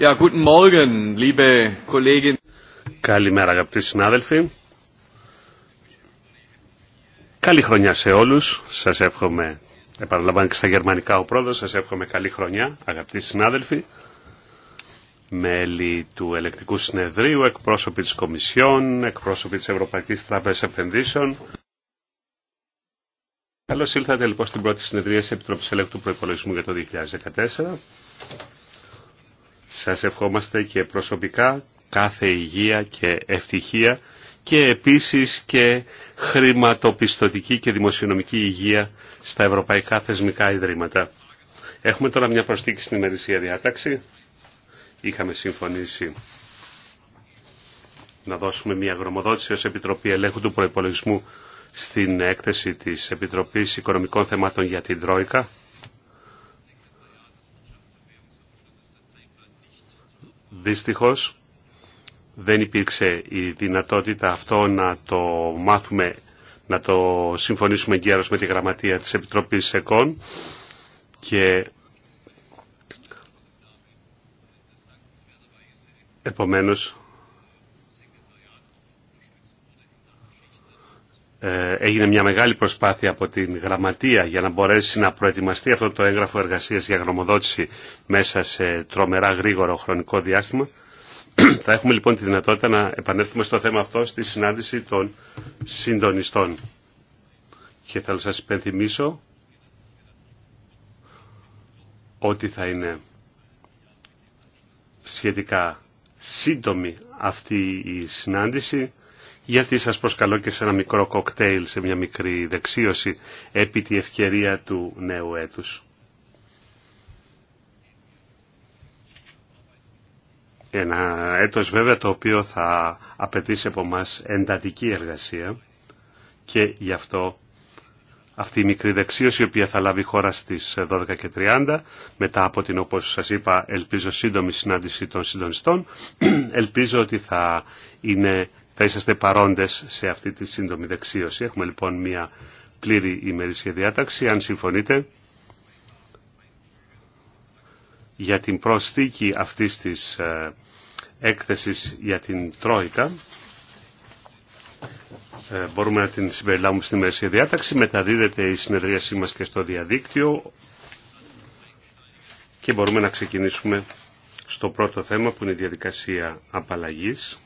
guten Καλημέρα αγαπητοί συνάδελφοι. Καλή χρονιά σε όλους. Σας εύχομαι, επαναλαμβάνω και στα γερμανικά ο πρόεδρος, σας εύχομαι καλή χρονιά αγαπητοί συνάδελφοι. Μέλη του Ελεκτικού Συνεδρίου, εκπρόσωποι της Κομισιόν, εκπρόσωποι της Ευρωπαϊκής Τράπεζας Επενδύσεων. Καλώς ήλθατε λοιπόν στην πρώτη συνεδρία της Επιτροπής Ελεκτού Προϋπολογισμού για το 2014. Σας ευχόμαστε και προσωπικά κάθε υγεία και ευτυχία και επίσης και χρηματοπιστωτική και δημοσιονομική υγεία στα ευρωπαϊκά θεσμικά ιδρύματα. Έχουμε τώρα μια προσθήκη στην ημερησία διάταξη. Είχαμε συμφωνήσει να δώσουμε μια γρομοδότηση ως Επιτροπή Ελέγχου του Προϋπολογισμού στην έκθεση της Επιτροπής Οικονομικών Θεμάτων για την Τρόικα. Δυστυχώς δεν υπήρξε η δυνατότητα αυτό να το μάθουμε, να το συμφωνήσουμε γέρος με τη γραμματεία της Επιτροπής ΕΚΟΝ και επομένως Ε, έγινε μια μεγάλη προσπάθεια από την Γραμματεία για να μπορέσει να προετοιμαστεί αυτό το έγγραφο εργασίας για γνωμοδότηση μέσα σε τρομερά γρήγορο χρονικό διάστημα. Θα έχουμε λοιπόν τη δυνατότητα να επανέλθουμε στο θέμα αυτό στη συνάντηση των συντονιστών. Και θα σας υπενθυμίσω ότι θα είναι σχετικά σύντομη αυτή η συνάντηση γιατί σας προσκαλώ και σε ένα μικρό κοκτέιλ, σε μια μικρή δεξίωση επί τη ευκαιρία του νέου έτους. Ένα έτος βέβαια το οποίο θα απαιτήσει από μας εντατική εργασία και γι' αυτό αυτή η μικρή δεξίωση η οποία θα λάβει χώρα στις 12.30 μετά από την όπως σας είπα ελπίζω σύντομη συνάντηση των συντονιστών ελπίζω ότι θα είναι θα είσαστε παρόντες σε αυτή τη σύντομη δεξίωση. Έχουμε λοιπόν μια πλήρη ημερήσια διάταξη, αν συμφωνείτε, για την προσθήκη αυτής της ε, έκθεσης για την Τρόικα. Ε, μπορούμε να την συμπεριλάβουμε στην ημερήσια διάταξη. Μεταδίδεται η συνεδρίασή μας και στο διαδίκτυο και μπορούμε να ξεκινήσουμε στο πρώτο θέμα που είναι η διαδικασία απαλλαγής.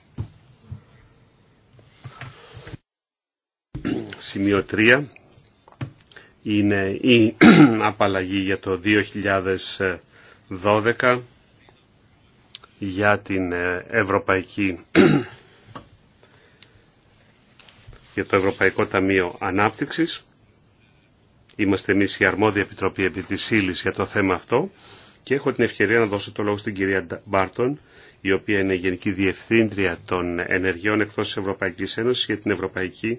Σημείο 3 είναι η απαλλαγή για το 2012 για την ε, Ευρωπαϊκή για το Ευρωπαϊκό Ταμείο Ανάπτυξης. Είμαστε εμείς η αρμόδια επιτροπή επί της για το θέμα αυτό και έχω την ευκαιρία να δώσω το λόγο στην κυρία Μπάρτον, η οποία είναι Γενική Διευθύντρια των Ενεργειών εκτός της Ευρωπαϊκής Ένωσης για την Ευρωπαϊκή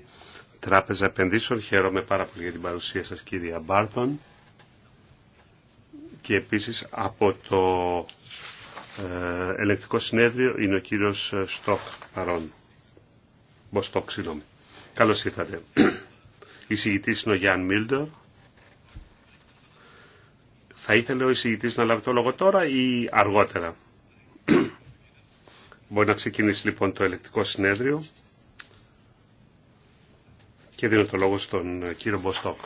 Τράπεζα Επενδύσεων. Χαίρομαι πάρα πολύ για την παρουσία σας κυρία Μπάρτον και επίσης από το ε, ελεκτικό συνέδριο είναι ο κύριος ε, Στόκ παρόν. Μποστόκ, συγγνώμη. Καλώς ήρθατε. Η συγητής είναι ο Γιάνν Μίλντορ. Θα ήθελε ο εισηγητής να λάβει το λόγο τώρα ή αργότερα. Μπορεί να ξεκινήσει λοιπόν το ελεκτικό συνέδριο. Και δίνω το λόγο στον ε, κύριο Μποστόκ.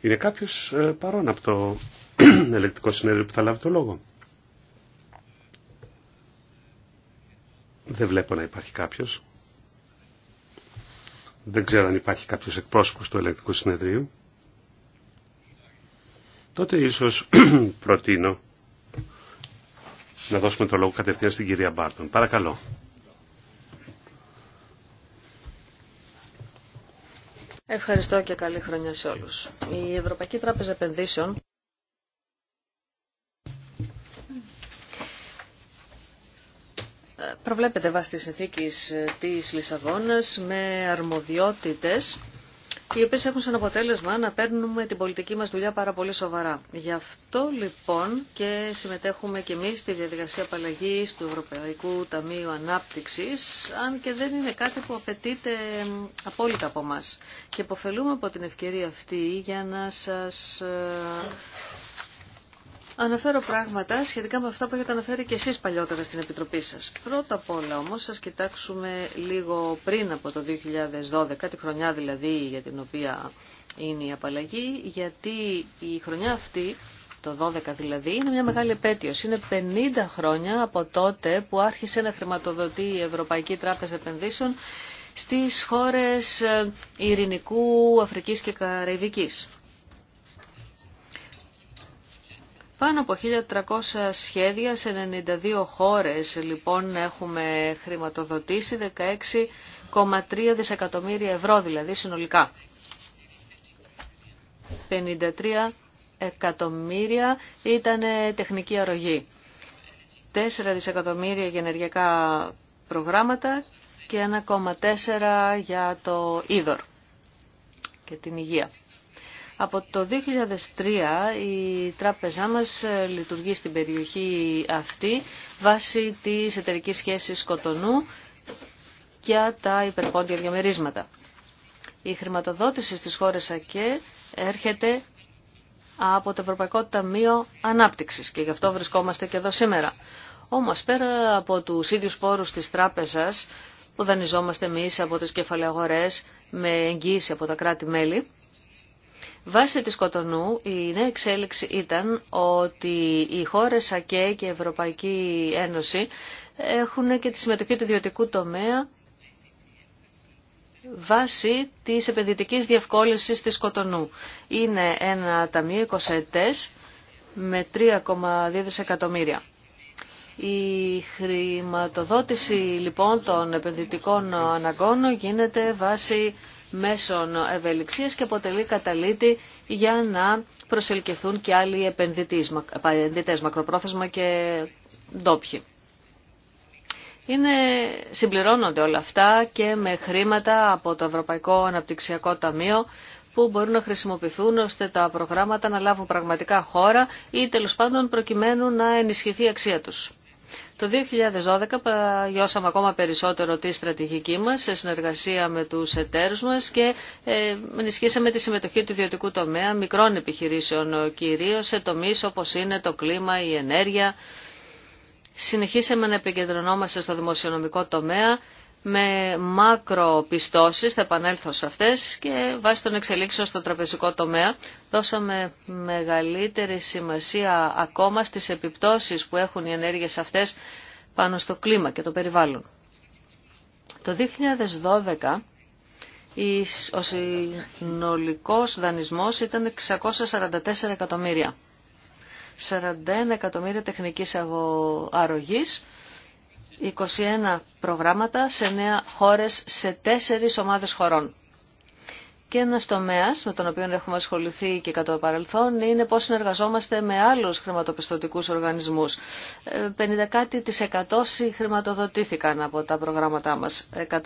Είναι κάποιος ε, παρόν από το ελεκτικό συνέδριο που θα λάβει το λόγο. Δεν βλέπω να υπάρχει κάποιος. Δεν ξέρω αν υπάρχει κάποιος εκπρόσωπος του ελεκτικού συνεδρίου. Τότε ίσως προτείνω να δώσουμε το λόγο κατευθείαν στην κυρία Μπάρτον. Παρακαλώ. Ευχαριστώ και καλή χρονιά σε όλους. Η Ευρωπαϊκή Τράπεζα Επενδύσεων προβλέπεται βάσει της συνθήκης της Λισαβόνας με αρμοδιότητες οι οποίε έχουν σαν αποτέλεσμα να παίρνουμε την πολιτική μας δουλειά πάρα πολύ σοβαρά. Γι' αυτό λοιπόν και συμμετέχουμε και εμείς στη διαδικασία απαλλαγή του Ευρωπαϊκού Ταμείου Ανάπτυξη, αν και δεν είναι κάτι που απαιτείται απόλυτα από εμά. Και υποφελούμε από την ευκαιρία αυτή για να σας ε, αναφέρω πράγματα σχετικά με αυτά που έχετε αναφέρει και εσείς παλιότερα στην Επιτροπή σας. Πρώτα απ' όλα όμως σας κοιτάξουμε λίγο πριν από το 2012, τη χρονιά δηλαδή για την οποία είναι η απαλλαγή, γιατί η χρονιά αυτή, το 2012 δηλαδή, είναι μια μεγάλη επέτειος. Είναι 50 χρόνια από τότε που άρχισε να χρηματοδοτεί η Ευρωπαϊκή Τράπεζα Επενδύσεων στις χώρες ε, Ειρηνικού, Αφρικής και Καραϊβικής. Πάνω από 1.300 σχέδια σε 92 χώρες λοιπόν έχουμε χρηματοδοτήσει 16,3 δισεκατομμύρια ευρώ δηλαδή συνολικά. 53 εκατομμύρια ήταν τεχνική αρρωγή. 4 δισεκατομμύρια για ενεργειακά προγράμματα και 1,4 για το είδωρ και την υγεία. Από το 2003 η τράπεζά μας ε, λειτουργεί στην περιοχή αυτή βάσει της εταιρικής σχέσης Κοτονού για τα υπερπόντια διαμερίσματα. Η χρηματοδότηση στις χώρες ΑΚΕ έρχεται από το Ευρωπαϊκό Ταμείο Ανάπτυξης και γι' αυτό βρισκόμαστε και εδώ σήμερα. Όμως πέρα από τους ίδιους πόρους της τράπεζας που δανειζόμαστε εμείς από τις κεφαλαιαγορές με εγγύηση από τα κράτη-μέλη, Βάσει της Κοτονού η νέα εξέλιξη ήταν ότι οι χώρες ΑΚΕ και Ευρωπαϊκή Ένωση έχουν και τη συμμετοχή του ιδιωτικού τομέα βάση της επενδυτικής διευκόλυνσης της Κοτονού. Είναι ένα ταμείο 20 ετές με 3,2 δισεκατομμύρια. Η χρηματοδότηση λοιπόν των επενδυτικών αναγκών γίνεται βάσει μέσων ευελιξίας και αποτελεί καταλήτη για να προσελκυθούν και άλλοι επενδυτές, μακροπρόθεσμα και ντόπιοι. Είναι, συμπληρώνονται όλα αυτά και με χρήματα από το Ευρωπαϊκό Αναπτυξιακό Ταμείο που μπορούν να χρησιμοποιηθούν ώστε τα προγράμματα να λάβουν πραγματικά χώρα ή τέλος πάντων προκειμένου να ενισχυθεί η αξία τους. Το 2012 παγιώσαμε ακόμα περισσότερο τη στρατηγική μας σε συνεργασία με τους εταίρους μας και ε, ενισχύσαμε τη συμμετοχή του ιδιωτικού τομέα μικρών επιχειρήσεων ε, κυρίως σε τομείς όπως είναι το κλίμα, η ενέργεια. Συνεχίσαμε να επικεντρωνόμαστε στο δημοσιονομικό τομέα με πιστώσεις θα επανέλθω σε αυτές και βάσει των εξελίξεων στο τραπεζικό τομέα δώσαμε μεγαλύτερη σημασία ακόμα στις επιπτώσεις που έχουν οι ενέργειες αυτές πάνω στο κλίμα και το περιβάλλον. Το 2012 ο συνολικός δανεισμός ήταν 644 εκατομμύρια. 41 εκατομμύρια τεχνικής αρρωγής 21 προγράμματα σε 9 χώρες, σε 4 ομάδες χωρών. Και ένας τομέας με τον οποίο έχουμε ασχοληθεί και κατά το παρελθόν είναι πώς συνεργαζόμαστε με άλλους χρηματοπιστωτικούς οργανισμούς. 50 ε, χρηματοδοτήθηκαν από τα προγράμματά μας. 119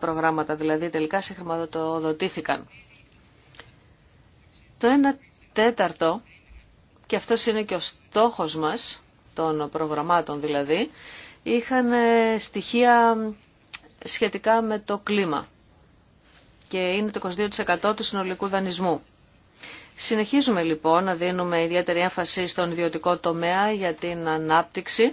προγράμματα δηλαδή τελικά συγχρηματοδοτήθηκαν. Το 1 τέταρτο, και αυτό είναι και ο στόχος μας των προγραμμάτων δηλαδή, είχαν ε, στοιχεία σχετικά με το κλίμα και είναι το 22% του συνολικού δανεισμού. Συνεχίζουμε λοιπόν να δίνουμε ιδιαίτερη έμφαση στον ιδιωτικό τομέα για την ανάπτυξη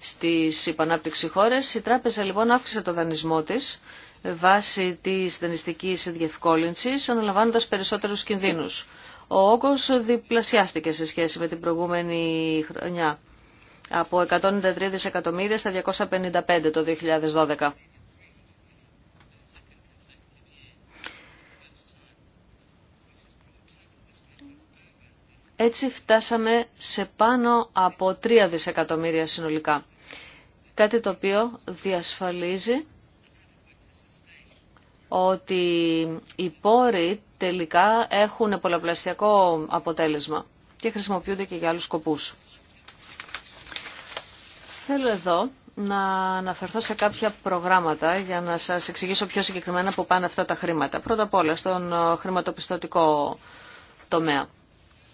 στις υπανάπτυξη χώρες. Η τράπεζα λοιπόν αύξησε το δανεισμό της βάσει της δανειστικής διευκόλυνσης αναλαμβάνοντας περισσότερους κινδύνους. Ο όγκος διπλασιάστηκε σε σχέση με την προηγούμενη χρονιά από 193 δισεκατομμύρια στα 255 το 2012. Έτσι φτάσαμε σε πάνω από 3 δισεκατομμύρια συνολικά. Κάτι το οποίο διασφαλίζει ότι οι πόροι τελικά έχουν πολλαπλασιακό αποτέλεσμα και χρησιμοποιούνται και για άλλους σκοπούς. Θέλω εδώ να αναφερθώ σε κάποια προγράμματα για να σας εξηγήσω πιο συγκεκριμένα που πάνε αυτά τα χρήματα. Πρώτα απ' όλα στον ε, χρηματοπιστωτικό τομέα,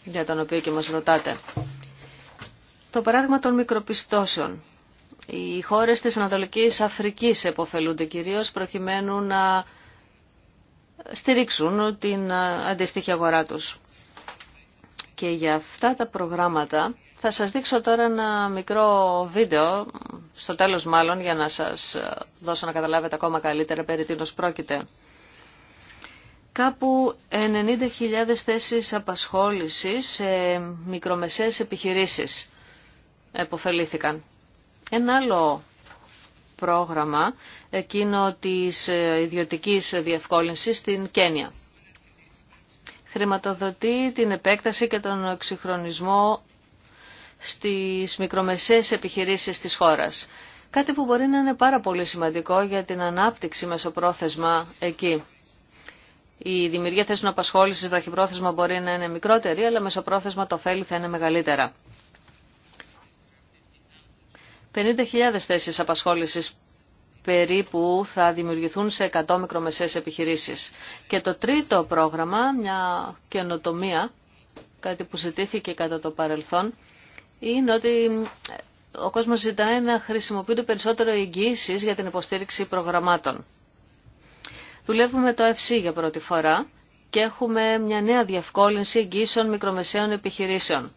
για τον οποίο και μας ρωτάτε. Το παράδειγμα των μικροπιστώσεων. Οι χώρες της Ανατολικής Αφρικής επωφελούνται κυρίως προκειμένου να στηρίξουν την ε, αντίστοιχη αγορά τους και για αυτά τα προγράμματα θα σας δείξω τώρα ένα μικρό βίντεο, στο τέλος μάλλον, για να σας δώσω να καταλάβετε ακόμα καλύτερα περί τίνος πρόκειται. Κάπου 90.000 θέσεις απασχόλησης σε μικρομεσαίες επιχειρήσεις εποφελήθηκαν. Ένα άλλο πρόγραμμα, εκείνο της ιδιωτικής διευκόλυνσης στην Κένια χρηματοδοτεί την επέκταση και τον εξυγχρονισμό στις μικρομεσαίες επιχειρήσεις της χώρας. Κάτι που μπορεί να είναι πάρα πολύ σημαντικό για την ανάπτυξη μεσοπρόθεσμα εκεί. Η δημιουργία θέσεων απασχόλησης βραχυπρόθεσμα μπορεί να είναι μικρότερη, αλλά μεσοπρόθεσμα το ωφέλη θα είναι μεγαλύτερα. 50.000 θέσεις απασχόλησης περίπου θα δημιουργηθούν σε 100 μικρομεσαίες επιχειρήσεις. Και το τρίτο πρόγραμμα, μια καινοτομία, κάτι που ζητήθηκε κατά το παρελθόν, είναι ότι ο κόσμος ζητάει να χρησιμοποιούνται περισσότερο εγγύησεις για την υποστήριξη προγραμμάτων. Δουλεύουμε το FC για πρώτη φορά και έχουμε μια νέα διευκόλυνση εγγύσεων μικρομεσαίων επιχειρήσεων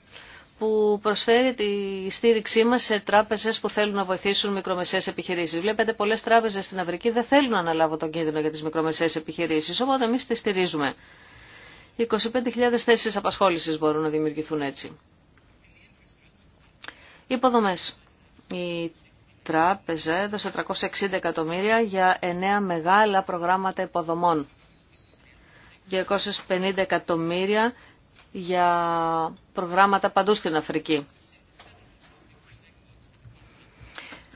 που προσφέρει τη στήριξή μας σε τράπεζες που θέλουν να βοηθήσουν μικρομεσαίες επιχειρήσεις. Βλέπετε πολλές τράπεζες στην Αφρική δεν θέλουν να αναλάβουν τον κίνδυνο για τις μικρομεσαίες επιχειρήσεις, οπότε εμείς τις στηρίζουμε. 25.000 θέσεις απασχόλησης μπορούν να δημιουργηθούν έτσι. Υποδομές. Η τράπεζα έδωσε 360 εκατομμύρια για 9 μεγάλα προγράμματα υποδομών. 250 εκατομμύρια για προγράμματα παντού στην Αφρική.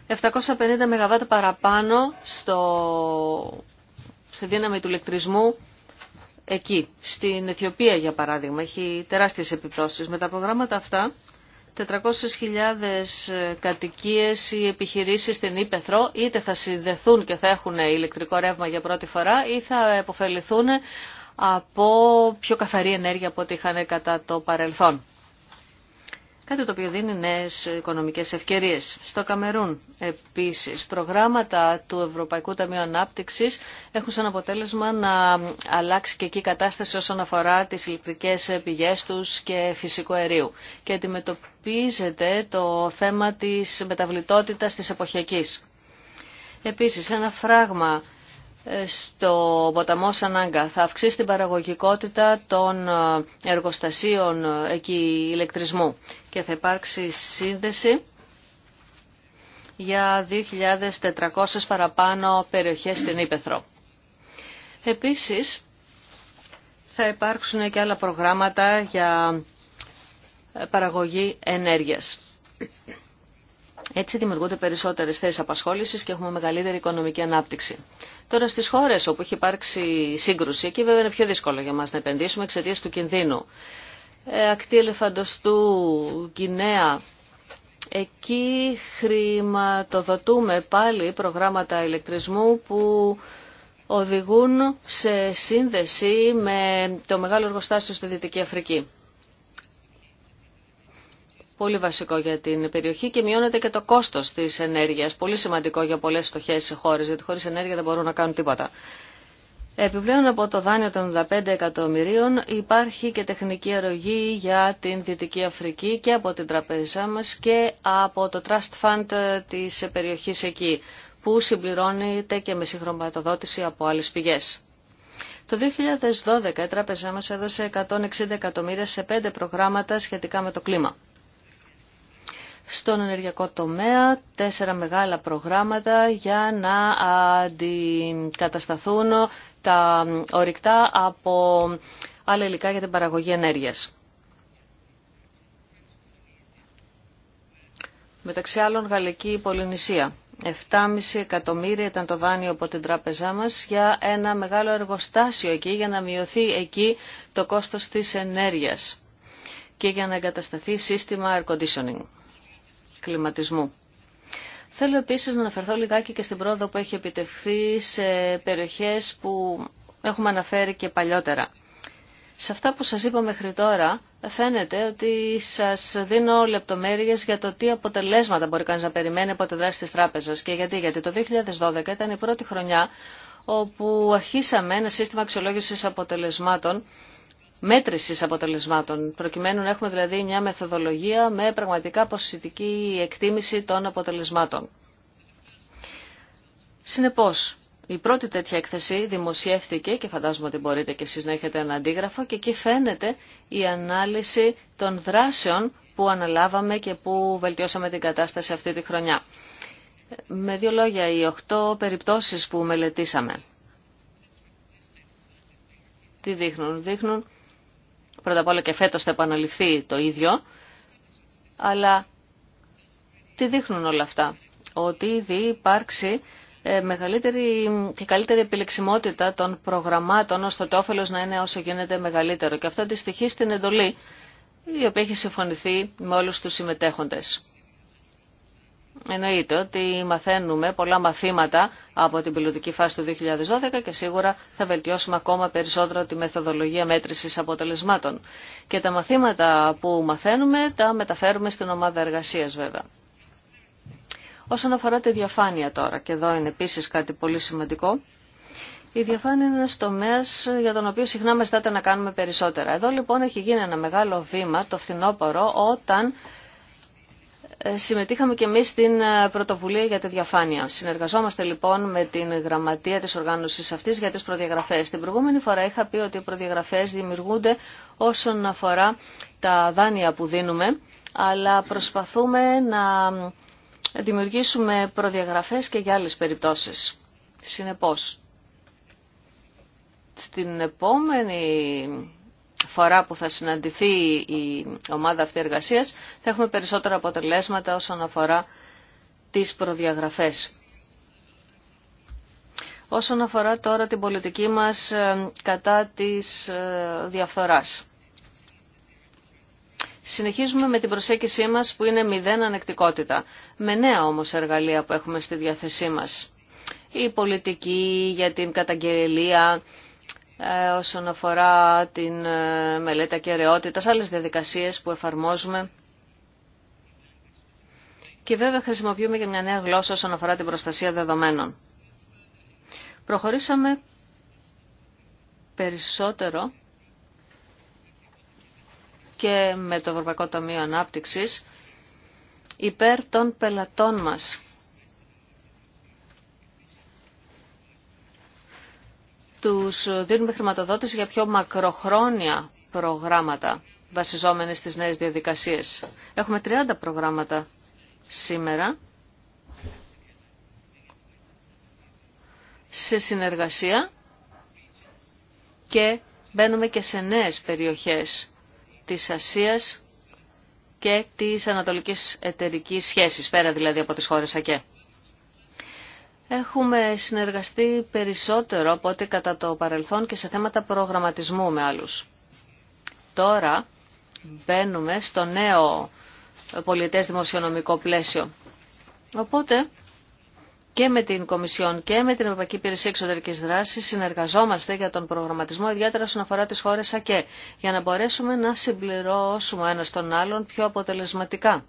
750 ΜΒ παραπάνω στο, στη δύναμη του ηλεκτρισμού εκεί. Στην Αιθιοπία για παράδειγμα έχει τεράστιες επιπτώσεις. Με τα προγράμματα αυτά 400.000 κατοικίες ή επιχειρήσεις στην Ήπεθρο είτε θα συνδεθούν και θα έχουν ηλεκτρικό ρεύμα για πρώτη φορά ή θα επωφεληθούν από πιο καθαρή ενέργεια από ό,τι είχαν κατά το παρελθόν. Κάτι το οποίο δίνει νέες οικονομικές ευκαιρίες. Στο Καμερούν, επίσης, προγράμματα του Ευρωπαϊκού Ταμείου Ανάπτυξης έχουν σαν αποτέλεσμα να αλλάξει και εκεί η κατάσταση όσον αφορά τις ηλεκτρικές πηγές τους και φυσικό αερίου. Και αντιμετωπίζεται το θέμα της μεταβλητότητας της εποχιακής. Επίσης, ένα φράγμα ε, στο ποταμό Σανάγκα. Θα αυξήσει την παραγωγικότητα των ε, εργοστασίων ε, εκεί ηλεκτρισμού και θα υπάρξει σύνδεση για 2.400 παραπάνω περιοχές στην Ήπεθρο. Επίσης, θα υπάρξουν και άλλα προγράμματα για παραγωγή ενέργειας. Έτσι δημιουργούνται περισσότερες θέσεις απασχόλησης και έχουμε μεγαλύτερη οικονομική ανάπτυξη. Τώρα στις χώρες όπου έχει υπάρξει σύγκρουση, εκεί βέβαια είναι πιο δύσκολο για μας να επενδύσουμε εξαιτία του κινδύνου. Ε, ακτή ελεφαντοστού, Κινέα, εκεί χρηματοδοτούμε πάλι προγράμματα ηλεκτρισμού που οδηγούν σε σύνδεση με το μεγάλο εργοστάσιο στη Δυτική Αφρική πολύ βασικό για την περιοχή και μειώνεται και το κόστος της ενέργειας. Πολύ σημαντικό για πολλές φτωχές χώρες, γιατί χωρίς ενέργεια δεν μπορούν να κάνουν τίποτα. Επιπλέον από το δάνειο των 95 εκατομμυρίων υπάρχει και τεχνική αρρωγή για την Δυτική Αφρική και από την τραπέζα μας και από το Trust Fund της περιοχής εκεί που συμπληρώνεται και με συγχρωματοδότηση από άλλες πηγές. Το 2012 η τράπεζά μας έδωσε 160 εκατομμύρια σε πέντε προγράμματα σχετικά με το κλίμα στον ενεργειακό τομέα τέσσερα μεγάλα προγράμματα για να αντικατασταθούν τα ορυκτά από άλλα υλικά για την παραγωγή ενέργειας. Μεταξύ άλλων Γαλλική Πολυνησία. 7,5 εκατομμύρια ήταν το δάνειο από την τράπεζά μας για ένα μεγάλο εργοστάσιο εκεί για να μειωθεί εκεί το κόστος της ενέργειας και για να εγκατασταθεί σύστημα air conditioning κλιματισμού. Θέλω επίσης να αναφερθώ λιγάκι και στην πρόοδο που έχει επιτευχθεί σε περιοχές που έχουμε αναφέρει και παλιότερα. Σε αυτά που σας είπα μέχρι τώρα φαίνεται ότι σας δίνω λεπτομέρειες για το τι αποτελέσματα μπορεί κανείς να περιμένει από τη δράση της τράπεζας. Και γιατί, γιατί το 2012 ήταν η πρώτη χρονιά όπου αρχίσαμε ένα σύστημα αξιολόγησης αποτελεσμάτων μέτρησης αποτελεσμάτων, προκειμένου να έχουμε δηλαδή μια μεθοδολογία με πραγματικά ποσοτική εκτίμηση των αποτελεσμάτων. Συνεπώς, η πρώτη τέτοια έκθεση δημοσιεύθηκε και φαντάζομαι ότι μπορείτε και εσείς να έχετε ένα αντίγραφο και εκεί φαίνεται η ανάλυση των δράσεων που αναλάβαμε και που βελτιώσαμε την κατάσταση αυτή τη χρονιά. Με δύο λόγια, οι οχτώ περιπτώσεις που μελετήσαμε. Τι δείχνουν. Δείχνουν Πρώτα απ' όλα και φέτος θα επαναληφθεί το ίδιο, αλλά τι δείχνουν όλα αυτά. Ότι ήδη υπάρξει ε, μεγαλύτερη και καλύτερη επιλεξιμότητα των προγραμμάτων ώστε το όφελος να είναι όσο γίνεται μεγαλύτερο. Και αυτό αντιστοιχεί στην εντολή η οποία έχει συμφωνηθεί με όλους τους συμμετέχοντες. Εννοείται ότι μαθαίνουμε πολλά μαθήματα από την πιλωτική φάση του 2012 και σίγουρα θα βελτιώσουμε ακόμα περισσότερο τη μεθοδολογία μέτρησης αποτελεσμάτων. Και τα μαθήματα που μαθαίνουμε τα μεταφέρουμε στην ομάδα εργασίας βέβαια. Όσον αφορά τη διαφάνεια τώρα, και εδώ είναι επίσης κάτι πολύ σημαντικό, η διαφάνεια είναι ένας τομέας για τον οποίο συχνά μεστάται να κάνουμε περισσότερα. Εδώ λοιπόν έχει γίνει ένα μεγάλο βήμα το φθινόπωρο όταν συμμετείχαμε και εμείς στην ε, πρωτοβουλία για τη διαφάνεια. Συνεργαζόμαστε λοιπόν με την γραμματεία της οργάνωσης αυτής για τις προδιαγραφές. Την προηγούμενη φορά είχα πει ότι οι προδιαγραφές δημιουργούνται όσον αφορά τα δάνεια που δίνουμε, αλλά προσπαθούμε να δημιουργήσουμε προδιαγραφές και για άλλες περιπτώσεις. Συνεπώς, στην επόμενη φορά που θα συναντηθεί η ομάδα αυτή εργασίας θα έχουμε περισσότερα αποτελέσματα όσον αφορά τις προδιαγραφές. Όσον αφορά τώρα την πολιτική μας ε, κατά της ε, διαφθοράς. Συνεχίζουμε με την προσέγγισή μας που είναι μηδέν ανεκτικότητα, με νέα όμως εργαλεία που έχουμε στη διάθεσή μας. Η πολιτική για την καταγγελία, ε, όσον αφορά την ε, μελέτη ακεραιότητας, άλλες διαδικασίες που εφαρμόζουμε. Και βέβαια χρησιμοποιούμε και μια νέα γλώσσα όσον αφορά την προστασία δεδομένων. Προχωρήσαμε περισσότερο και με το Ευρωπαϊκό Ταμείο Ανάπτυξης υπέρ των πελατών μας τους δίνουμε χρηματοδότηση για πιο μακροχρόνια προγράμματα βασιζόμενες στις νέες διαδικασίες. Έχουμε 30 προγράμματα σήμερα σε συνεργασία και μπαίνουμε και σε νέες περιοχές της Ασίας και της Ανατολικής Εταιρικής Σχέσης, πέρα δηλαδή από τις χώρες ΑΚΕ. Έχουμε συνεργαστεί περισσότερο από ό,τι κατά το παρελθόν και σε θέματα προγραμματισμού με άλλους. Τώρα μπαίνουμε στο νέο πολιτές δημοσιονομικό πλαίσιο. Οπότε και με την Κομισιόν και με την Ευρωπαϊκή Υπηρεσία Εξωτερικής Δράσης συνεργαζόμαστε για τον προγραμματισμό, ιδιαίτερα όσον αφορά τις χώρες ΑΚΕ, για να μπορέσουμε να συμπληρώσουμε ένα τον άλλον πιο αποτελεσματικά.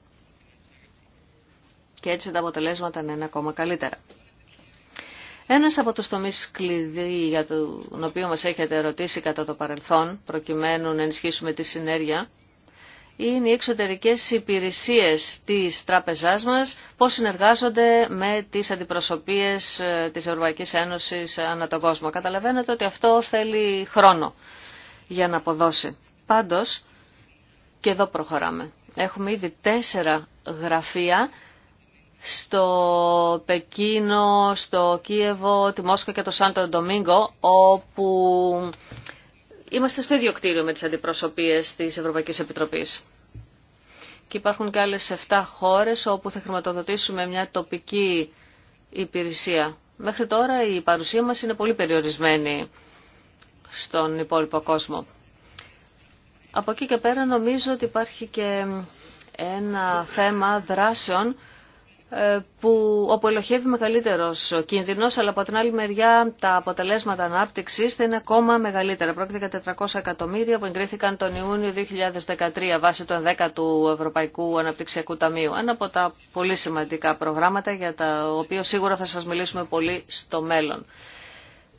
Και έτσι τα αποτελέσματα είναι ακόμα καλύτερα. Ένας από τους τομείς κλειδί για τον οποίο μας έχετε ερωτήσει κατά το παρελθόν, προκειμένου να ενισχύσουμε τη συνέργεια, είναι οι εξωτερικές υπηρεσίες της τράπεζάς μας, πώς συνεργάζονται με τις αντιπροσωπείες ε, της Ευρωπαϊκής Ένωσης ανά τον κόσμο. Καταλαβαίνετε ότι αυτό θέλει χρόνο για να αποδώσει. Πάντως, και εδώ προχωράμε. Έχουμε ήδη τέσσερα γραφεία στο Πεκίνο, στο Κίεβο, τη Μόσχα και το Σάντο Ντομίνγκο, όπου είμαστε στο ίδιο κτίριο με τις αντιπροσωπείες της Ευρωπαϊκής Επιτροπής. Και υπάρχουν και άλλες 7 χώρες όπου θα χρηματοδοτήσουμε μια τοπική υπηρεσία. Μέχρι τώρα η παρουσία μας είναι πολύ περιορισμένη στον υπόλοιπο κόσμο. Από εκεί και πέρα νομίζω ότι υπάρχει και ένα θέμα δράσεων ε, που, όπου ελοχεύει μεγαλύτερος κίνδυνος, αλλά από την άλλη μεριά τα αποτελέσματα ανάπτυξης θα είναι ακόμα μεγαλύτερα. Πρόκειται για 400 εκατομμύρια που εγκρίθηκαν τον Ιούνιο 2013 βάσει του 10 ου Ευρωπαϊκού Αναπτυξιακού Ταμείου. Ένα από τα πολύ σημαντικά προγράμματα για τα οποία σίγουρα θα σας μιλήσουμε πολύ στο μέλλον.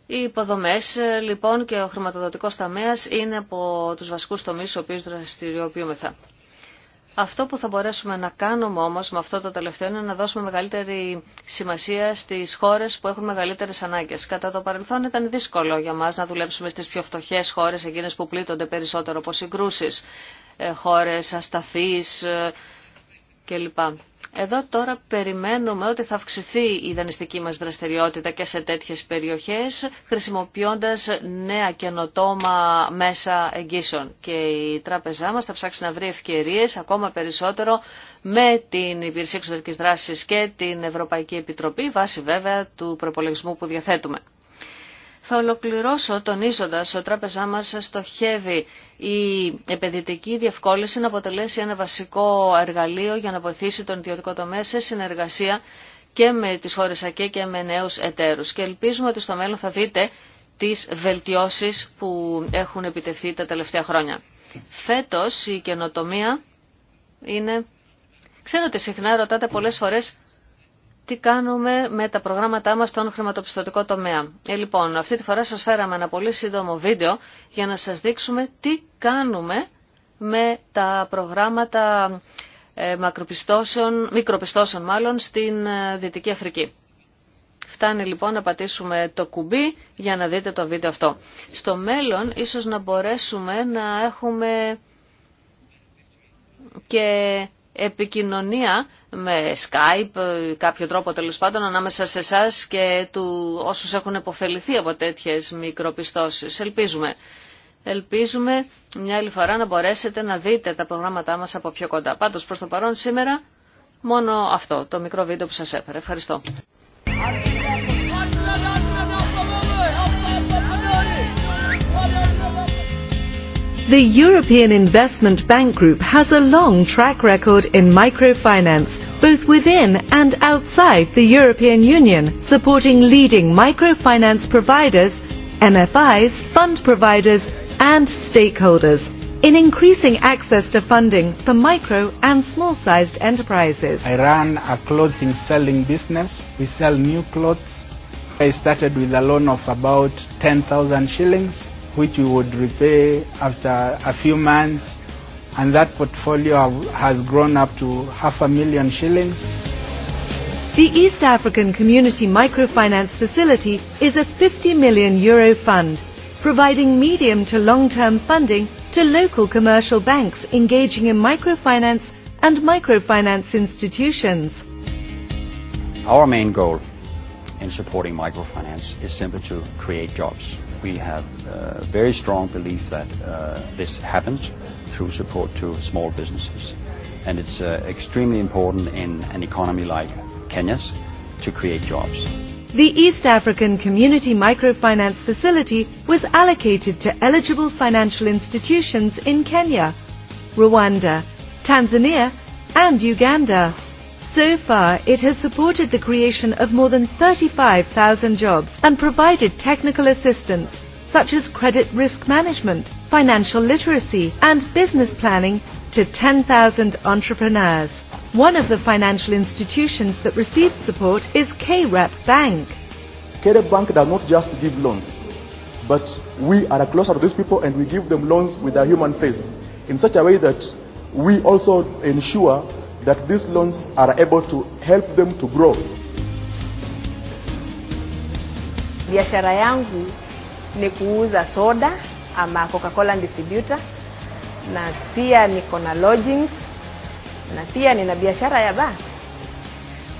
Οι υποδομές ε, λοιπόν και ο χρηματοδοτικός ταμέας είναι από τους βασικούς τομείς στους οποίους δραστηριοποιούμεθα. Αυτό που θα μπορέσουμε να κάνουμε όμως με αυτό το τελευταίο είναι να δώσουμε μεγαλύτερη σημασία στις χώρες που έχουν μεγαλύτερες ανάγκες. Κατά το παρελθόν ήταν δύσκολο για μας να δουλέψουμε στις πιο φτωχές χώρες, εκείνες που πλήττονται περισσότερο από συγκρούσεις, ε, χώρες ασταθείς, ε, κλπ. Εδώ τώρα περιμένουμε ότι θα αυξηθεί η δανειστική μας δραστηριότητα και σε τέτοιες περιοχές χρησιμοποιώντας νέα καινοτόμα μέσα εγγύσεων. Και η τράπεζά μας θα ψάξει να βρει ευκαιρίες ακόμα περισσότερο με την Υπηρεσία Εξωτερικής Δράσης και την Ευρωπαϊκή Επιτροπή βάσει βέβαια του προπολογισμού που διαθέτουμε. Θα ολοκληρώσω τονίζοντας ότι η τράπεζά μας στοχεύει η επενδυτική διευκόλυνση να αποτελέσει ένα βασικό εργαλείο για να βοηθήσει τον ιδιωτικό τομέα σε συνεργασία και με τις χώρες ΑΚΕ και με νέους εταίρους. Και ελπίζουμε ότι στο μέλλον θα δείτε τις βελτιώσεις που έχουν επιτευχθεί τα τελευταία χρόνια. Φέτος η καινοτομία είναι... Ξέρω ότι συχνά ρωτάτε πολλές φορές τι κάνουμε με τα προγράμματά μας στον χρηματοπιστωτικό τομέα. Ε, λοιπόν, αυτή τη φορά σας φέραμε ένα πολύ σύντομο βίντεο για να σας δείξουμε τι κάνουμε με τα προγράμματα ε, μακροπιστώσεων, μικροπιστώσεων μάλλον, στην ε, Δυτική Αφρική. Φτάνει λοιπόν να πατήσουμε το κουμπί για να δείτε το βίντεο αυτό. Στο μέλλον ίσως να μπορέσουμε να έχουμε και επικοινωνία με Skype, κάποιο τρόπο τέλο πάντων ανάμεσα σε εσά και του όσους έχουν υποφεληθεί από τέτοιες μικροπιστώσεις. Ελπίζουμε. Ελπίζουμε μια άλλη φορά να μπορέσετε να δείτε τα προγράμματά μας από πιο κοντά. Πάντως προς το παρόν σήμερα μόνο αυτό, το μικρό βίντεο που σας έφερε. Ευχαριστώ. The European Investment Bank Group has a long track record in microfinance, both within and outside the European Union, supporting leading microfinance providers, MFIs, fund providers and stakeholders in increasing access to funding for micro and small-sized enterprises. I run a clothing selling business. We sell new clothes. I started with a loan of about 10,000 shillings which we would repay after a few months, and that portfolio has grown up to half a million shillings. The East African Community Microfinance Facility is a 50 million euro fund, providing medium to long-term funding to local commercial banks engaging in microfinance and microfinance institutions. Our main goal in supporting microfinance is simply to create jobs we have a very strong belief that this happens through support to small businesses. And it's extremely important in an economy like Kenya's to create jobs. The East African Community Microfinance Facility was allocated to eligible financial institutions in Kenya, Rwanda, Tanzania and Uganda. So far, it has supported the creation of more than 35,000 jobs and provided technical assistance such as credit risk management, financial literacy and business planning to 10,000 entrepreneurs. One of the financial institutions that received support is KREP Bank. KREP Bank does not just give loans, but we are closer to these people and we give them loans with a human face in such a way that we also ensure that these loans are able to help them to grow. Biashara yangu ni kuuza soda ama Coca-Cola distributor na pia niko na lodgings na pia nina biashara ya bar.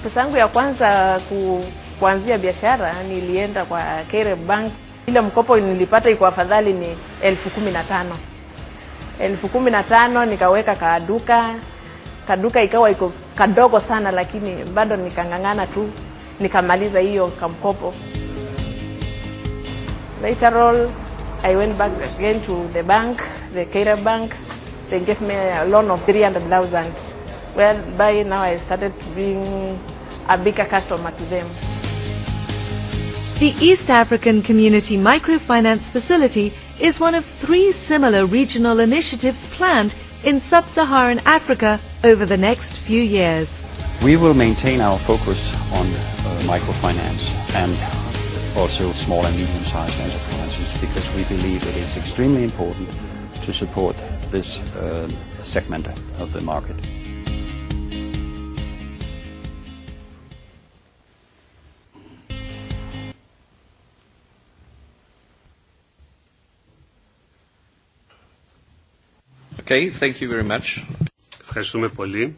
Pesa yangu ya kwanza ku, kuanzia biashara nilienda kwa Kere Bank. Ile mkopo nilipata iko afadhali ni elfu kumi na tano elfu kumi na tano nikaweka kaduka kaduka ikawa iko kadogo sana, lakini bado nikang'ang'ana tu nikamaliza hiyo kamkopo. Later on, I went back again to the bank, the Kera Bank. They gave me a loan of 300,000, by now I started being a bigger customer to them. The East African Community Microfinance Facility is one of three similar regional initiatives planned in sub-Saharan Africa over the next few years. We will maintain our focus on microfinance and also small and medium-sized enterprises because we believe it is extremely important to support this segment of the market. Okay, thank you very much. Ευχαριστούμε πολύ.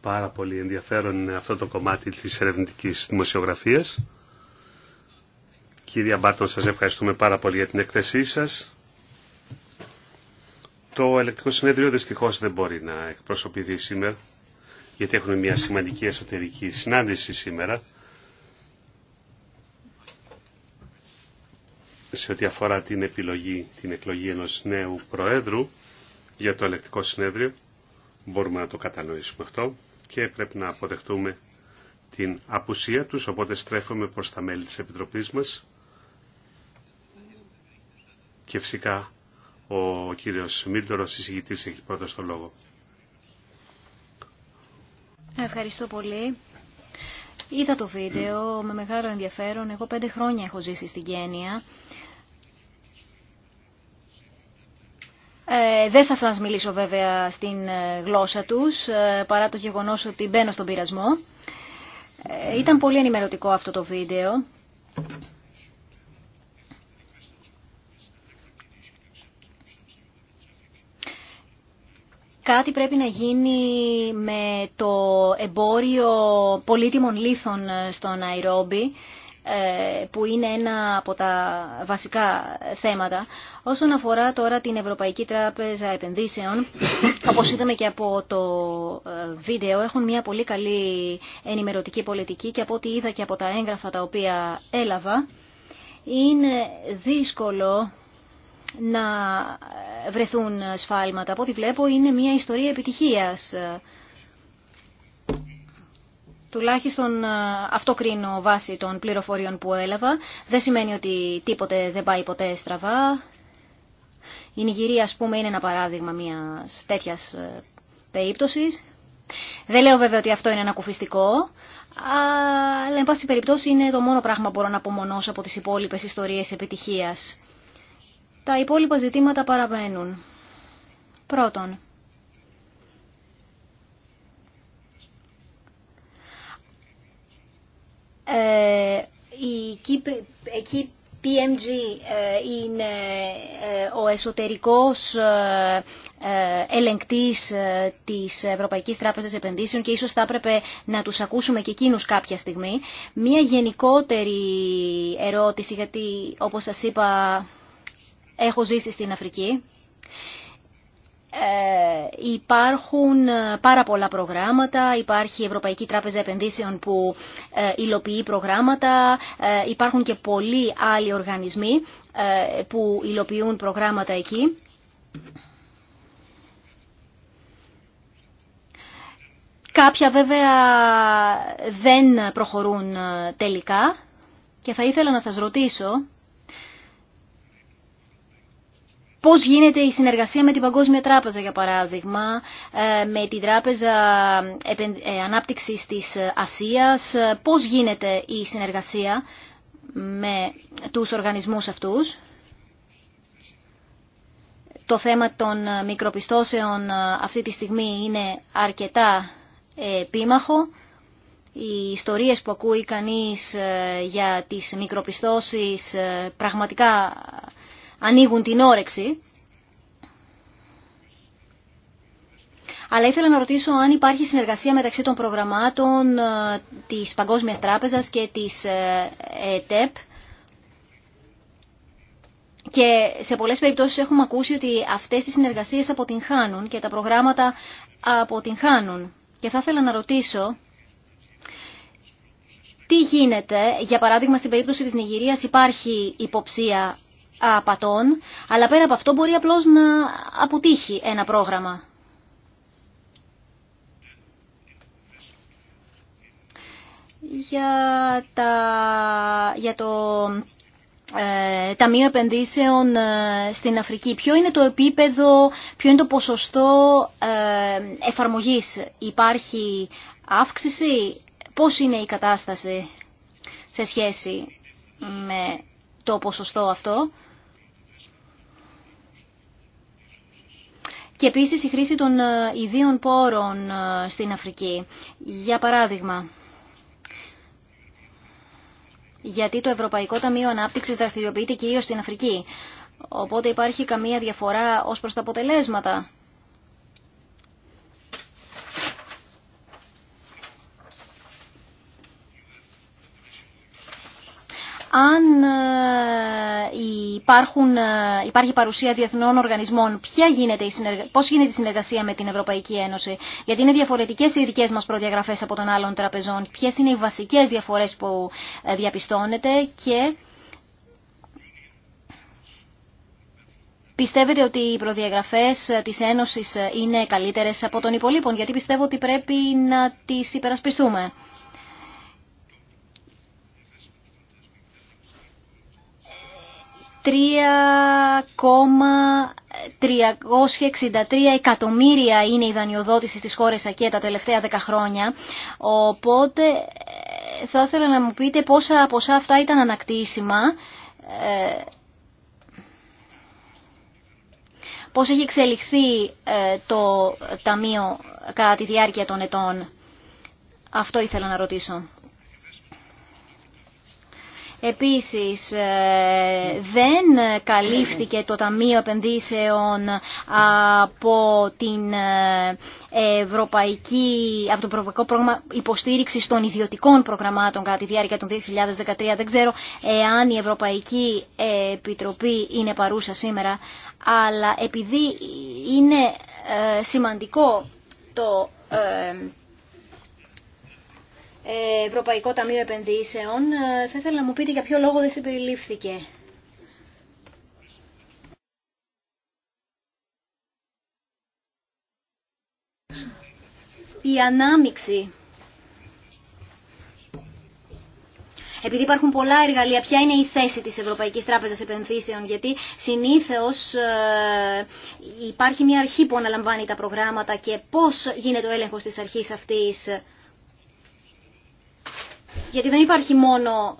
Πάρα πολύ ενδιαφέρον είναι αυτό το κομμάτι της ερευνητικής δημοσιογραφίας. Κυρία Μπάρτον, σας ευχαριστούμε πάρα πολύ για την εκθεσή σας. Το ελεκτικό συνέδριο δυστυχώς δεν μπορεί να εκπροσωπηθεί σήμερα, γιατί έχουμε μια σημαντική εσωτερική συνάντηση σήμερα. σε ό,τι αφορά την επιλογή, την εκλογή ενός νέου Προέδρου για το ελεκτικό συνέδριο. Μπορούμε να το κατανοήσουμε αυτό και πρέπει να αποδεχτούμε την απουσία τους, οπότε στρέφουμε προς τα μέλη της Επιτροπής μας. Και φυσικά ο κύριος Μίλτορος, εισηγητής, έχει πρώτα στο λόγο. Ευχαριστώ πολύ. Είδα το βίντεο με μεγάλο ενδιαφέρον. Εγώ πέντε χρόνια έχω ζήσει στην Κένια Ε, δεν θα σας μιλήσω βέβαια στην ε, γλώσσα τους, ε, παρά το γεγονός ότι μπαίνω στον πειρασμό. Ήταν πολύ ενημερωτικό αυτό το βίντεο. Κάτι πρέπει να γίνει με το εμπόριο πολύτιμων λίθων στο Ναϊρόμπι. Ε, που είναι ένα από τα βασικά θέματα. Όσον αφορά τώρα την Ευρωπαϊκή Τράπεζα Επενδύσεων, όπως είδαμε και από το ε, βίντεο, έχουν μια πολύ καλή ενημερωτική πολιτική και από ό,τι είδα και από τα έγγραφα τα οποία έλαβα, είναι δύσκολο να βρεθούν σφάλματα. Από ό,τι βλέπω είναι μια ιστορία επιτυχίας Τουλάχιστον αυτό κρίνω βάσει των πληροφοριών που έλαβα. Δεν σημαίνει ότι τίποτε δεν πάει ποτέ στραβά. Η Νιγηρία, ας πούμε, είναι ένα παράδειγμα μιας τέτοιας ε, περίπτωση. Δεν λέω βέβαια ότι αυτό είναι ανακουφιστικό, αλλά εν πάση περιπτώσει είναι το μόνο πράγμα που μπορώ να απομονώσω από τις υπόλοιπες ιστορίες επιτυχίας. Τα υπόλοιπα ζητήματα παραμένουν. Πρώτον, Ε, εκεί PMG ε, είναι ε, ο εσωτερικός ελεγκτής της Ευρωπαϊκής Τράπεζας Επενδύσεων και ίσως θα έπρεπε να τους ακούσουμε και εκείνους κάποια στιγμή. Μία γενικότερη ερώτηση, γιατί όπως σας είπα έχω ζήσει στην Αφρική ε, υπάρχουν ε, πάρα πολλά προγράμματα, υπάρχει η Ευρωπαϊκή Τράπεζα Επενδύσεων που ε, υλοποιεί προγράμματα, υπάρχουν και πολλοί άλλοι οργανισμοί που υλοποιούν προγράμματα εκεί. Κάποια βέβαια δεν προχωρούν τελικά και θα ήθελα να σας ρωτήσω πώς γίνεται η συνεργασία με την Παγκόσμια Τράπεζα, για παράδειγμα, ε, με την Τράπεζα ε, ε, Ανάπτυξης της Ασίας, πώς γίνεται η συνεργασία με τους οργανισμούς αυτούς. Το θέμα των μικροπιστώσεων αυτή τη στιγμή είναι αρκετά επίμαχο. Οι ιστορίες που ακούει κανείς για τις μικροπιστώσεις πραγματικά ανοίγουν την όρεξη. Αλλά ήθελα να ρωτήσω αν υπάρχει συνεργασία μεταξύ των προγραμμάτων ε, της Παγκόσμιας Τράπεζας και της ε, ΕΤΕΠ. Και σε πολλές περιπτώσεις έχουμε ακούσει ότι αυτές οι συνεργασίες αποτυγχάνουν και τα προγράμματα αποτυγχάνουν. Και θα ήθελα να ρωτήσω τι γίνεται, για παράδειγμα στην περίπτωση της Νιγηρίας υπάρχει υποψία απατών, αλλά πέρα από αυτό μπορεί απλώς να αποτύχει ένα πρόγραμμα. Για, τα, για το ε, Ταμείο Επενδύσεων ε, στην Αφρική. Ποιο είναι το επίπεδο, ποιο είναι το ποσοστό ε, εφαρμογής. Υπάρχει αύξηση, πώς είναι η κατάσταση σε σχέση με το ποσοστό αυτό. Και επίσης η χρήση των ε, ιδίων πόρων ε, στην Αφρική. Για παράδειγμα, γιατί το Ευρωπαϊκό Ταμείο Ανάπτυξης δραστηριοποιείται κυρίως στην Αφρική. Οπότε υπάρχει καμία διαφορά ως προς τα αποτελέσματα αν ε, υπάρχουν, ε, υπάρχει παρουσία διεθνών οργανισμών, ποια γίνεται η πώς γίνεται η συνεργασία με την Ευρωπαϊκή Ένωση, γιατί είναι διαφορετικές οι δικές μας προδιαγραφές από των άλλων τραπεζών, ποιες είναι οι βασικές διαφορές που ε, διαπιστώνεται και... Πιστεύετε ότι οι προδιαγραφές της Ένωσης είναι καλύτερες από των υπολείπων, γιατί πιστεύω ότι πρέπει να τις υπερασπιστούμε. 3,363 εκατομμύρια είναι η δανειοδότηση στις χώρες ΑΚΕ τα τελευταία 10 χρόνια. Οπότε ε, θα ήθελα να μου πείτε πόσα από αυτά ήταν ανακτήσιμα, ε, πώς έχει εξελιχθεί ε, το Ταμείο κατά τη διάρκεια των ετών. Αυτό ήθελα να ρωτήσω. Επίσης, ε, δεν καλύφθηκε το Ταμείο Επενδύσεων από, την ε, Ευρωπαϊκή, από το Ευρωπαϊκό Πρόγραμμα Υποστήριξης των Ιδιωτικών Προγραμμάτων κατά τη διάρκεια των 2013. Δεν ξέρω εάν η Ευρωπαϊκή Επιτροπή είναι παρούσα σήμερα, αλλά επειδή είναι ε, σημαντικό το ε, Ευρωπαϊκό Ταμείο Επενδύσεων. Ε, θα ήθελα να μου πείτε για ποιο λόγο δεν συμπεριλήφθηκε. Η ανάμιξη. Επειδή υπάρχουν πολλά εργαλεία, ποια είναι η θέση της Ευρωπαϊκής Τράπεζας Επενδύσεων, γιατί συνήθως ε, υπάρχει μια αρχή που αναλαμβάνει τα προγράμματα και πώς γίνεται ο έλεγχος της αρχής αυτής γιατί δεν υπάρχει μόνο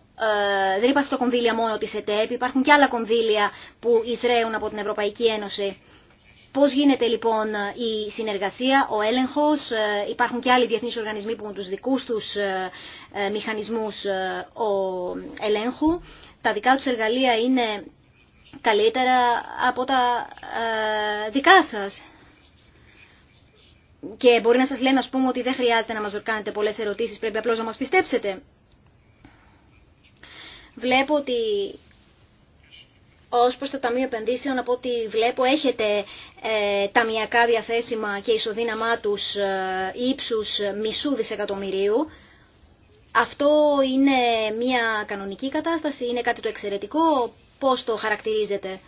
ε, δεν υπάρχει το κονδύλια μόνο της ΕΤΕΠ, υπάρχουν και άλλα κονδύλια που εισραίουν από την Ευρωπαϊκή Ένωση. Πώς γίνεται λοιπόν ε, η συνεργασία, ο έλεγχος, ε, υπάρχουν και άλλοι διεθνείς οργανισμοί που έχουν τους δικούς τους μηχανισμούς ελέγχου. Τα δικά τους εργαλεία είναι καλύτερα από τα δικά σας. Και μπορεί να σας λένε, ας πούμε, ότι δεν χρειάζεται να μας κάνετε πολλές ερωτήσεις, πρέπει απλώς να μας πιστέψετε. Βλέπω ότι ως προς το Ταμείο Επενδύσεων, από ό,τι βλέπω, έχετε ε, ταμιακά διαθέσιμα και ισοδύναμά τους ε, ύψους μισού δισεκατομμυρίου. Αυτό είναι μια κανονική κατάσταση, είναι κάτι το εξαιρετικό, πώς το χαρακτηρίζετε.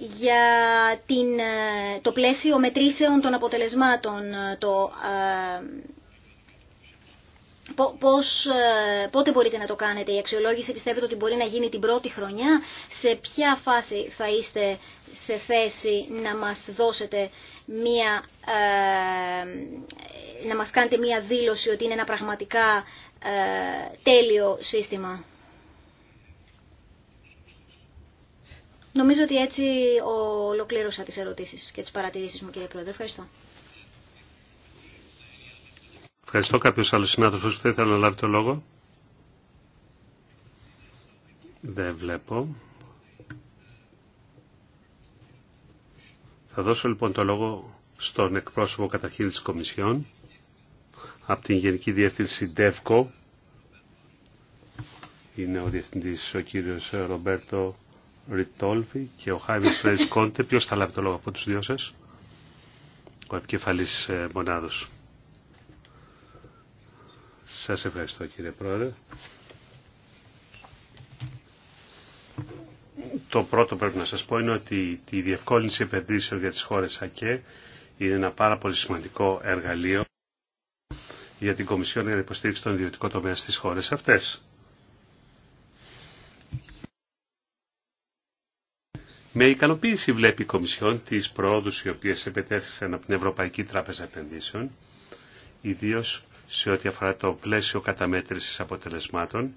για την, ε, το πλαίσιο μετρήσεων των αποτελεσμάτων, ε, το, ε, Πώς, πότε μπορείτε να το κάνετε, η αξιολόγηση πιστεύετε ότι μπορεί να γίνει την πρώτη χρονιά, σε ποια φάση θα είστε σε θέση να μας δώσετε μία, να μας κάνετε μία δήλωση ότι είναι ένα πραγματικά τέλειο σύστημα. Νομίζω ότι έτσι ολοκλήρωσα τις ερωτήσεις και τις παρατηρήσεις μου κύριε Πρόεδρε. Ευχαριστώ. Ευχαριστώ. Κάποιο άλλο συνάδελφο που θα ήθελε να λάβει το λόγο. Δεν βλέπω. Θα δώσω λοιπόν το λόγο στον εκπρόσωπο καταρχήν της Κομισιόν από την Γενική Διεύθυνση ΔΕΒΚΟ. Είναι ο Διευθυντής ο κύριος Ρομπέρτο Ριτόλβι και ο Χάιμις Φρέις Κόντε. Ποιο θα λάβει το λόγο από του δύο σα Ο επικεφαλής ε, μονάδο. Σα ευχαριστώ κύριε Πρόεδρε. Το πρώτο πρέπει να σας πω είναι ότι η διευκόλυνση επενδύσεων για τις χώρες ΑΚΕ είναι ένα πάρα πολύ σημαντικό εργαλείο για την Κομισιόν για την υποστήριξη των ιδιωτικών τομέα στις χώρες αυτές. Με ικανοποίηση βλέπει η Κομισιόν τις προόδους οι οποίες επετέθησαν από την Ευρωπαϊκή Τράπεζα Επενδύσεων, ιδίως σε ό,τι αφορά το πλαίσιο καταμέτρησης αποτελεσμάτων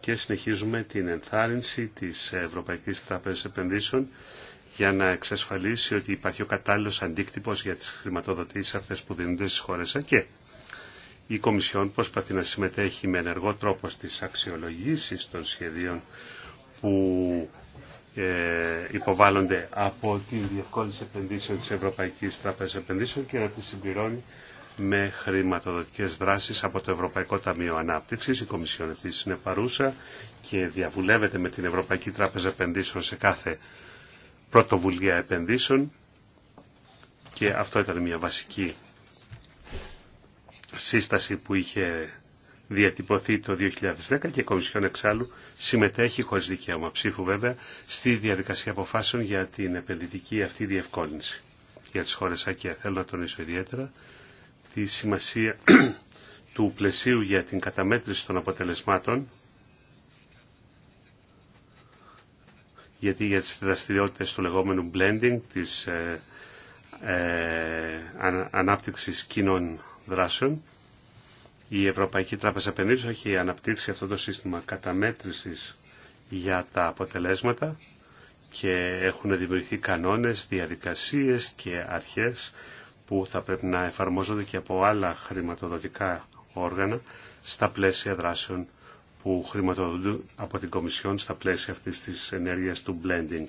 και συνεχίζουμε την ενθάρρυνση της Ευρωπαϊκής Τράπεζας Επενδύσεων για να εξασφαλίσει ότι υπάρχει ο κατάλληλος αντίκτυπος για τις χρηματοδοτήσεις αυτές που δίνονται στις χώρες ΑΚΕ. Η Κομισιόν προσπαθεί να συμμετέχει με ενεργό τρόπο στις αξιολογήσει των σχεδίων που ε, υποβάλλονται από τη διευκόλυνση επενδύσεων της ευρωπαϊκή Τράπεζας Επενδύσεων και να τη συμπληρώνει με χρηματοδοτικές δράσεις από το Ευρωπαϊκό Ταμείο Ανάπτυξης. Η Κομισιόν επίσης είναι παρούσα και διαβουλεύεται με την Ευρωπαϊκή Τράπεζα Επενδύσεων σε κάθε πρωτοβουλία επενδύσεων και αυτό ήταν μια βασική σύσταση που είχε διατυπωθεί το 2010 και η Κομισιόν εξάλλου συμμετέχει χωρίς δικαίωμα ψήφου βέβαια στη διαδικασία αποφάσεων για την επενδυτική αυτή διευκόλυνση για τις χώρες ΑΚΕ. Θέλω να τονίσω ιδιαίτερα τη σημασία του πλαισίου για την καταμέτρηση των αποτελεσμάτων γιατί για τις δραστηριότητες του λεγόμενου blending της ε, ε, ανάπτυξης κοινών δράσεων η Ευρωπαϊκή Τράπεζα Επενδύσεων έχει αναπτύξει αυτό το σύστημα καταμέτρησης για τα αποτελέσματα και έχουν δημιουργηθεί κανόνες, διαδικασίες και αρχές που θα πρέπει να εφαρμόζονται και από άλλα χρηματοδοτικά όργανα στα πλαίσια δράσεων που χρηματοδοτούν από την Κομισιόν στα πλαίσια αυτής της ενέργειας του blending.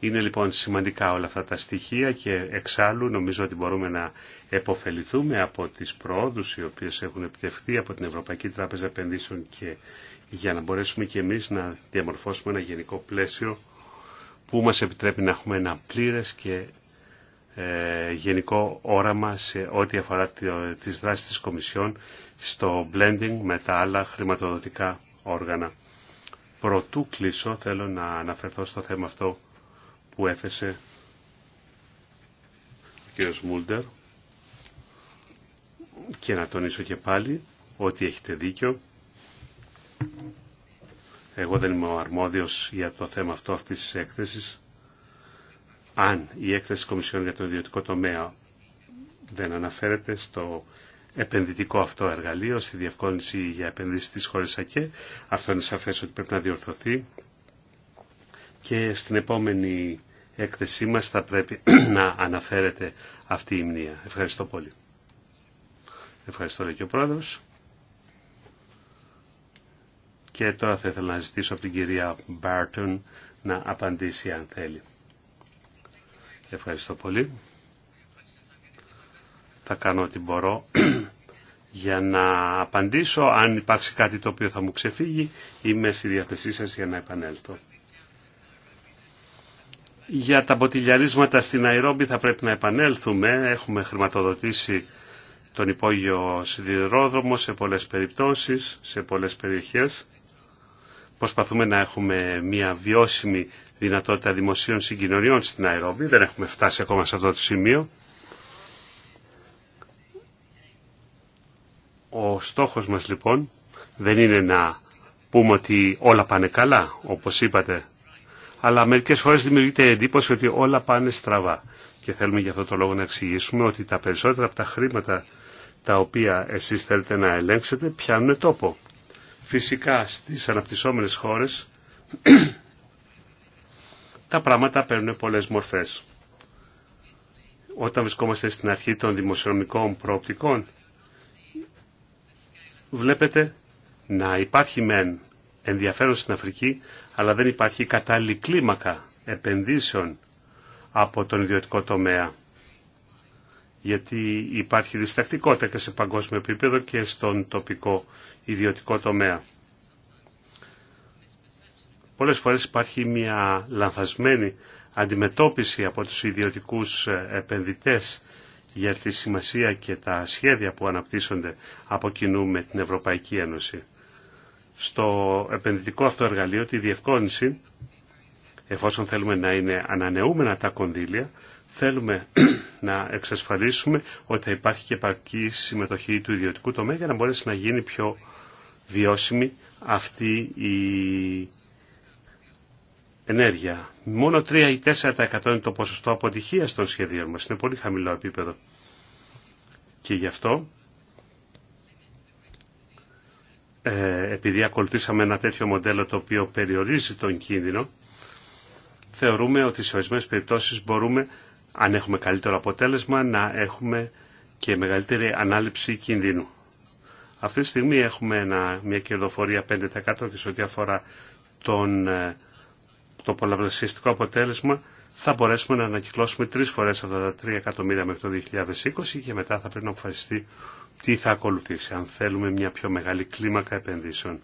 Είναι λοιπόν σημαντικά όλα αυτά τα στοιχεία και εξάλλου νομίζω ότι μπορούμε να επωφεληθούμε από τις προόδους οι οποίες έχουν επιτευχθεί από την Ευρωπαϊκή Τράπεζα Επενδύσεων και για να μπορέσουμε και εμείς να διαμορφώσουμε ένα γενικό πλαίσιο που μας επιτρέπει να έχουμε ένα πλήρες και ε, γενικό όραμα σε ό,τι αφορά τις δράσεις της Κομισιόν στο blending με τα άλλα χρηματοδοτικά όργανα. Προτού κλείσω θέλω να αναφερθώ στο θέμα αυτό που έθεσε ο κ. Μούλτερ και να τονίσω και πάλι ότι έχετε δίκιο. Εγώ δεν είμαι ο αρμόδιος για το θέμα αυτό αυτής της έκθεσης. Αν η έκθεση Κομισιόν για το ιδιωτικό τομέα δεν αναφέρεται στο επενδυτικό αυτό εργαλείο, στη διευκόλυνση για επενδύσεις της χώρας ΑΚΕ, αυτό είναι σαφές ότι πρέπει να διορθωθεί. Και στην επόμενη έκθεσή μας θα πρέπει να αναφέρεται αυτή η μνήα. Ευχαριστώ πολύ. Ευχαριστώ και ο πρόεδρος. Και τώρα θα ήθελα να ζητήσω από την κυρία Μπάρτον να απαντήσει αν θέλει. Ευχαριστώ πολύ. Θα κάνω ό,τι μπορώ για να απαντήσω. Αν υπάρξει κάτι το οποίο θα μου ξεφύγει, είμαι στη διάθεσή σας για να επανέλθω. Για τα μποτιλιαρίσματα στην Αϊρόμπη θα πρέπει να επανέλθουμε. Έχουμε χρηματοδοτήσει τον υπόγειο σιδηρόδρομο σε πολλές περιπτώσεις, σε πολλές περιοχές. Προσπαθούμε να έχουμε μια βιώσιμη δυνατότητα δημοσίων συγκοινωνιών στην Αϊρόμπη. Δεν έχουμε φτάσει ακόμα σε αυτό το σημείο. Ο στόχος μας λοιπόν δεν είναι να πούμε ότι όλα πάνε καλά, όπως είπατε αλλά μερικές φορές δημιουργείται εντύπωση ότι όλα πάνε στραβά. Και θέλουμε για αυτό το λόγο να εξηγήσουμε ότι τα περισσότερα από τα χρήματα τα οποία εσείς θέλετε να ελέγξετε πιάνουν τόπο. Φυσικά στις αναπτυσσόμενες χώρες τα πράγματα παίρνουν πολλές μορφές. Όταν βρισκόμαστε στην αρχή των δημοσιονομικών προοπτικών, βλέπετε να υπάρχει μεν ενδιαφέρον στην Αφρική, αλλά δεν υπάρχει κατάλληλη κλίμακα επενδύσεων από τον ιδιωτικό τομέα. Γιατί υπάρχει διστακτικότητα και σε παγκόσμιο επίπεδο και στον τοπικό ιδιωτικό τομέα. Πολλές φορές υπάρχει μια λανθασμένη αντιμετώπιση από τους ιδιωτικούς επενδυτές για τη σημασία και τα σχέδια που αναπτύσσονται από κοινού με την Ευρωπαϊκή Ένωση στο επενδυτικό αυτό εργαλείο τη διευκόνηση, εφόσον θέλουμε να είναι ανανεούμενα τα κονδύλια, θέλουμε να εξασφαλίσουμε ότι θα υπάρχει και επαρκή συμμετοχή του ιδιωτικού τομέα για να μπορέσει να γίνει πιο βιώσιμη αυτή η ενέργεια. Μόνο 3 ή 4% είναι το ποσοστό αποτυχίας των σχεδίων μας. Είναι πολύ χαμηλό επίπεδο. Και γι' αυτό Ε, επειδή ακολουθήσαμε ένα τέτοιο μοντέλο το οποίο περιορίζει τον κίνδυνο, θεωρούμε ότι σε ορισμένε περιπτώσει μπορούμε, αν έχουμε καλύτερο αποτέλεσμα, να έχουμε και μεγαλύτερη ανάληψη κινδύνου. Αυτή τη στιγμή έχουμε ένα, μια κερδοφορία 5% και σε ό,τι αφορά τον, ε, το πολλαπλασιαστικό αποτέλεσμα θα μπορέσουμε να ανακυκλώσουμε τρεις φορές αυτά τα 3 εκατομμύρια μέχρι το 2020 και μετά θα πρέπει να αποφασιστεί τι θα ακολουθήσει αν θέλουμε μια πιο μεγάλη κλίμακα επενδύσεων.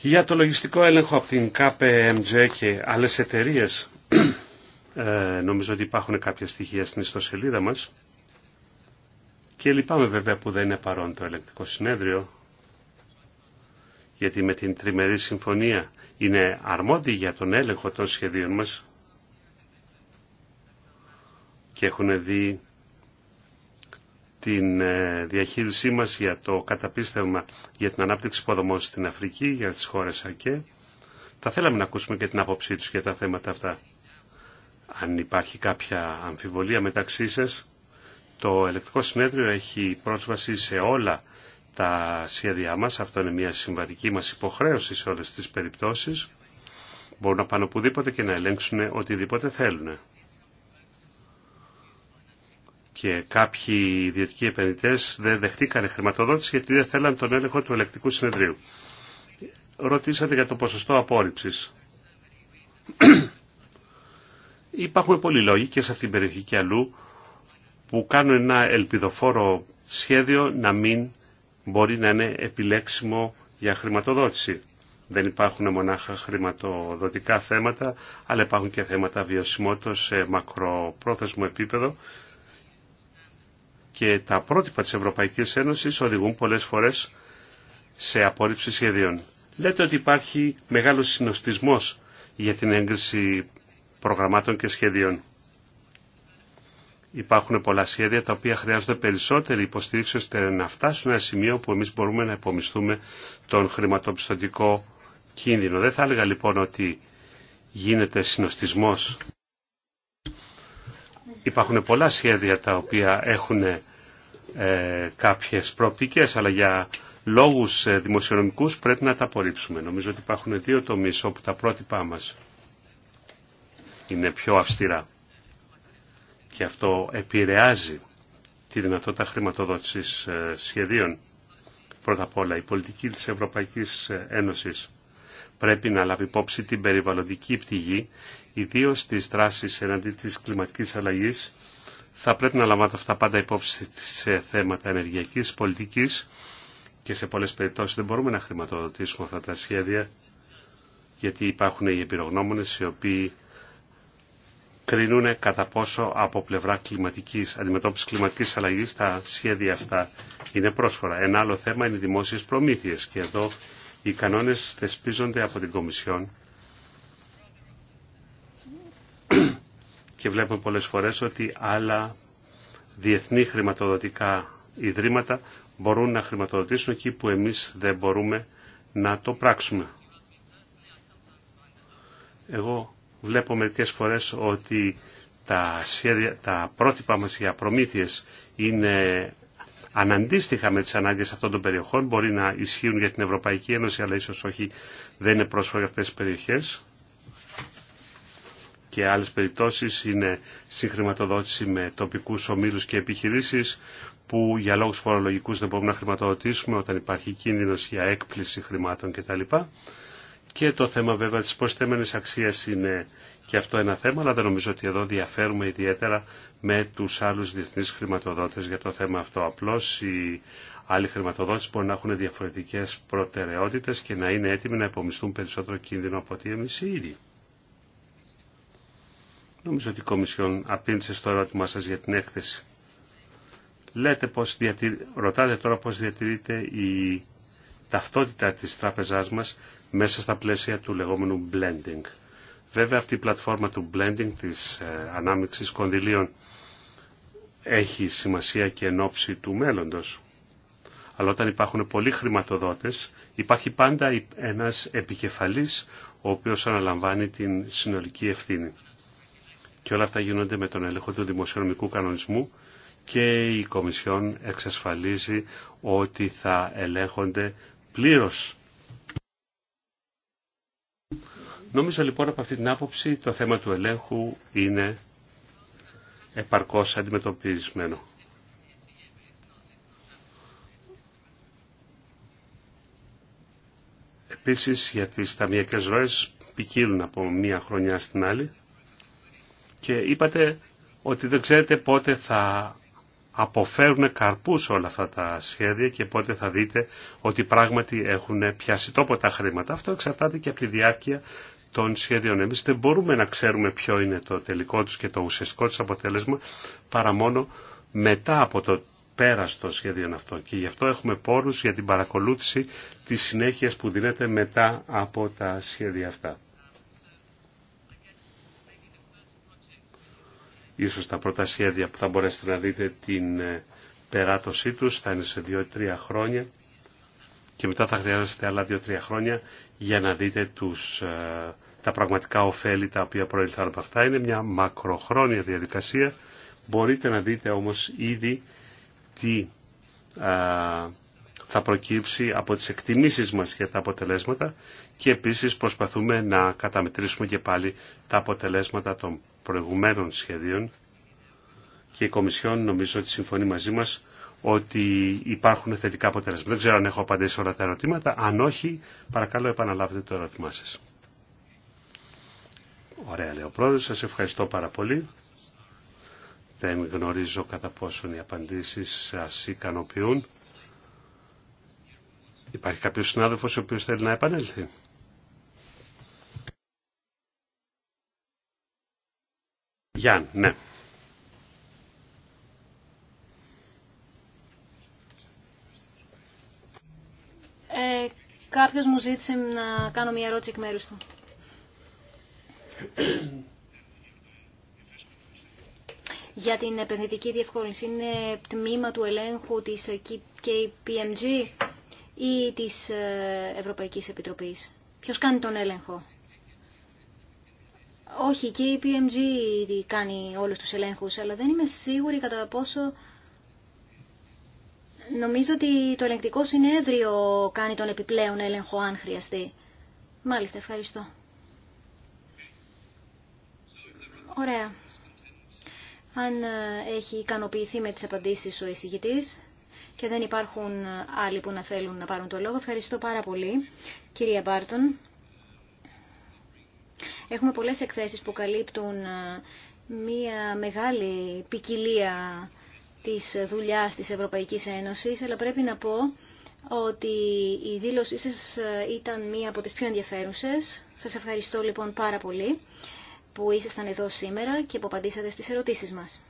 Για το λογιστικό έλεγχο από την KPMG και άλλες εταιρείες, ε, νομίζω ότι υπάρχουν κάποια στοιχεία στην ιστοσελίδα μας και λυπάμαι βέβαια που δεν είναι παρόν το ελεκτικό συνέδριο, γιατί με την τριμερή συμφωνία είναι αρμόδιοι για τον έλεγχο των σχεδίων μας και έχουν δει την ε, διαχείρισή μας για το καταπίστευμα για την ανάπτυξη υποδομών στην Αφρική, για τις χώρες ΑΚΕ. Θα θέλαμε να ακούσουμε και την άποψή τους για τα θέματα αυτά. Αν υπάρχει κάποια αμφιβολία μεταξύ σας, το Ελεκτικό Συνέδριο έχει πρόσβαση σε όλα τα σχέδιά μας. Αυτό είναι μια συμβατική μας υποχρέωση σε όλες τις περιπτώσεις. Μπορούν να πάνε οπουδήποτε και να ελέγξουν οτιδήποτε θέλουν και κάποιοι ιδιωτικοί επενδυτέ δεν δεχτήκαν χρηματοδότηση γιατί δεν θέλαν τον έλεγχο του ελεκτικού συνεδρίου. Ρωτήσατε για το ποσοστό απόρριψη. Υπάρχουν πολλοί λόγοι και σε αυτήν την περιοχή και αλλού που κάνουν ένα ελπιδοφόρο σχέδιο να μην μπορεί να είναι επιλέξιμο για χρηματοδότηση. Δεν υπάρχουν μονάχα χρηματοδοτικά θέματα, αλλά υπάρχουν και θέματα βιωσιμότητας σε μακροπρόθεσμο επίπεδο και τα πρότυπα της Ευρωπαϊκής Ένωσης οδηγούν πολλές φορές σε απόρριψη σχεδίων. Λέτε ότι υπάρχει μεγάλος συνοστισμός για την έγκριση προγραμμάτων και σχεδίων. Υπάρχουν πολλά σχέδια τα οποία χρειάζονται περισσότερη υποστήριξη ώστε να φτάσουν σε ένα σημείο που εμείς μπορούμε να υπομισθούμε τον χρηματοπιστωτικό κίνδυνο. Δεν θα έλεγα λοιπόν ότι γίνεται συνοστισμός. Υπάρχουν πολλά σχέδια τα οποία έχουν ε, κάποιες προοπτικές, αλλά για λόγους ε, δημοσιονομικούς πρέπει να τα απορρίψουμε. Νομίζω ότι υπάρχουν δύο τομείς όπου τα πρότυπά μας είναι πιο αυστηρά. Και αυτό επηρεάζει τη δυνατότητα χρηματοδότησης ε, σχεδίων. Πρώτα απ' όλα, η πολιτική της Ευρωπαϊκής Ένωσης πρέπει να λάβει υπόψη την περιβαλλοντική πτυγή, ιδίως στις δράσεις εναντί της κλιματικής αλλαγής θα πρέπει να λαμβάνω αυτά πάντα υπόψη σε θέματα ενεργειακής πολιτικής και σε πολλές περιπτώσεις δεν μπορούμε να χρηματοδοτήσουμε αυτά τα σχέδια γιατί υπάρχουν οι επιρρογνώμονες οι οποίοι κρίνουν κατά πόσο από πλευρά κλιματικής, αντιμετώπισης κλιματικής αλλαγής τα σχέδια αυτά είναι πρόσφορα. Ένα άλλο θέμα είναι οι δημόσιες προμήθειες και εδώ οι κανόνες θεσπίζονται από την Κομισιόν και βλέπουμε πολλές φορές ότι άλλα διεθνή χρηματοδοτικά ιδρύματα μπορούν να χρηματοδοτήσουν εκεί που εμείς δεν μπορούμε να το πράξουμε. Εγώ βλέπω μερικές φορές ότι τα, τα πρότυπα μας για προμήθειες είναι αναντίστοιχα με τις ανάγκες αυτών των περιοχών, μπορεί να ισχύουν για την Ευρωπαϊκή Ένωση, αλλά ίσως όχι δεν είναι πρόσφορα για αυτές τις περιοχές και άλλες περιπτώσεις είναι συγχρηματοδότηση με τοπικούς ομίλους και επιχειρήσεις που για λόγους φορολογικούς δεν μπορούμε να χρηματοδοτήσουμε όταν υπάρχει κίνδυνος για έκπληση χρημάτων κτλ. Και το θέμα βέβαια της προσθέμενης αξίας είναι και αυτό ένα θέμα, αλλά δεν νομίζω ότι εδώ διαφέρουμε ιδιαίτερα με τους άλλους διεθνείς χρηματοδότες για το θέμα αυτό. Απλώς οι άλλοι χρηματοδότες μπορεί να έχουν διαφορετικές προτεραιότητες και να είναι έτοιμοι να υπομισθούν περισσότερο κίνδυνο από ότι εμείς οι ίδιοι. Νομίζω ότι η Κομισιόν απήντησε στο ερώτημά σας για την έκθεση. Λέτε πώς Ρωτάτε τώρα πώς διατηρείται η ταυτότητα της τράπεζάς μας μέσα στα πλαίσια του λεγόμενου blending. Βέβαια αυτή η πλατφόρμα του blending της ε, ανάμειξης κονδυλίων έχει σημασία και εν του μέλλοντος. Αλλά όταν υπάρχουν πολλοί χρηματοδότες υπάρχει πάντα ένας επικεφαλής ο οποίος αναλαμβάνει την συνολική ευθύνη. Και όλα αυτά γίνονται με τον έλεγχο του δημοσιονομικού κανονισμού και η Κομισιόν εξασφαλίζει ότι θα ελέγχονται πλήρως. Νομίζω λοιπόν από αυτή την άποψη το θέμα του ελέγχου είναι επαρκώς αντιμετωπισμένο. Επίσης για τις ταμιακές ροές ποικίλουν από μία χρονιά στην άλλη και είπατε ότι δεν ξέρετε πότε θα αποφέρουν καρπούς όλα αυτά τα σχέδια και πότε θα δείτε ότι πράγματι έχουν πιάσει τόπο τα χρήματα. Αυτό εξαρτάται και από τη διάρκεια των σχέδιων. Εμείς δεν μπορούμε να ξέρουμε ποιο είναι το τελικό τους και το ουσιαστικό τους αποτέλεσμα παρά μόνο μετά από το πέρας των σχέδιων αυτών. Και γι' αυτό έχουμε πόρους για την παρακολούθηση της συνέχειας που δίνεται μετά από τα σχέδια αυτά. ίσως τα πρώτα σχέδια που θα μπορέσετε να δείτε την ε, περάτωσή τους θα είναι σε 2-3 χρόνια και μετά θα χρειάζεστε άλλα 2-3 χρόνια για να δείτε τους, ε, τα πραγματικά ωφέλη τα οποία προήλθαν από αυτά. Είναι μια μακροχρόνια διαδικασία. Μπορείτε να δείτε όμως ήδη τι α, ε, θα προκύψει από τις εκτιμήσεις μας για τα αποτελέσματα και επίσης προσπαθούμε να καταμετρήσουμε και πάλι τα αποτελέσματα των προηγουμένων σχεδίων και η Κομισιόν νομίζω ότι συμφωνεί μαζί μας ότι υπάρχουν θετικά αποτελέσματα. Δεν ξέρω αν έχω απαντήσει όλα τα ερωτήματα. Αν όχι, παρακαλώ επαναλάβετε το ερώτημά σας. Ωραία, λέει ο πρόεδρος. Σας ευχαριστώ πάρα πολύ. Δεν γνωρίζω κατά πόσον οι απαντήσεις σας ικανοποιούν. Υπάρχει κάποιος συνάδελφος ο οποίος θέλει να επανέλθει. Γιάν, ναι. ε, κάποιος μου ζήτησε να κάνω μια ερώτηση εκ μέρους του. Για την επενδυτική διευκόλυνση είναι τμήμα του ελέγχου της KPMG ή της ε, Ευρωπαϊκής Επιτροπής. Ποιος κάνει τον έλεγχο. Όχι, και η PMG κάνει όλους τους ελέγχους, αλλά δεν είμαι σίγουρη κατά πόσο... Νομίζω ότι το ελεγκτικό συνέδριο κάνει τον επιπλέον έλεγχο αν χρειαστεί. Μάλιστα, ευχαριστώ. Ωραία. Αν ε, έχει ικανοποιηθεί με τις απαντήσεις ο εισηγητής και δεν υπάρχουν άλλοι που να θέλουν να πάρουν το λόγο, ευχαριστώ πάρα πολύ, κυρία Μπάρτον. Έχουμε πολλές εκθέσεις που καλύπτουν ε, μια μεγάλη ποικιλία της δουλειάς της Ευρωπαϊκής Ένωσης, αλλά πρέπει να πω ότι η δήλωσή σας ε, ήταν μία από τις πιο ενδιαφέρουσες. Σας ευχαριστώ λοιπόν πάρα πολύ που ήσασταν εδώ σήμερα και που απαντήσατε στις ερωτήσεις μας.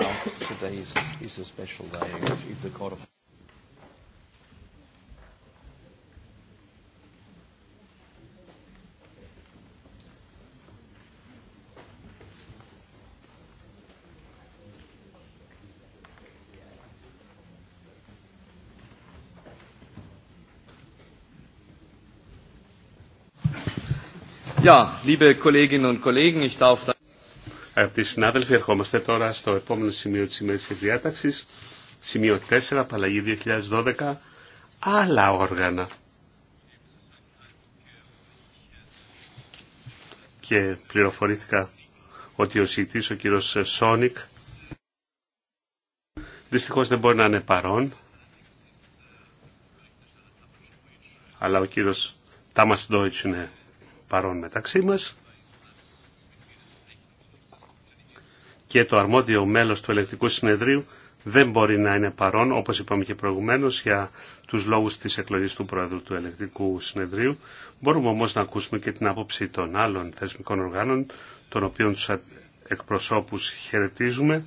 now today is, is a special day if the court of Ja, liebe Kolleginnen und Kollegen, ich darf Αγαπητοί συνάδελφοι, ερχόμαστε τώρα στο επόμενο σημείο της σημερινής της διάταξης, σημείο 4, απαλλαγή 2012, άλλα όργανα. Και πληροφορήθηκα ότι ο συγητής, ο κύριος Σόνικ, δυστυχώς δεν μπορεί να είναι παρόν, αλλά ο κύριος Τάμας Ντόιτς είναι παρόν μεταξύ μας. και το αρμόδιο μέλος του ελεκτικού συνεδρίου δεν μπορεί να είναι παρόν, όπως είπαμε και προηγουμένως, για τους λόγους της εκλογής του Πρόεδρου του Ελεκτικού Συνεδρίου. Μπορούμε όμως να ακούσουμε και την άποψη των άλλων θεσμικών οργάνων, των οποίων τους εκπροσώπους χαιρετίζουμε.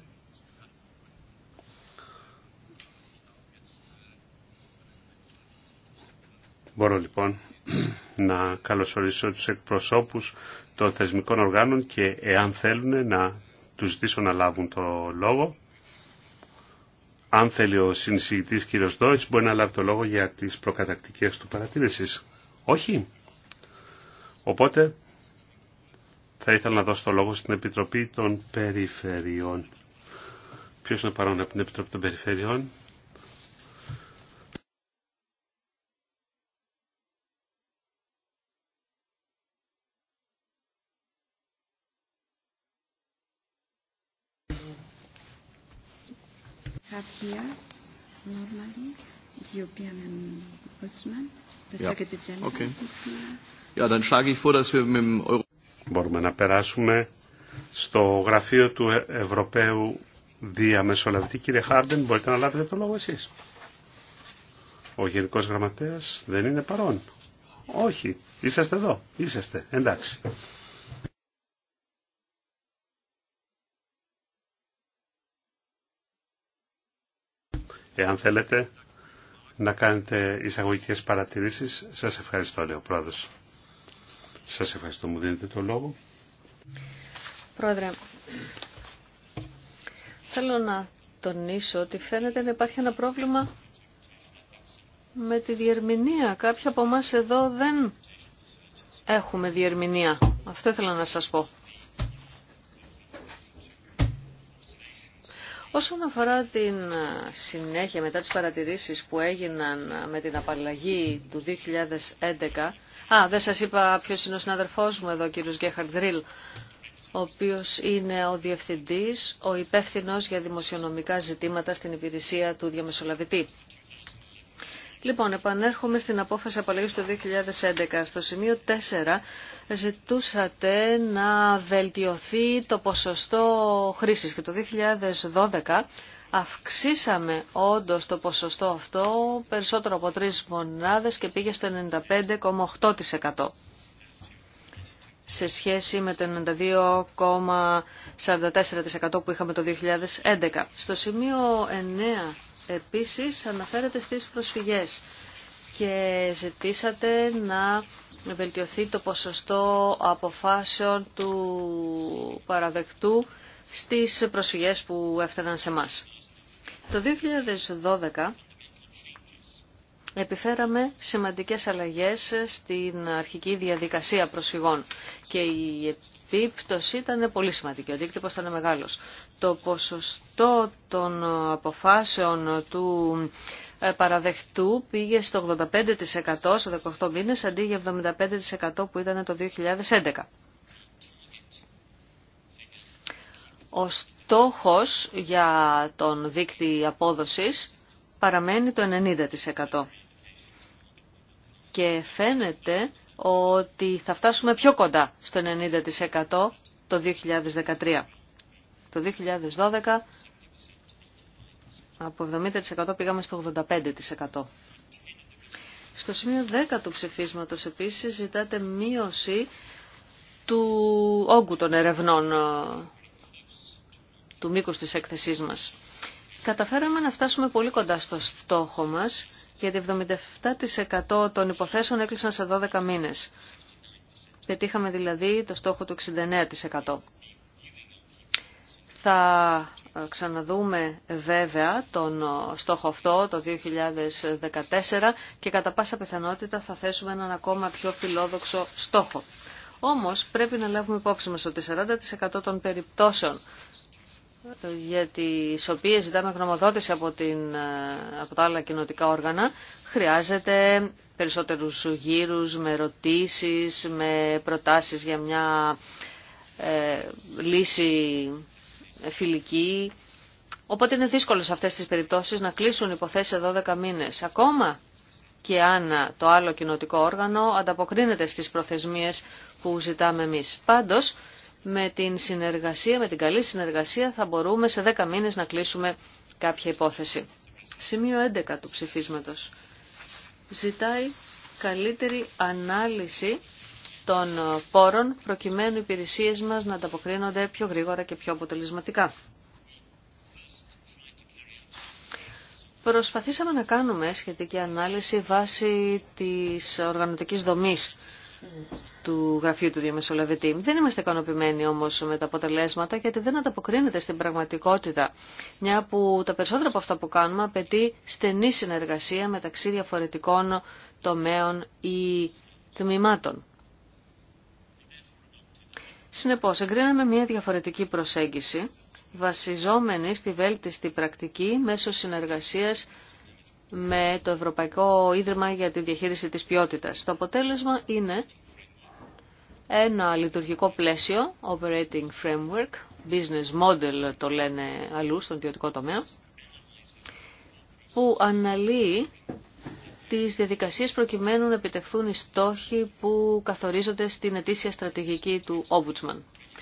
Μπορώ λοιπόν να καλωσορίσω τους εκπροσώπους των θεσμικών οργάνων και εάν θέλουν να τους ζητήσω να λάβουν το λόγο. Αν θέλει ο συνεισηγητής κύριος Δόης μπορεί να λάβει το λόγο για τις προκατακτικές του παρατήρησης. Όχι. Οπότε θα ήθελα να δώσω το λόγο στην Επιτροπή των Περιφερειών. Ποιος είναι παρόν από την Επιτροπή των Περιφερειών. European the Okay. Ja, dann schlage ich vor, dass wir mit dem Euro Μπορούμε να περάσουμε στο γραφείο του ε- Ευρωπαίου Διαμεσολαβητή. Κύριε Χάρντεν, μπορείτε να λάβετε το λόγο εσείς. Ο Γενικός Γραμματέας δεν είναι παρόν. Όχι, είσαστε εδώ, είσαστε, εντάξει. Εάν θέλετε να κάνετε εισαγωγικές παρατηρήσεις. Σας ευχαριστώ, λέει ο Πρόεδρος. Σας ευχαριστώ, μου δίνετε το λόγο. Πρόεδρε, θέλω να τονίσω ότι φαίνεται να υπάρχει ένα πρόβλημα με τη διερμηνία. Κάποιοι από εμά εδώ δεν έχουμε διερμηνία. Αυτό ήθελα να σας πω. Όσον αφορά την ε, συνέχεια μετά τις παρατηρήσεις που έγιναν ε, με την απαλλαγή του 2011, α, δεν σας είπα ποιος είναι ο συναδερφός μου εδώ, ο κύριος Γκέχαρντ Γκριλ, ο οποίος είναι ο διευθυντής, ο υπεύθυνος για δημοσιονομικά ζητήματα στην υπηρεσία του διαμεσολαβητή. Λοιπόν, επανέρχομαι στην απόφαση απαλλαγή του 2011. Στο σημείο 4 ζητούσατε να βελτιωθεί το ποσοστό χρήσης και το 2012 αυξήσαμε όντως το ποσοστό αυτό περισσότερο από τρει μονάδες και πήγε στο 95,8% σε σχέση με το 92,44% που είχαμε το 2011. Στο σημείο 9 Επίσης αναφέρεται στις προσφυγές και ζητήσατε να βελτιωθεί το ποσοστό αποφάσεων του παραδεκτού στις προσφυγές που έφταναν σε μας. Το 2012 επιφέραμε σημαντικές αλλαγές στην αρχική διαδικασία προσφυγών και η επίπτωση ήταν πολύ σημαντική, ο αντίκτυπο ήταν μεγάλο. Το ποσοστό των ε, αποφάσεων του ε, παραδεχτού πήγε στο 85% σε 18 μήνες αντί για 75% που ήταν το 2011. Ο στόχος για τον δίκτυ απόδοσης παραμένει το 90%. Και φαίνεται ότι θα φτάσουμε πιο κοντά στο 90% το 2013. Το 2012 από 70% πήγαμε στο 85%. Στο σημείο 10 του ψηφίσματος επίσης ζητάτε μείωση του όγκου των ερευνών ε, του μήκους της έκθεσής μας καταφέραμε να φτάσουμε πολύ κοντά στο στόχο μας, γιατί 77% των υποθέσεων έκλεισαν σε 12 μήνες. Πετύχαμε δηλαδή το στόχο του 69%. Θα ε, ξαναδούμε βέβαια τον ε, στόχο αυτό το 2014 και κατά πάσα πιθανότητα θα θέσουμε έναν ακόμα πιο φιλόδοξο στόχο. Όμως πρέπει να λάβουμε υπόψη μας ότι 40% των περιπτώσεων για τις οποίες ζητάμε γνωμοδότηση από, την, από τα άλλα κοινοτικά όργανα, χρειάζεται περισσότερους γύρους με ρωτήσεις, με προτάσεις για μια ε, λύση φιλική. Οπότε είναι δύσκολο σε αυτές τις περιπτώσεις να κλείσουν υποθέσεις σε 12 μήνες. Ακόμα και αν το άλλο κοινοτικό όργανο ανταποκρίνεται στις προθεσμίες που ζητάμε εμείς. Πάντως, με την συνεργασία, με την καλή συνεργασία θα μπορούμε σε 10 μήνες να κλείσουμε κάποια υπόθεση. Σημείο 11 του ψηφίσματος. Ζητάει καλύτερη ανάλυση των πόρων προκειμένου οι υπηρεσίες μας να ανταποκρίνονται πιο γρήγορα και πιο αποτελεσματικά. Προσπαθήσαμε να κάνουμε σχετική ανάλυση βάσει της οργανωτικής δομής του γραφείου του Διαμεσολαβητή. Δεν είμαστε ικανοποιημένοι όμως με τα αποτελέσματα γιατί δεν ανταποκρίνεται στην πραγματικότητα. Μια που τα περισσότερα από αυτά που κάνουμε απαιτεί στενή συνεργασία μεταξύ διαφορετικών τομέων ή τμήματων. Συνεπώς, εγκρίναμε μια διαφορετική προσέγγιση βασιζόμενη στη βέλτιστη πρακτική μέσω συνεργασίας με το Ευρωπαϊκό Ίδρυμα για τη Διαχείριση της Ποιότητας. Το αποτέλεσμα είναι ένα λειτουργικό πλαίσιο, operating framework, business model το λένε αλλού στον ιδιωτικό τομέα, που αναλύει τις διαδικασίες προκειμένου να επιτευχθούν οι στόχοι που καθορίζονται στην ετήσια στρατηγική του Ombudsman.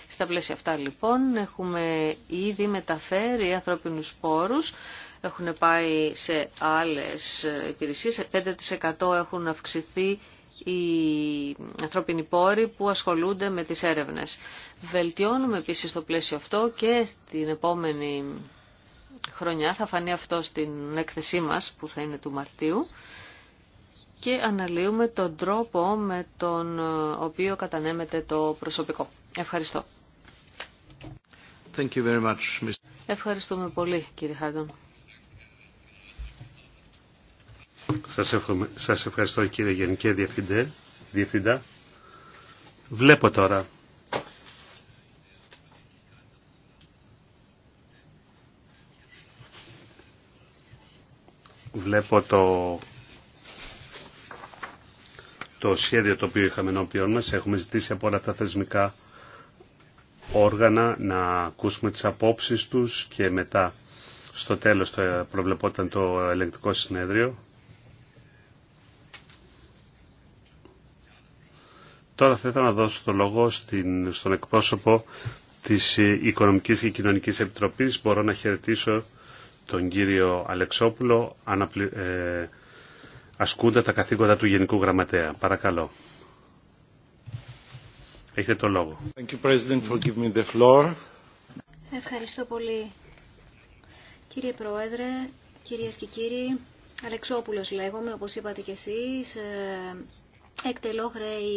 Στα πλαίσια αυτά λοιπόν έχουμε ήδη μεταφέρει ανθρώπινους πόρους, έχουν πάει σε άλλες υπηρεσίες, 5% έχουν αυξηθεί οι ανθρώπινοι πόροι που ασχολούνται με τις έρευνες. Βελτιώνουμε επίσης το πλαίσιο αυτό και την επόμενη χρονιά, θα φανεί αυτό στην έκθεσή μας που θα είναι του Μαρτίου, και αναλύουμε τον τρόπο με τον οποίο κατανέμεται το προσωπικό. Ευχαριστώ. Thank you very Ευχαριστούμε πολύ κύριε Χάρτον. Σας, ευχαριστώ κύριε Γενική Διευθυντέ, Διευθυντά. Βλέπω τώρα βλέπω το, σχέδιο το οποίο είχαμε ενώπιον μας. Έχουμε ζητήσει από όλα τα θεσμικά όργανα να ακούσουμε τις απόψεις τους και μετά στο τέλος το προβλεπόταν το ελεγκτικό συνέδριο Τώρα θα ήθελα να δώσω το λόγο στην, στον εκπρόσωπο της ε, Οικονομικής και Κοινωνικής Επιτροπής. Μπορώ να χαιρετήσω τον κύριο Αλεξόπουλο, αναπλη, ε, ασκούντα τα καθήκοντα του Γενικού Γραμματέα. Παρακαλώ. Έχετε το λόγο. Ευχαριστώ πολύ. Κύριε Πρόεδρε, κυρίες και κύριοι, Αλεξόπουλος λέγομαι, όπως είπατε και εσείς, ε, Εκτελώ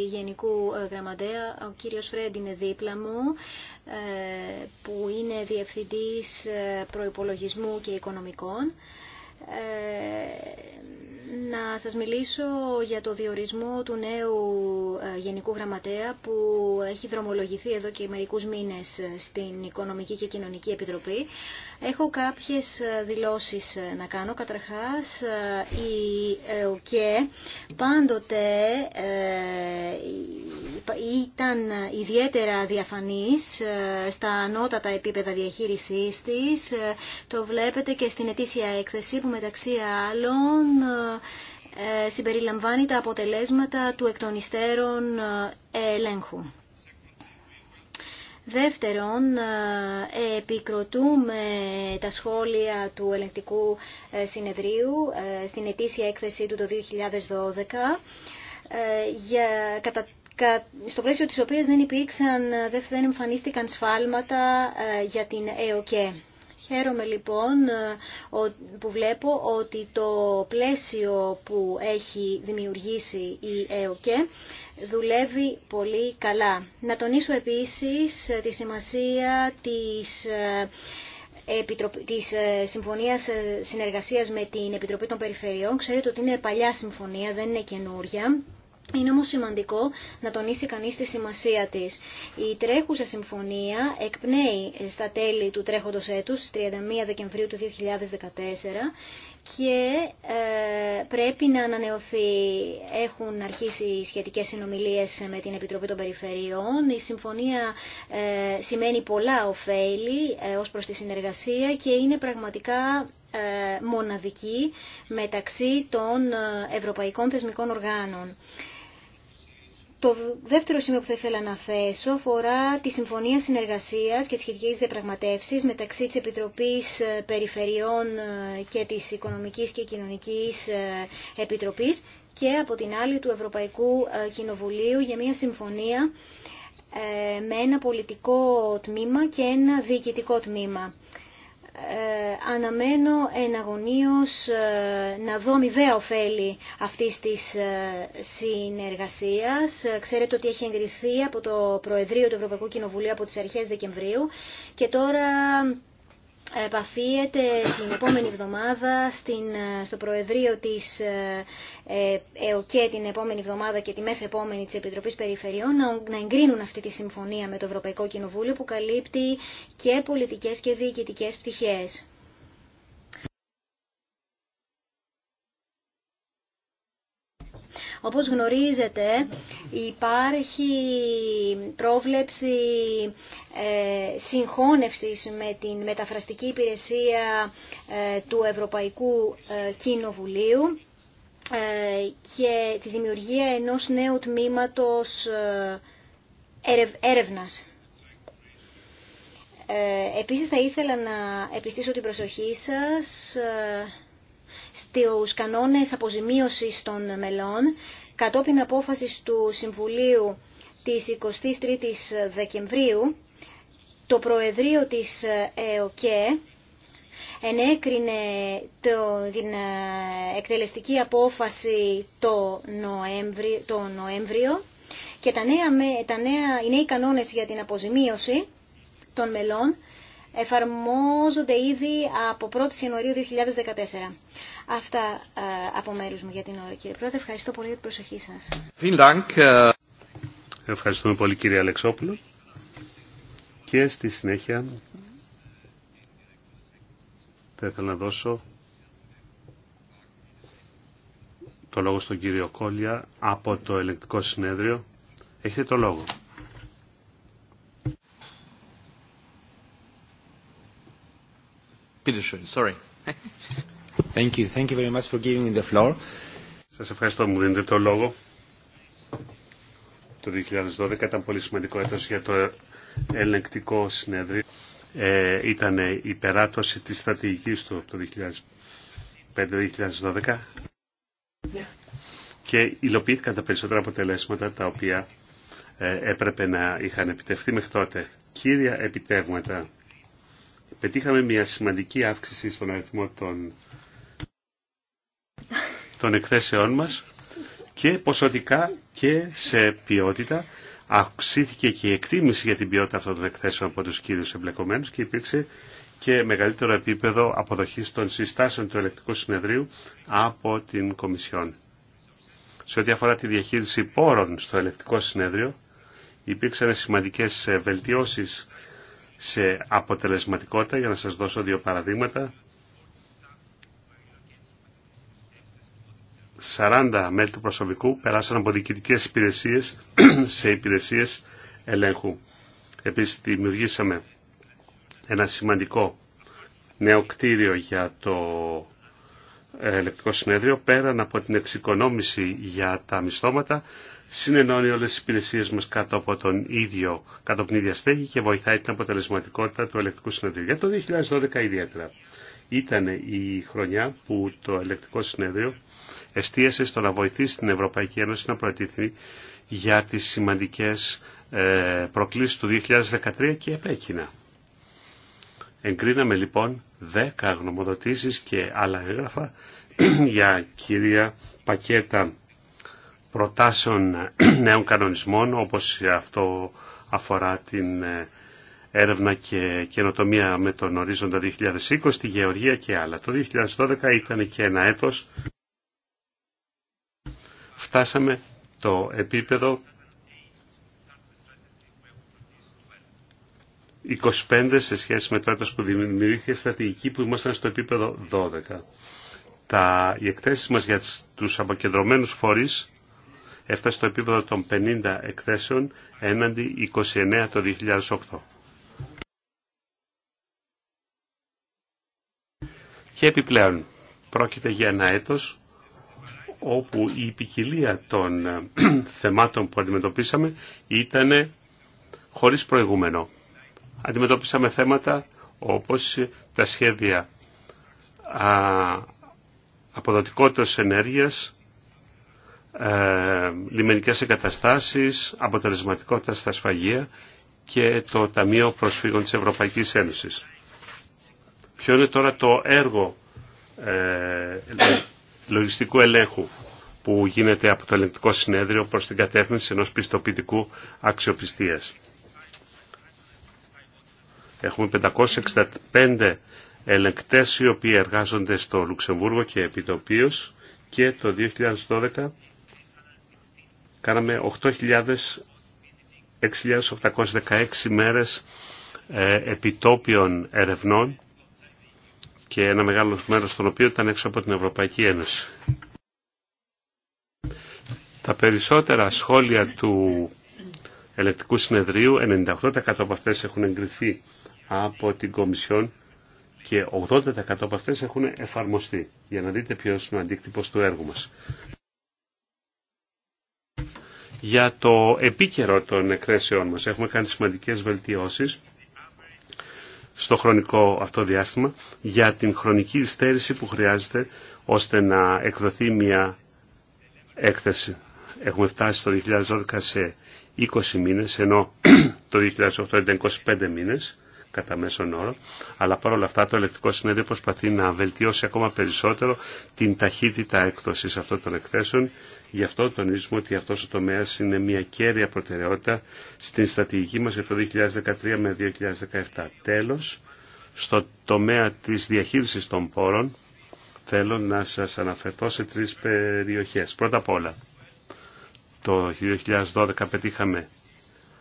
Γενικού ε, Γραμματέα, ο κύριος Φρέντ είναι δίπλα μου, ε, που είναι Διευθυντής ε, Προϋπολογισμού και Οικονομικών να σας μιλήσω για το διορισμό του νέου ε, Γενικού Γραμματέα που έχει δρομολογηθεί εδώ και μερικούς μήνες ε, στην Οικονομική και Κοινωνική Επιτροπή. Έχω κάποιες ε, δηλώσεις να κάνω. Καταρχάς, η ΟΚΕ πάντοτε ήταν ιδιαίτερα διαφανής στα ανώτατα επίπεδα διαχείρισής της. Το βλέπετε και στην ετήσια έκθεση που μεταξύ άλλων ε, συμπεριλαμβάνει τα αποτελέσματα του εκτονιστέρων ε, ελέγχου. Δεύτερον, ε, επικροτούμε τα σχόλια του ελεγκτικού συνεδρίου στην ετήσια έκθεσή του το 2012 για, κατά στο πλαίσιο της οποίας δεν υπήρξαν, δεν εμφανίστηκαν σφάλματα για την ΕΟΚΕ. Χαίρομαι λοιπόν ε, που βλέπω ότι το πλαίσιο που έχει δημιουργήσει η ΕΟΚΕ δουλεύει πολύ καλά. Να τονίσω επίσης τη σημασία της ε, της ε, Συμφωνίας Συνεργασίας με την Επιτροπή των Περιφερειών. Ξέρετε ότι είναι παλιά συμφωνία, δεν είναι καινούρια. Είναι όμως σημαντικό να τονίσει κανείς τη σημασία της. Η τρέχουσα συμφωνία εκπνέει στα τέλη του τρέχοντος έτους, στις 31 Δεκεμβρίου του 2014 και ε, πρέπει να ανανεωθεί. Έχουν αρχίσει οι σχετικές συνομιλίες με την Επιτροπή των Περιφερειών. Η συμφωνία ε, σημαίνει πολλά ωφέλη ε, ως προς τη συνεργασία και είναι πραγματικά μοναδική μεταξύ των ευρωπαϊκών θεσμικών οργάνων. Το δεύτερο σημείο που θα ήθελα να θέσω αφορά τη Συμφωνία Συνεργασίας και τις σχετικές διαπραγματεύσεις μεταξύ της Επιτροπής ε, Περιφερειών ε, και της Οικονομικής και Κοινωνικής ε, Επιτροπής και από την άλλη του Ευρωπαϊκού Κοινοβουλίου για μια συμφωνία με ένα πολιτικό τμήμα και ένα διοικητικό τμήμα. Ε, αναμένω εναγωνίως ε, να δω αμοιβαία ωφέλη αυτής της ε, συνεργασίας. Ξέρετε ότι έχει εγκριθεί από το Προεδρείο του Ευρωπαϊκού Κοινοβουλίου από τις αρχές Δεκεμβρίου και τώρα επαφίεται την επόμενη εβδομάδα στην, στο Προεδρείο της ε, ε, ΕΟΚΕ την επόμενη εβδομάδα και τη μεθεπόμενη της Επιτροπής Περιφερειών να, να εγκρίνουν αυτή τη συμφωνία με το Ευρωπαϊκό Κοινοβούλιο που καλύπτει και πολιτικές και διοικητικές πτυχές. Όπως γνωρίζετε υπάρχει πρόβλεψη ε, συγχώνευσης με την μεταφραστική υπηρεσία ε, του Ευρωπαϊκού ε, Κοινοβουλίου και τη δημιουργία ενός νέου τμήματος έρευνας. Επίσης θα ήθελα να επιστήσω την προσοχή σας στους κανόνες αποζημίωσης των μελών κατόπιν απόφασης του Συμβουλίου της 23ης Δεκεμβρίου το Προεδρείο της ΕΟΚΕ ενέκρινε το, την ε, εκτελεστική απόφαση το Νοέμβριο, και τα νέα, τα νέα, οι νέοι κανόνες για την αποζημίωση των μελών εφαρμόζονται ήδη από 1η Ιανουαρίου 2014. Αυτά ε, από μέρους μου για την ώρα κύριε Πρόεδρε. Ευχαριστώ πολύ για την προσοχή σας. Ε. Ευχαριστούμε πολύ κύριε Αλεξόπουλο. Και στη συνέχεια θα ήθελα να δώσω το λόγο στον κύριο Κόλια από το ελεκτικό συνέδριο. Έχετε το λόγο. Sorry. Thank you. Thank you very much for giving me the floor. Σας ευχαριστώ μου δίνετε το λόγο. Το 2012 ήταν πολύ σημαντικό έτος για το ελεγκτικό συνέδριο. Ε, ήταν η περάτωση της στρατηγικής του το 2005-2012 και υλοποιήθηκαν τα περισσότερα αποτελέσματα τα οποία ε, έπρεπε να είχαν επιτευχθεί μέχρι τότε. Κύρια επιτεύγματα. Πετύχαμε μια σημαντική αύξηση στον αριθμό των των εκθέσεών μας και ποσοτικά και σε ποιότητα αυξήθηκε και η εκτίμηση για την ποιότητα αυτών των εκθέσεων από τους κύριους εμπλεκομένους και υπήρξε και μεγαλύτερο επίπεδο αποδοχής των συστάσεων του ελεκτικού συνεδρίου από την Κομισιόν. Σε ό,τι αφορά τη διαχείριση πόρων στο ελεκτικό συνέδριο, υπήρξαν σημαντικές βελτιώσεις σε αποτελεσματικότητα, για να σας δώσω δύο παραδείγματα. 40 μέλη του προσωπικού περάσαν από διοικητικές υπηρεσίες σε υπηρεσίες ελέγχου. Επίσης δημιουργήσαμε ένα σημαντικό νέο κτίριο για το ελεκτικό συνέδριο. Πέραν από την εξοικονόμηση για τα μισθώματα, συνενώνει όλες τις υπηρεσίες μας κάτω από, τον ίδιο, κάτω από την ίδια στέγη και βοηθάει την αποτελεσματικότητα του ελεκτικού συνέδριου. Για το 2012 ιδιαίτερα. Ήταν η χρονιά που το ελεκτικό συνέδριο εστίασε στο να βοηθήσει την Ευρωπαϊκή Ένωση να προετήθει για τις σημαντικές ε, προκλήσεις του 2013 και επέκεινα. Εγκρίναμε λοιπόν 10 γνωμοδοτήσεις και άλλα έγγραφα για κυρία πακέτα προτάσεων νέων κανονισμών όπως αυτό αφορά την ε, έρευνα και καινοτομία με τον ορίζοντα 2020, τη γεωργία και άλλα. Το 2012 ήταν και ένα έτος φτάσαμε το επίπεδο 25 σε σχέση με το έτος που δημιουργήθηκε στρατηγική που ήμασταν στο επίπεδο 12. Τα, οι εκθέσεις μας για τους αποκεντρωμένους φορείς έφτασε στο επίπεδο των 50 εκθέσεων έναντι 29 το 2008. Και επιπλέον, πρόκειται για ένα έτος όπου η ποικιλία των ε, θεμάτων που αντιμετωπίσαμε ήταν χωρίς προηγούμενο. Αντιμετωπίσαμε θέματα όπως τα σχέδια αποδοτικότητας ενέργειας, ε, λιμενικές εγκαταστάσεις, αποτελεσματικότητα στα σφαγεία και το Ταμείο Προσφύγων της Ευρωπαϊκής Ένωσης. Ποιο είναι τώρα το έργο ε, λογιστικού ελέγχου που γίνεται από το ελεγκτικό συνέδριο προς την κατεύθυνση ενός πιστοποιητικού αξιοπιστίας. Έχουμε 565 ελεγκτές οι οποίοι εργάζονται στο Λουξεμβούργο και επιτοπίως και το 2012 κάναμε 6.816 μέρες ε, επιτόπιων ερευνών και ένα μεγάλο μέρος των οποίων ήταν έξω από την Ευρωπαϊκή Ένωση. Τα περισσότερα σχόλια του ελεκτικού συνεδρίου, 98% από αυτές έχουν εγκριθεί από την Κομισιόν και 80% από αυτές έχουν εφαρμοστεί, για να δείτε ποιος είναι ο αντίκτυπος του έργου μας. Για το επίκαιρο των εκθέσεών μας έχουμε κάνει σημαντικές βελτιώσεις στο χρονικό αυτό διάστημα για την χρονική στέρηση που χρειάζεται ώστε να εκδοθεί μια έκθεση. Έχουμε φτάσει το 2012 σε 20 μήνες, ενώ το 2008 ήταν 25 μήνες κατά μέσον όρο, αλλά παρόλα αυτά το ελεκτικό συνέδριο προσπαθεί να βελτιώσει ακόμα περισσότερο την ταχύτητα έκδοσης αυτών των εκθέσεων. Γι' αυτό τονίζουμε ότι αυτός ο τομέας είναι μια κέρια προτεραιότητα στην στρατηγική μας για το 2013 με 2017. Τέλος, στο τομέα της διαχείρισης των πόρων, θέλω να σας αναφερθώ σε τρεις περιοχές. Πρώτα απ' όλα, το 2012 πετύχαμε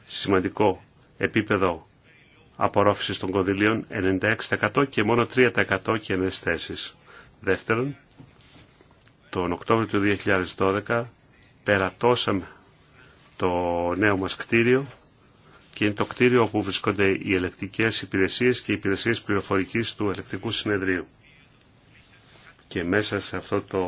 σημαντικό επίπεδο απορρόφηση των κονδυλίων 96% και μόνο 3% και νέες θέσεις. Δεύτερον, τον Οκτώβριο του 2012 περατώσαμε το νέο μας κτίριο και είναι το κτίριο όπου βρισκόνται οι ελεκτικές υπηρεσίες και οι υπηρεσίες πληροφορικής του ελεκτικού συνεδρίου. Και μέσα σε αυτό το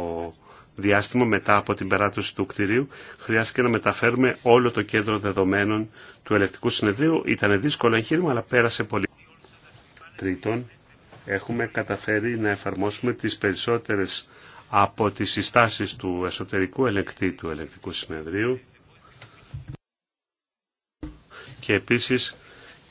διάστημα μετά από την περάτωση του κτηρίου χρειάστηκε να μεταφέρουμε όλο το κέντρο δεδομένων του ελεκτικού συνεδρίου. Ήταν δύσκολο εγχείρημα αλλά πέρασε πολύ. Τρίτον, έχουμε καταφέρει να εφαρμόσουμε τις περισσότερες από τις συστάσεις του εσωτερικού ελεκτή του ελεκτικού συνεδρίου και επίσης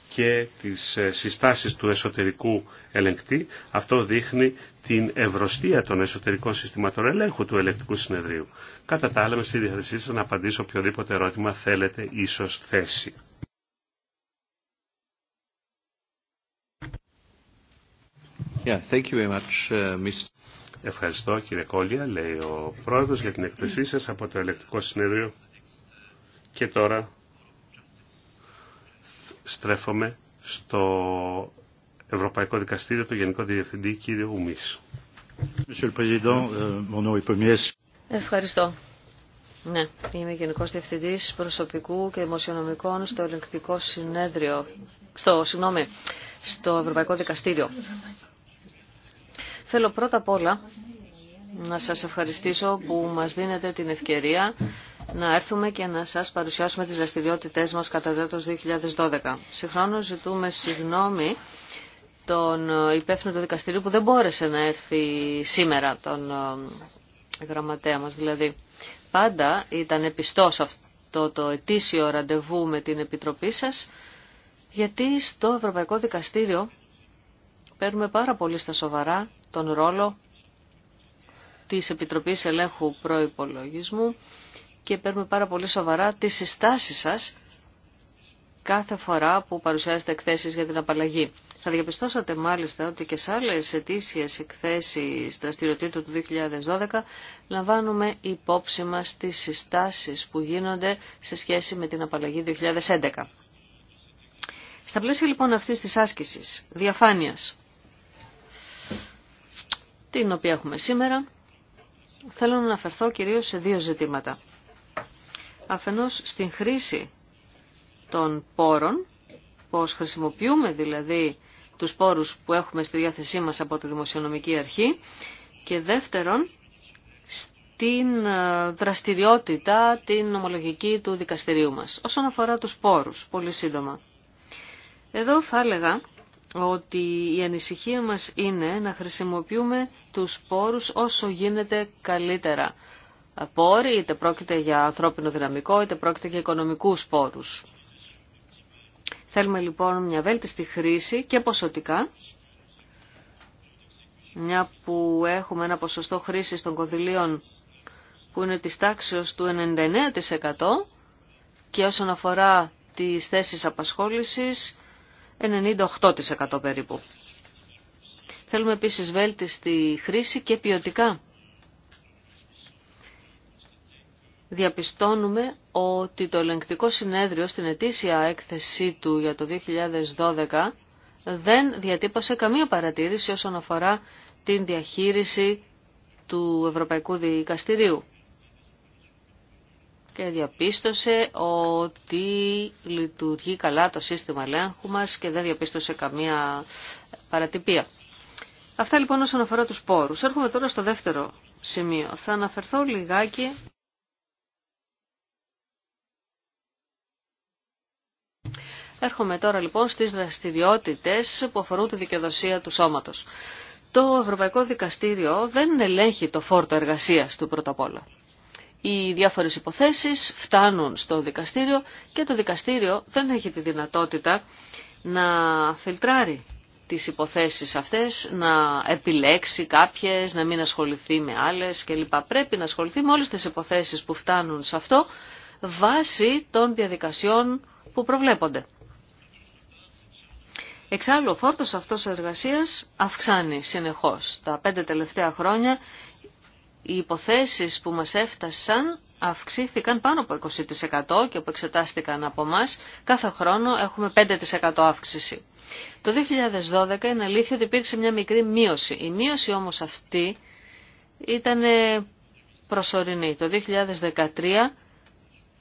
και τις ε, συστάσεις του εσωτερικού ελεγκτή, αυτό δείχνει την ευρωστία των εσωτερικών συστηματών ελέγχου του ελεκτικού συνεδρίου. Κατά τα άλλα, με στη διαθεσή σας να απαντήσω οποιοδήποτε ερώτημα θέλετε ίσως θέση. Yeah, thank you very much, uh, Mr. Ευχαριστώ κύριε Κόλια, λέει ο πρόεδρος για την εκθεσή σας από το ελεκτικό συνέδριο. Και τώρα στρέφομαι στο Ευρωπαϊκό Δικαστήριο, το Γενικό Διευθυντή, κύριο Ουμής. Euh, Ευχαριστώ. Ναι, είμαι Γενικός Διευθυντής Προσωπικού και Δημοσιονομικών στο Ελεκτικό Συνέδριο, στο, συγγνώμη, στο Ευρωπαϊκό Δικαστήριο. Θέλω πρώτα απ' όλα να σας ευχαριστήσω που μας δίνετε την ευκαιρία να έρθουμε και να σας παρουσιάσουμε τις δραστηριότητές μας κατά το 2012. Συγχρόνως ζητούμε συγγνώμη τον υπεύθυνο του δικαστηρίου που δεν μπόρεσε να έρθει σήμερα, τον ε, γραμματέα μας δηλαδή. Πάντα ήταν επιστός αυτό το ετήσιο ραντεβού με την Επιτροπή σας, γιατί στο Ευρωπαϊκό Δικαστήριο παίρνουμε πάρα πολύ στα σοβαρά τον ρόλο της Επιτροπής Ελέγχου Προϋπολογισμού και παίρνουμε πάρα πολύ σοβαρά τις συστάσεις σας κάθε φορά που παρουσιάζετε εκθέσεις για την απαλλαγή. Θα διαπιστώσατε μάλιστα ότι και σε άλλες ετήσιες εκθέσεις δραστηριοτήτων του 2012 λαμβάνουμε υπόψη μας τις συστάσεις που γίνονται σε σχέση με την απαλλαγή 2011. Στα πλαίσια λοιπόν αυτής τη άσκησης διαφάνειας, την οποία έχουμε σήμερα, θέλω να αναφερθώ κυρίως σε δύο ζητήματα αφενός στην χρήση των πόρων, πώς χρησιμοποιούμε δηλαδή τους πόρους που έχουμε στη διάθεσή μας από τη Δημοσιονομική Αρχή και δεύτερον στην ε, δραστηριότητα την ομολογική του δικαστηρίου μας. Όσον αφορά τους πόρους, πολύ σύντομα. Εδώ θα έλεγα ότι η ανησυχία μας είναι να χρησιμοποιούμε τους πόρους όσο γίνεται καλύτερα είτε πρόκειται για ανθρώπινο δυναμικό, είτε πρόκειται για οικονομικούς πόρους. Θέλουμε λοιπόν μια βέλτιστη χρήση και ποσοτικά, μια που έχουμε ένα ποσοστό χρήσης των κονδυλίων που είναι της τάξεως του 99% και όσον αφορά τις θέσεις απασχόλησης 98% περίπου. Θέλουμε επίσης βέλτιστη χρήση και ποιοτικά διαπιστώνουμε ότι το ελεγκτικό συνέδριο στην ετήσια έκθεσή του για το 2012 δεν διατύπωσε καμία παρατήρηση όσον αφορά την διαχείριση του Ευρωπαϊκού Δικαστηρίου και διαπίστωσε ότι λειτουργεί καλά το σύστημα ελέγχου μας και δεν διαπίστωσε καμία παρατυπία. Αυτά λοιπόν όσον αφορά τους πόρους. Έρχομαι τώρα στο δεύτερο σημείο. Θα αναφερθώ λιγάκι Έρχομαι τώρα λοιπόν στις δραστηριότητες που αφορούν τη δικαιοδοσία του σώματος. Το Ευρωπαϊκό Δικαστήριο δεν ελέγχει το φόρτο εργασίας του πρώτα απ' όλα. Οι διάφορες υποθέσεις φτάνουν στο δικαστήριο και το δικαστήριο δεν έχει τη δυνατότητα να φιλτράρει τις υποθέσεις αυτές, να επιλέξει κάποιες, να μην ασχοληθεί με άλλες κλπ. Πρέπει να ασχοληθεί με όλες τις υποθέσεις που φτάνουν σε αυτό βάσει των διαδικασιών που προβλέπονται. Εξάλλου, ο φόρτος αυτός εργασίας αυξάνει συνεχώς. Τα πέντε τελευταία χρόνια οι υποθέσεις που μας έφτασαν αυξήθηκαν πάνω από 20% και που εξετάστηκαν από εμά, κάθε χρόνο έχουμε 5% αύξηση. Το 2012 είναι αλήθεια ότι υπήρξε μια μικρή μείωση. Η μείωση όμως αυτή ήταν προσωρινή. Το 2013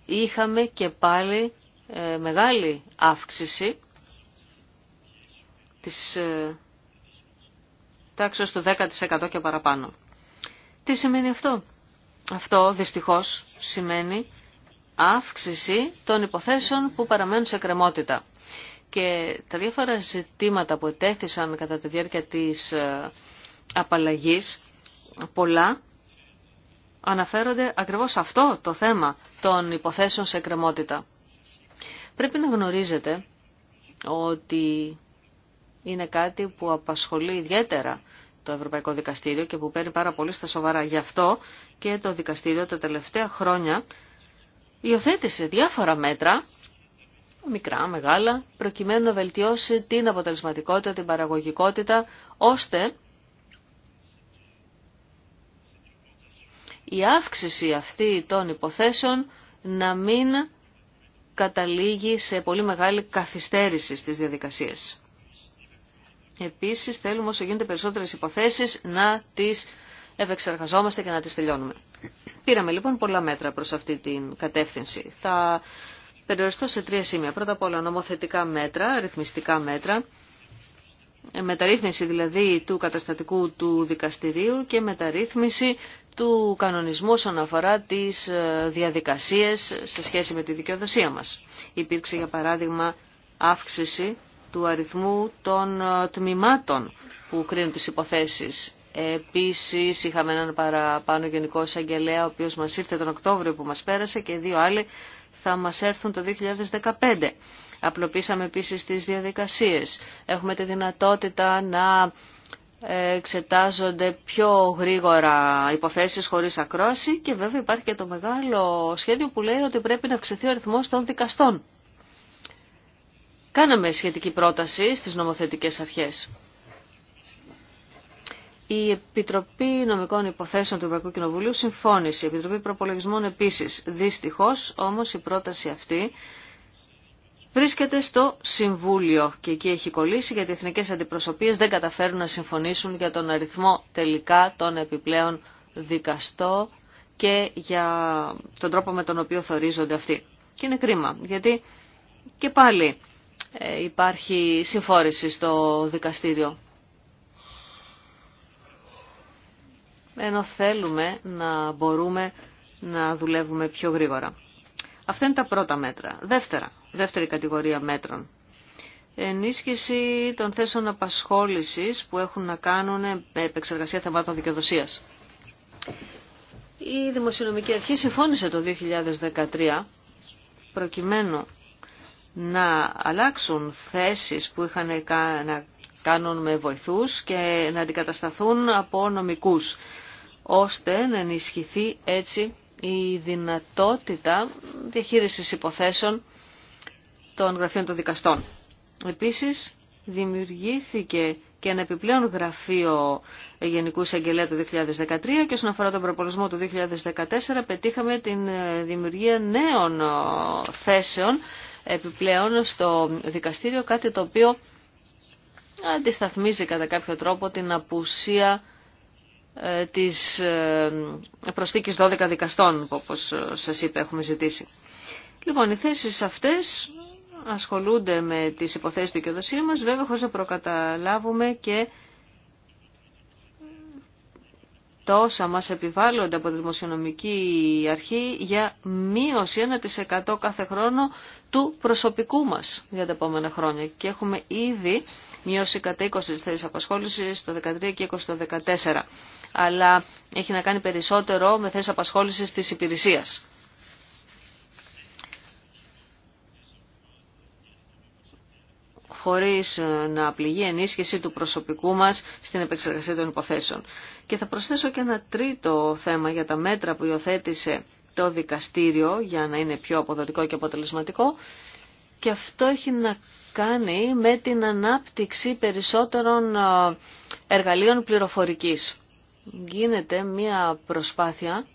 είχαμε και πάλι ε, μεγάλη αύξηση της ε, τάξης του 10% και παραπάνω. Τι σημαίνει αυτό. Αυτό δυστυχώς σημαίνει αύξηση των υποθέσεων που παραμένουν σε κρεμότητα. Και τα διάφορα ζητήματα που ετέθησαν κατά τη διάρκεια της ε, απαλλαγής, πολλά αναφέρονται ακριβώς αυτό το θέμα των υποθέσεων σε κρεμότητα. Πρέπει να γνωρίζετε ότι είναι κάτι που απασχολεί ιδιαίτερα το Ευρωπαϊκό Δικαστήριο και που παίρνει πάρα πολύ στα σοβαρά. Γι' αυτό και το Δικαστήριο τα τελευταία χρόνια υιοθέτησε διάφορα μέτρα, μικρά, μεγάλα, προκειμένου να βελτιώσει την αποτελεσματικότητα, την παραγωγικότητα, ώστε η αύξηση αυτή των υποθέσεων να μην καταλήγει σε πολύ μεγάλη καθυστέρηση στις διαδικασίες. Επίσης θέλουμε όσο γίνονται περισσότερες υποθέσεις να τις ευεξεργαζόμαστε και να τις τελειώνουμε. Πήραμε λοιπόν πολλά μέτρα προς αυτή την κατεύθυνση. Θα περιοριστώ σε τρία σημεία. Πρώτα απ' όλα νομοθετικά μέτρα, ρυθμιστικά μέτρα, ε, μεταρρύθμιση δηλαδή του καταστατικού του δικαστηρίου και μεταρρύθμιση του κανονισμού όσον αφορά τις ε, διαδικασίες σε σχέση με τη δικαιοδοσία μας. Υπήρξε για παράδειγμα αύξηση του αριθμού των ε, τμήματων που κρίνουν τις υποθέσεις. Επίσης είχαμε έναν παραπάνω γενικό εισαγγελέα ο οποίος μας ήρθε τον Οκτώβριο που μας πέρασε και δύο άλλοι θα μας έρθουν το 2015. Απλοποίησαμε επίσης τις διαδικασίες. Έχουμε τη δυνατότητα να ε, εξετάζονται πιο γρήγορα υποθέσεις χωρίς ακρόαση και βέβαια υπάρχει και το μεγάλο σχέδιο που λέει ότι πρέπει να αυξηθεί ο αριθμός των δικαστών. Κάναμε σχετική πρόταση στις νομοθετικές αρχές. Η Επιτροπή Νομικών Υποθέσεων του Ευρωπαϊκού Κοινοβουλίου συμφώνησε, η Επιτροπή Προπολογισμών επίσης. Δυστυχώς όμως η πρόταση αυτή βρίσκεται στο Συμβούλιο και εκεί έχει κολλήσει γιατί οι εθνικές αντιπροσωπείες δεν καταφέρουν να συμφωνήσουν για τον αριθμό τελικά των επιπλέον δικαστών και για τον τρόπο με τον οποίο θορίζονται αυτοί. Και είναι κρίμα γιατί και πάλι ε, υπάρχει συμφόρηση στο δικαστήριο. Ενώ θέλουμε να μπορούμε να δουλεύουμε πιο γρήγορα. Αυτά είναι τα πρώτα μέτρα. Δεύτερα, δεύτερη κατηγορία μέτρων. Ενίσχυση των θέσεων απασχόλησης που έχουν να κάνουν με επεξεργασία θεμάτων δικαιοδοσίας. Η Δημοσιονομική Αρχή συμφώνησε το 2013 προκειμένου να αλλάξουν θέσεις που είχαν να κάνουν με βοηθούς και να αντικατασταθούν από νομικούς, ώστε να ενισχυθεί έτσι η δυνατότητα διαχείρισης υποθέσεων των γραφείων των δικαστών. Επίσης, δημιουργήθηκε και ένα επιπλέον γραφείο Γενικού Εισαγγελέα του 2013 και όσον αφορά τον προπολισμό του 2014 πετύχαμε την ε, δημιουργία νέων ε, θέσεων επιπλέον στο δικαστήριο κάτι το οποίο αντισταθμίζει κατά κάποιο τρόπο την απουσία ε, της ε, προσθήκης 12 δικαστών που όπως ε, σας είπα έχουμε ζητήσει. Λοιπόν, οι θέσεις αυτές ασχολούνται με τις υποθέσεις του μας, βέβαια χωρίς να προκαταλάβουμε και Τόσα όσα μας επιβάλλονται από τη Δημοσιονομική Αρχή για μείωση 1% κάθε χρόνο του προσωπικού μας για τα επόμενα χρόνια. Και έχουμε ήδη μείωση κατά 20 της απασχόλησης το 2013 και 20 το 2014. Αλλά έχει να κάνει περισσότερο με θέσεις απασχόλησης της υπηρεσίας. χωρίς ε, να πληγεί ενίσχυση του προσωπικού μας στην επεξεργασία των υποθέσεων. Και θα προσθέσω και ένα τρίτο θέμα για τα μέτρα που υιοθέτησε το δικαστήριο για να είναι πιο αποδοτικό και αποτελεσματικό και αυτό έχει να κάνει με την ανάπτυξη περισσότερων ε, εργαλείων πληροφορικής. Γίνεται μία προσπάθεια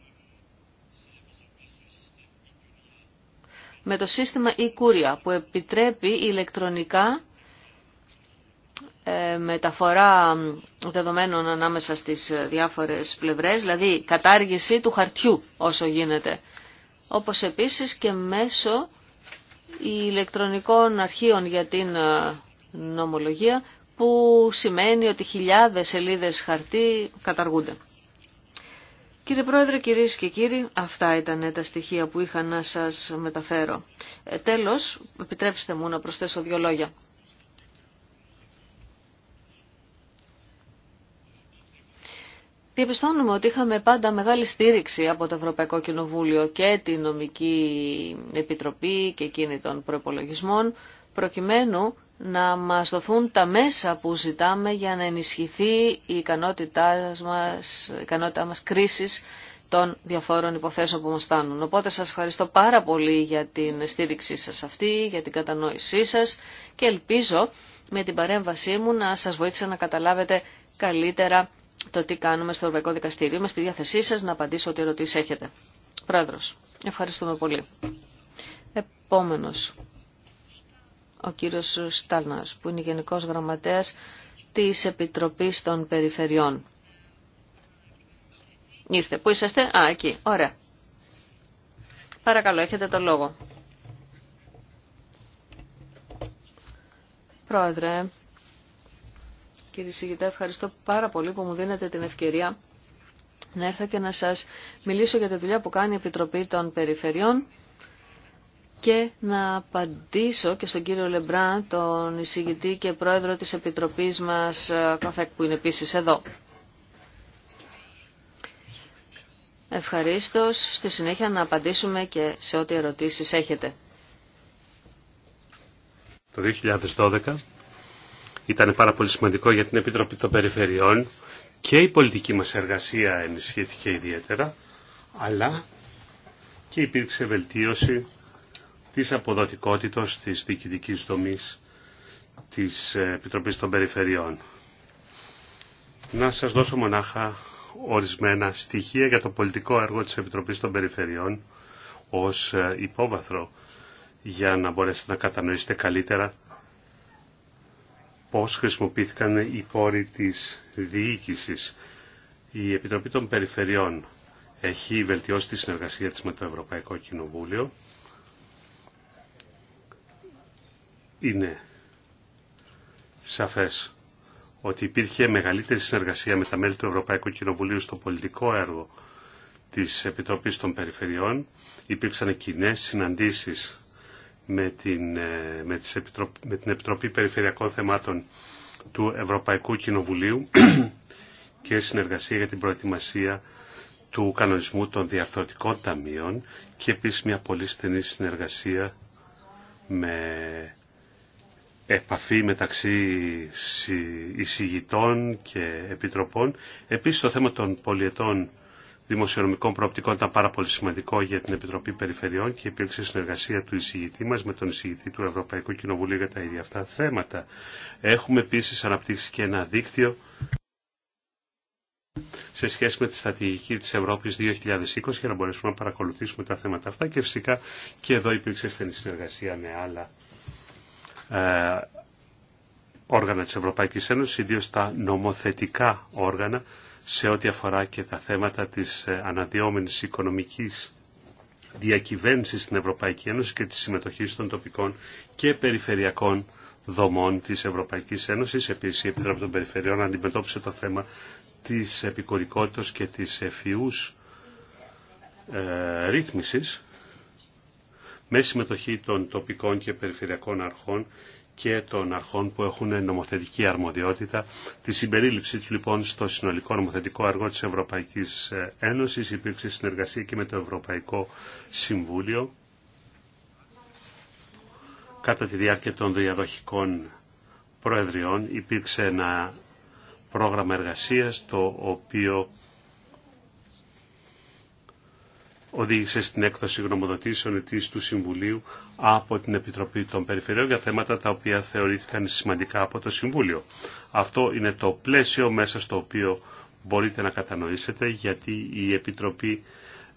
με το σύστημα e που επιτρέπει ηλεκτρονικά ε, μεταφορά δεδομένων ανάμεσα στις ε, διάφορες πλευρές, δηλαδή κατάργηση του χαρτιού όσο γίνεται. Όπως επίσης και μέσω ηλεκτρονικών αρχείων για την ε, νομολογία που σημαίνει ότι χιλιάδες σελίδες χαρτί καταργούνται. Κύριε Πρόεδρε, κυρίες και κύριοι, αυτά ήταν τα στοιχεία που είχα να σας μεταφέρω. Τέλος, επιτρέψτε μου να προσθέσω δύο λόγια. Διαπιστώνουμε ότι είχαμε πάντα μεγάλη στήριξη από το Ευρωπαϊκό Κοινοβούλιο και τη Νομική Επιτροπή και εκείνη των προπολογισμών, προκειμένου να μας δοθούν τα μέσα που ζητάμε για να ενισχυθεί η ικανότητά μας, η ικανότητά μας κρίσης των διαφόρων υποθέσεων που μας φτάνουν. Οπότε σας ευχαριστώ πάρα πολύ για την στήριξή σας αυτή, για την κατανόησή σας και ελπίζω με την παρέμβασή μου να σας βοήθησα να καταλάβετε καλύτερα το τι κάνουμε στο Ευρωπαϊκό Δικαστήριο. Είμαι στη διάθεσή σας να απαντήσω ό,τι ερωτήσεις έχετε. Πρόεδρος, ευχαριστούμε πολύ. Επόμενος, ο κύριος Στάλνας, που είναι Γενικός Γραμματέας τη Επιτροπής των Περιφερειών. Ήρθε. Πού είσαστε? Α, εκεί. Ωραία. Παρακαλώ, έχετε το λόγο. Πρόεδρε, Κύριε Σιγητά, ευχαριστώ πάρα πολύ που μου δίνετε την ευκαιρία να έρθω και να σας μιλήσω για τη δουλειά που κάνει η Επιτροπή των Περιφερειών και να απαντήσω και στον κύριο Λεμπράν, τον εισηγητή και πρόεδρο της Επιτροπής μας ε, ΚΑΦΕΚ που είναι επίσης εδώ. Ευχαρίστω στη συνέχεια να απαντήσουμε και σε ό,τι ερωτήσεις έχετε. Το 2012 ήταν πάρα πολύ σημαντικό για την Επιτροπή των Περιφερειών και η πολιτική μας εργασία ενισχύθηκε ιδιαίτερα, αλλά και υπήρξε βελτίωση της αποδοτικότητας της διοικητικής δομής της Επιτροπής των Περιφερειών. Να σας δώσω μονάχα ορισμένα στοιχεία για το πολιτικό έργο της Επιτροπής των Περιφερειών ως υπόβαθρο για να μπορέσετε να κατανοήσετε καλύτερα πώς χρησιμοποιήθηκαν οι πόροι της διοίκησης. Η Επιτροπή των Περιφερειών έχει βελτιώσει τη συνεργασία της με το Ευρωπαϊκό Κοινοβούλιο. Είναι σαφές ότι υπήρχε μεγαλύτερη συνεργασία με τα μέλη του Ευρωπαϊκού Κοινοβουλίου στο πολιτικό έργο της Επιτροπής των Περιφερειών. Υπήρξαν κοινέ συναντήσεις με την, ε, με, τις Επιτροπ... Επιτροπή Περιφερειακών Θεμάτων του Ευρωπαϊκού Κοινοβουλίου και συνεργασία για την προετοιμασία του κανονισμού των διαρθρωτικών ταμείων και επίσης μια πολύ στενή συνεργασία με επαφή μεταξύ εισηγητών και επιτροπών. Επίσης το θέμα των πολιετών δημοσιονομικών προοπτικών ήταν πάρα πολύ σημαντικό για την Επιτροπή Περιφερειών και υπήρξε συνεργασία του εισηγητή μας με τον εισηγητή του Ευρωπαϊκού Κοινοβουλίου για τα ίδια αυτά θέματα. Έχουμε επίσης αναπτύξει και ένα δίκτυο σε σχέση με τη στρατηγική της Ευρώπης 2020 για να μπορέσουμε να παρακολουθήσουμε τα θέματα αυτά και φυσικά και εδώ υπήρξε στενή συνεργασία με άλλα ε, όργανα της Ευρωπαϊκής Ένωσης, ιδίω τα νομοθετικά όργανα σε ό,τι αφορά και τα θέματα της ε, αναδυόμενης οικονομικής διακυβέρνησης στην Ευρωπαϊκή Ένωση και της συμμετοχής των τοπικών και περιφερειακών δομών της Ευρωπαϊκής Ένωσης. Επίσης, η Επιτροπή των Περιφερειών αντιμετώπισε το θέμα της επικορικότητας και της εφιούς ε, ρύθμισης με συμμετοχή των τοπικών και περιφερειακών αρχών και των αρχών που έχουν νομοθετική αρμοδιότητα. Τη συμπερίληψή του λοιπόν στο συνολικό νομοθετικό αργό της Ευρωπαϊκής ε, Ένωσης υπήρξε συνεργασία και με το Ευρωπαϊκό Συμβούλιο κατά τη διάρκεια των διαδοχικών προεδριών υπήρξε ένα πρόγραμμα εργασίας το οποίο οδήγησε στην έκδοση γνωμοδοτήσεων ετής του Συμβουλίου από την Επιτροπή των Περιφερειών για θέματα τα οποία θεωρήθηκαν σημαντικά από το Συμβούλιο. Αυτό είναι το πλαίσιο μέσα στο οποίο μπορείτε να κατανοήσετε γιατί η Επιτροπή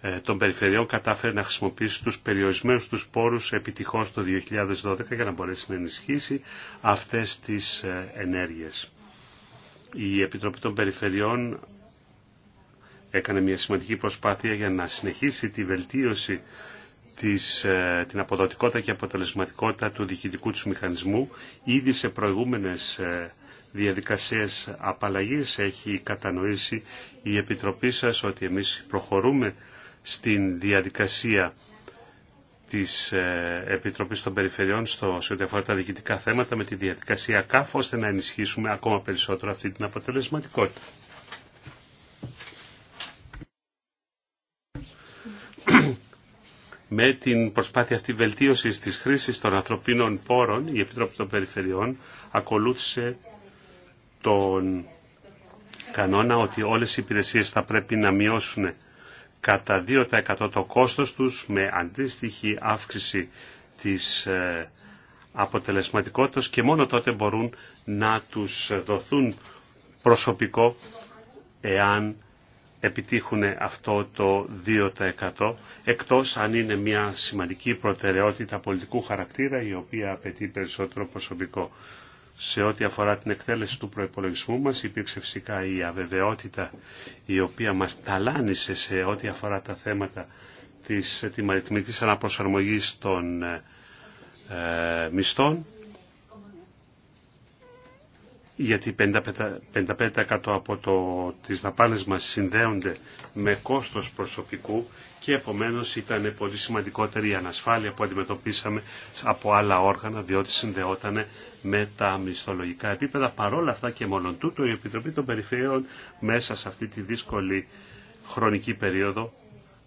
ε, των Περιφερειών κατάφερε να χρησιμοποιήσει τους περιορισμένους τους πόρους επιτυχώς το 2012 για να μπορέσει να ενισχύσει αυτές τις ε, ενέργειες. Η Επιτροπή των Περιφερειών έκανε μια σημαντική προσπάθεια για να συνεχίσει τη βελτίωση της, ε, την αποδοτικότητα και αποτελεσματικότητα του διοικητικού του μηχανισμού. Ήδη σε προηγούμενες ε, διαδικασίες απαλλαγής έχει κατανοήσει η Επιτροπή σας ότι εμείς προχωρούμε στην διαδικασία της ε, Επιτροπής των Περιφερειών στο, σε ό,τι αφορά τα διοικητικά θέματα με τη διαδικασία ΚΑΦ ώστε να ενισχύσουμε ακόμα περισσότερο αυτή την αποτελεσματικότητα. με την προσπάθεια αυτή βελτίωσης της χρήση των ανθρωπίνων πόρων, η Επιτροπή των Περιφερειών ακολούθησε τον κανόνα ότι όλες οι υπηρεσίες θα πρέπει να μειώσουν κατά 2% το κόστος τους με αντίστοιχη αύξηση της ε, αποτελεσματικότητας και μόνο τότε μπορούν να τους δοθούν προσωπικό εάν επιτύχουν αυτό το 2% εκτός αν είναι μια σημαντική προτεραιότητα πολιτικού χαρακτήρα η οποία απαιτεί περισσότερο προσωπικό. Σε ό,τι αφορά την εκτέλεση του προϋπολογισμού μας υπήρξε φυσικά η αβεβαιότητα η οποία μας ταλάνισε σε ό,τι αφορά τα θέματα της τιμαριθμικής αναπροσαρμογής των ε, ε μισθών γιατί 55%, από το, τις δαπάνες μας συνδέονται με κόστος προσωπικού και επομένως ήταν πολύ σημαντικότερη η ανασφάλεια που αντιμετωπίσαμε από άλλα όργανα διότι συνδεόταν με τα μισθολογικά επίπεδα. Παρόλα αυτά και μόνον τούτο η Επιτροπή των Περιφερειών μέσα σε αυτή τη δύσκολη χρονική περίοδο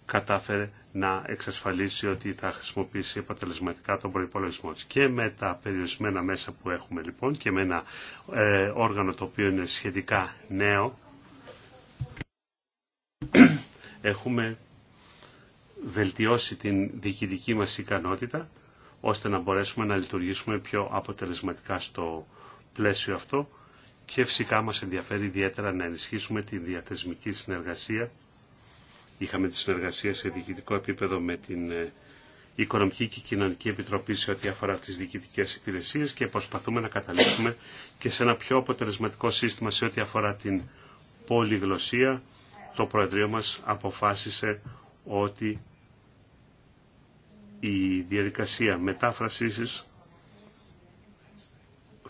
κατάφερε να εξασφαλίσει ότι θα χρησιμοποιήσει αποτελεσματικά τον προϋπολογισμό της. Και με τα περιορισμένα μέσα που έχουμε λοιπόν και με ένα ε, όργανο το οποίο είναι σχετικά νέο, έχουμε βελτιώσει την διοικητική μας ικανότητα ώστε να μπορέσουμε να λειτουργήσουμε πιο αποτελεσματικά στο πλαίσιο αυτό και φυσικά μας ενδιαφέρει ιδιαίτερα να ενισχύσουμε τη διαθεσμική συνεργασία Είχαμε τη συνεργασία σε διοικητικό επίπεδο με την ε, Οικονομική και Κοινωνική Επιτροπή σε ό,τι αφορά τις διοικητικές υπηρεσίες και προσπαθούμε να καταλήξουμε και σε ένα πιο αποτελεσματικό σύστημα σε ό,τι αφορά την πολυγλωσία. Το Προεδρείο μας αποφάσισε ότι η διαδικασία μετάφρασης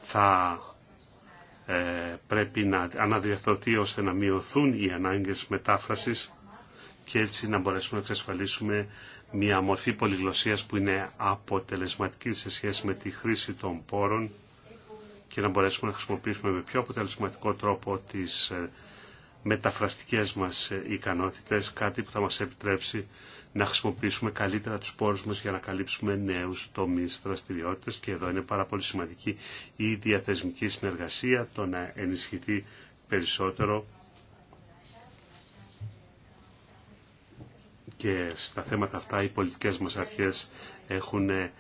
θα ε, πρέπει να αναδιαφθορθεί ώστε να μειωθούν οι ανάγκες μετάφρασης και έτσι να μπορέσουμε να εξασφαλίσουμε μια μορφή πολυγλωσσίας που είναι αποτελεσματική σε σχέση με τη χρήση των πόρων και να μπορέσουμε να χρησιμοποιήσουμε με πιο αποτελεσματικό τρόπο τις ε, μεταφραστικές μας ε, ικανότητες, κάτι που θα μας επιτρέψει να χρησιμοποιήσουμε καλύτερα τους πόρους μας για να καλύψουμε νέους τομείς δραστηριότητες και εδώ είναι πάρα πολύ σημαντική η διαθεσμική συνεργασία, το να ενισχυθεί περισσότερο και στα θέματα αυτά οι πολιτικές μας αρχές έχουν ε,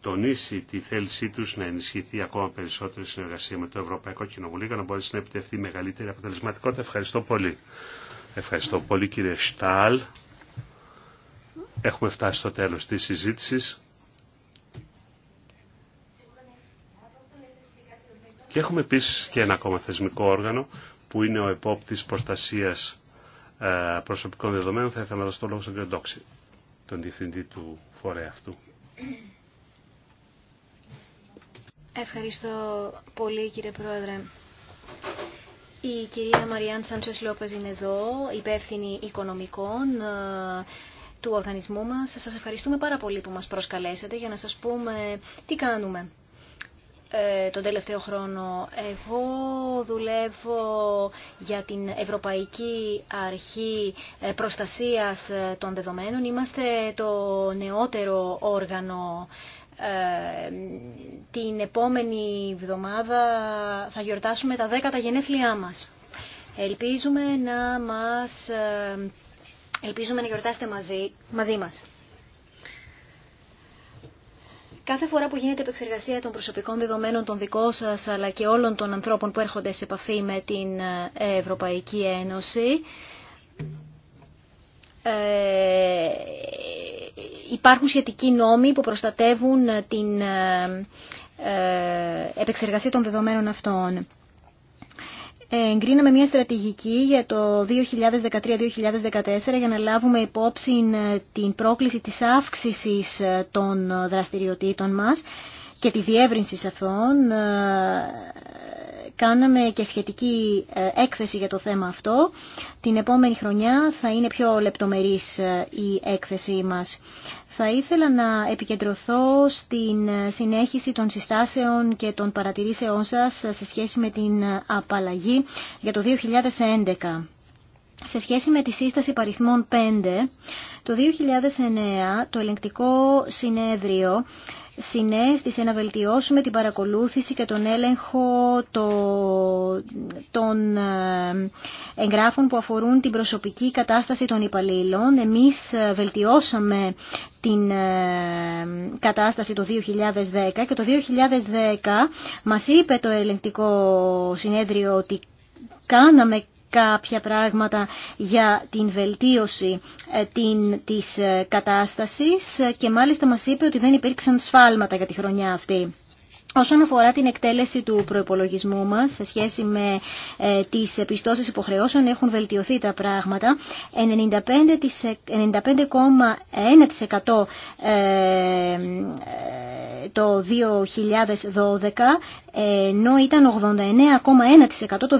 τονίσει τη θέλησή τους να ενισχυθεί ακόμα περισσότερη συνεργασία με το Ευρωπαϊκό Κοινοβουλίο για να μπορέσει να επιτευχθεί μεγαλύτερη αποτελεσματικότητα. Ευχαριστώ πολύ. Ευχαριστώ πολύ κύριε Στάλ. Έχουμε φτάσει στο τέλος της συζήτησης. Και έχουμε επίσης και ένα ακόμα θεσμικό όργανο που είναι ο επόπτης προστασίας ε, προσωπικών δεδομένων θα ήθελα να δώσω το λόγο στον κ. Ντόξη, τον διευθυντή του φορέα αυτού. Ευχαριστώ πολύ κύριε Πρόεδρε. Η κυρία Μαριάν Σάντσες Λόπεζ είναι εδώ, υπεύθυνη οικονομικών ε, του οργανισμού μας. Σας ευχαριστούμε πάρα πολύ που μας προσκαλέσατε για να σας πούμε τι κάνουμε ε, τον τελευταίο χρόνο. Εγώ δουλεύω για την Ευρωπαϊκή Αρχή ε, Προστασίας ε, των Δεδομένων. Είμαστε το νεότερο όργανο. Την επόμενη εβδομάδα θα γιορτάσουμε τα δέκατα γενέθλιά μας. Ελπίζουμε να μας... Ελπίζουμε να γιορτάσετε μαζί, μαζί μας. Κάθε φορά που γίνεται επεξεργασία των προσωπικών δεδομένων των δικών σας αλλά και όλων των ανθρώπων που έρχονται σε επαφή με την ε, Ευρωπαϊκή Ένωση ε, υπάρχουν σχετικοί νόμοι που προστατεύουν την ε, επεξεργασία των δεδομένων αυτών εγκρίναμε μια στρατηγική για το 2013-2014 για να λάβουμε υπόψη ε, την πρόκληση της αύξησης ε, των δραστηριοτήτων μας και της διεύρυνσης αυτών. Ε, κάναμε και σχετική έκθεση για το θέμα αυτό. Την επόμενη χρονιά θα είναι πιο λεπτομερής η έκθεσή μας. Θα ήθελα να επικεντρωθώ στην συνέχιση των συστάσεων και των παρατηρήσεών σας σε σχέση με την απαλλαγή για το 2011. Σε σχέση με τη σύσταση παριθμών 5, το 2009 το ελεγκτικό συνέδριο συνέστησε να βελτιώσουμε την παρακολούθηση και τον έλεγχο των ε, εγγράφων που αφορούν την προσωπική κατάσταση των υπαλλήλων. Εμείς ε, βελτιώσαμε την ε, κατάσταση το 2010 και το 2010 μας είπε το ελεγκτικό συνέδριο ότι κάναμε κάποια πράγματα για την βελτίωση ε, την, της ε, κατάστασης και μάλιστα μας είπε ότι δεν υπήρξαν σφάλματα για τη χρονιά αυτή. Όσον αφορά την εκτέλεση του προϋπολογισμού μας σε σχέση με ε, τις επιστώσεις υποχρεώσεων έχουν βελτιωθεί τα πράγματα. 95,1% 95, ε, το 2012, ενώ ήταν 89,1% το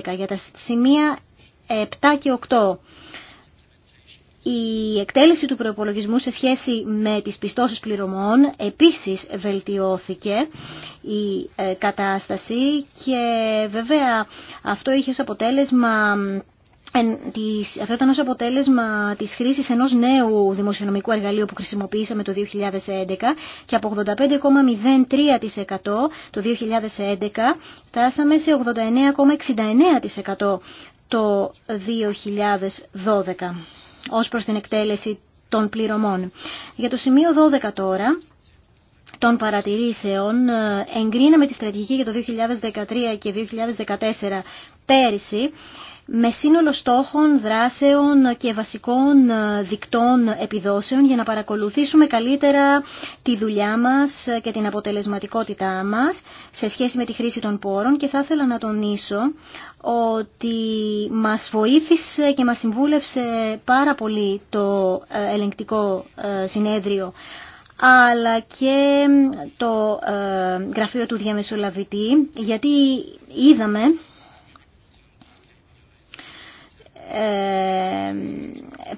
2011 για τα σημεία 7 και 8. Η εκτέλεση του προπολογισμού σε σχέση με τις πιστώσεις πληρωμών επίσης βελτιώθηκε η ε, κατάσταση και βέβαια αυτό είχε ως αποτέλεσμα αυτό ήταν ως αποτέλεσμα της χρήσης ενός νέου δημοσιονομικού εργαλείου που χρησιμοποιήσαμε το 2011 και από 85,03% το 2011 φτάσαμε σε 89,69% το 2012 ως προς την εκτέλεση των πληρωμών. Για το σημείο 12 τώρα, των παρατηρήσεων ε, εγκρίναμε τη στρατηγική για το 2013 και 2014 πέρυσι με σύνολο στόχων, δράσεων και βασικών ε, δικτών επιδόσεων για να παρακολουθήσουμε καλύτερα τη δουλειά μας και την αποτελεσματικότητά μας σε σχέση με τη χρήση των πόρων και θα ήθελα να τονίσω ότι μας βοήθησε και μας συμβούλευσε πάρα πολύ το ε, ελεγκτικό ε, συνέδριο αλλά και το γραφείο του διαμεσολαβητή γιατί είδαμε ε,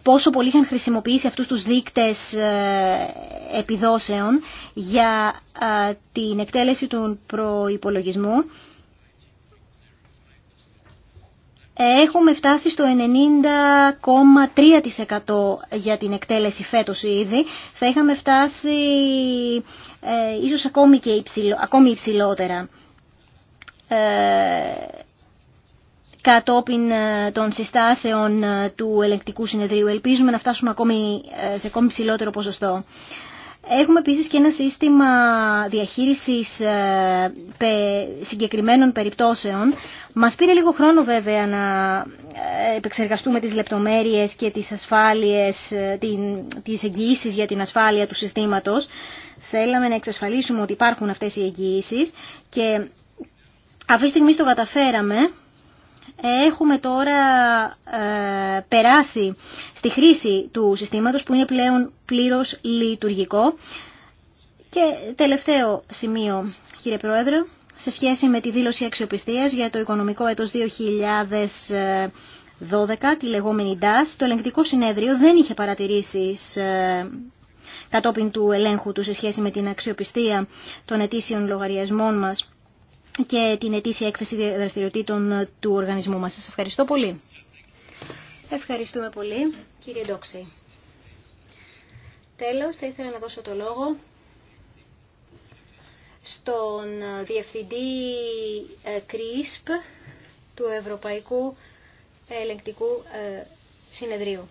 πόσο πολύ είχαν χρησιμοποιήσει αυτούς τους δείκτες ε, επιδόσεων για ε, την εκτέλεση του προϋπολογισμού. Έχουμε φτάσει στο 90,3% για την εκτέλεση φέτος ήδη. Θα είχαμε φτάσει ε, ίσως ακόμη, και υψηλότερα κατόπιν ε, των συστάσεων ε, του ελεκτικού συνεδρίου. Ελπίζουμε να φτάσουμε ακόμη ε, σε ακόμη ψηλότερο ποσοστό. Έχουμε επίσης και ένα σύστημα διαχείρισης συγκεκριμένων περιπτώσεων. Μας πήρε λίγο χρόνο βέβαια να επεξεργαστούμε τις λεπτομέρειες και τις ασφάλειες, τις εγγυήσεις για την ασφάλεια του συστήματος. Θέλαμε να εξασφαλίσουμε ότι υπάρχουν αυτές οι εγγυήσεις και αυτή τη στιγμή το καταφέραμε έχουμε τώρα ε, περάσει στη χρήση του συστήματος που είναι πλέον πλήρως λειτουργικό. Και τελευταίο σημείο, κύριε Πρόεδρε, σε σχέση με τη δήλωση αξιοπιστίας για το οικονομικό έτος 2012, τη λεγόμενη DAS, το ελεγκτικό συνέδριο δεν είχε παρατηρήσεις ε, κατόπιν του ελέγχου του σε σχέση με την αξιοπιστία των ετήσιων λογαριασμών μας και την ετήσια έκθεση δραστηριοτήτων του οργανισμού μας. Σας ευχαριστώ πολύ. Ευχαριστούμε πολύ, κύριε Ντόξη. Τέλος, θα ήθελα να δώσω το λόγο στον Διευθυντή ε, ΚΡΙΣΠ του Ευρωπαϊκού Ελεγκτικού ε, Συνεδρίου.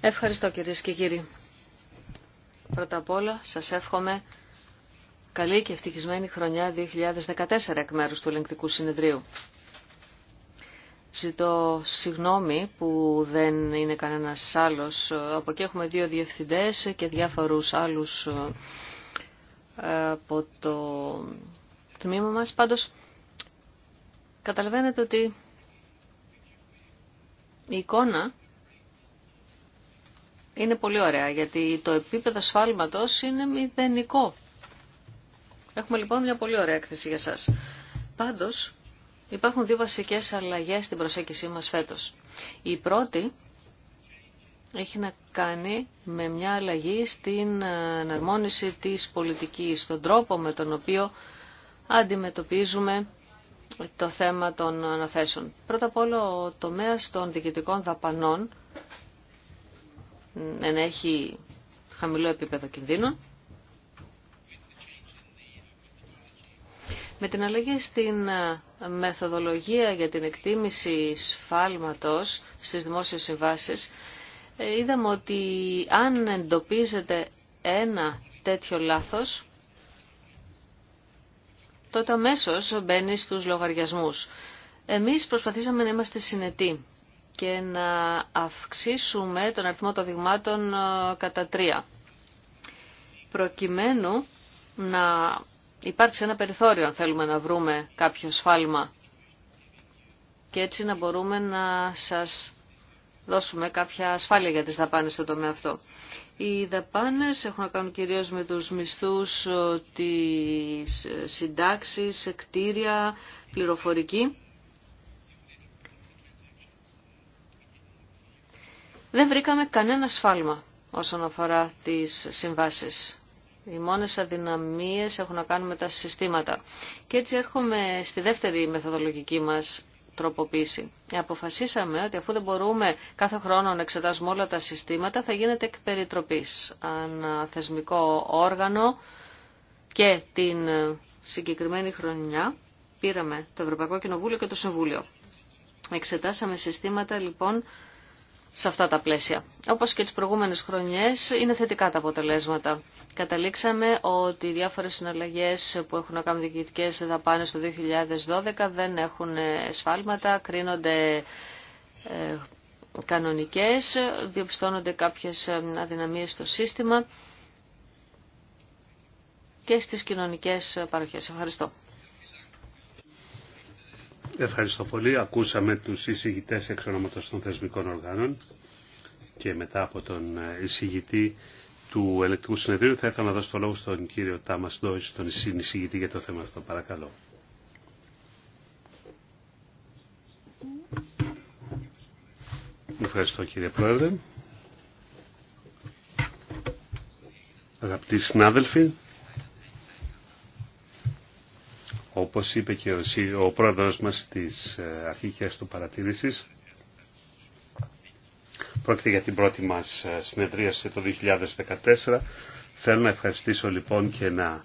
Ευχαριστώ κυρίες και κύριοι. Πρώτα απ' όλα σας εύχομαι Καλή και ευτυχισμένη χρονιά 2014 εκ μέρους του Ελεγκτικού Συνεδρίου. Ζητώ συγγνώμη που δεν είναι κανένας άλλος. Από εκεί έχουμε δύο διευθυντές και διάφορους άλλους ε, από το τμήμα μας. Πάντως, καταλαβαίνετε ότι η εικόνα είναι πολύ ωραία, γιατί το επίπεδο σφάλματος είναι μηδενικό Έχουμε λοιπόν μια πολύ ωραία έκθεση για σας. Πάντως, υπάρχουν δύο βασικές αλλαγές στην προσέγγιση μας φέτος. Η πρώτη έχει να κάνει με μια αλλαγή στην αναρμόνιση της πολιτικής, στον τρόπο με τον οποίο αντιμετωπίζουμε το θέμα των αναθέσεων. Πρώτα απ' όλο, ο τομέας των διοικητικών δαπανών ενέχει ναι, ναι, χαμηλό επίπεδο κινδύνων Με την αλλαγή στην ε, μεθοδολογία για την εκτίμηση σφάλματος στις δημόσιες συμβάσει, ε, είδαμε ότι αν εντοπίζεται ένα τέτοιο λάθος, τότε αμέσω μπαίνει στους λογαριασμούς. Εμείς προσπαθήσαμε να είμαστε συνετοί και να αυξήσουμε τον αριθμό των δειγμάτων ε, κατά τρία, προκειμένου να υπάρξει ένα περιθώριο αν θέλουμε να βρούμε κάποιο σφάλμα και έτσι να μπορούμε να σας δώσουμε κάποια ασφάλεια για τις δαπάνες στο τομέα αυτό. Οι δαπάνες έχουν να κάνουν κυρίως με τους μισθούς, τις ε, συντάξεις, κτίρια, πληροφορική. Δεν βρήκαμε κανένα σφάλμα όσον αφορά τις συμβάσεις. Οι μόνες αδυναμίες έχουν να κάνουν με τα συστήματα. Και έτσι έρχομαι στη δεύτερη μεθοδολογική μας τροποποίηση. Αποφασίσαμε ότι αφού δεν μπορούμε κάθε χρόνο να εξετάσουμε όλα τα συστήματα, θα γίνεται εκ περιτροπής. Αν θεσμικό όργανο και την συγκεκριμένη χρονιά πήραμε το Ευρωπαϊκό Κοινοβούλιο και το Συμβούλιο. Εξετάσαμε συστήματα λοιπόν σε αυτά τα πλαίσια. Όπως και τις προηγούμενες χρονιές είναι θετικά τα αποτελέσματα. Καταλήξαμε ότι οι διάφορες συναλλαγές που έχουν να κάνουν διοικητικές δαπάνες το 2012 δεν έχουν σφάλματα, κρίνονται ε, κανονικές, διοπιστώνονται κάποιες ε, αδυναμίες στο σύστημα και στις κοινωνικές παροχές. Ευχαριστώ. Ευχαριστώ πολύ. Ακούσαμε τους εισηγητές εξ των θεσμικών οργάνων και μετά από τον ε, εισηγητή του Ελεκτικού Συνεδρίου θα ήθελα να δώσω το λόγο στον κύριο Τάμας Ντόις, τον συνεισηγητή για το θέμα αυτό. Παρακαλώ. Ευχαριστώ κύριε Πρόεδρε. Αγαπητοί συνάδελφοι, όπως είπε και ο, ο πρόεδρος μας στις ε, αρχικές του παρατήρησης, πρόκειται για την πρώτη μας ε, συνεδρίαση το 2014. Θέλω να ευχαριστήσω λοιπόν και να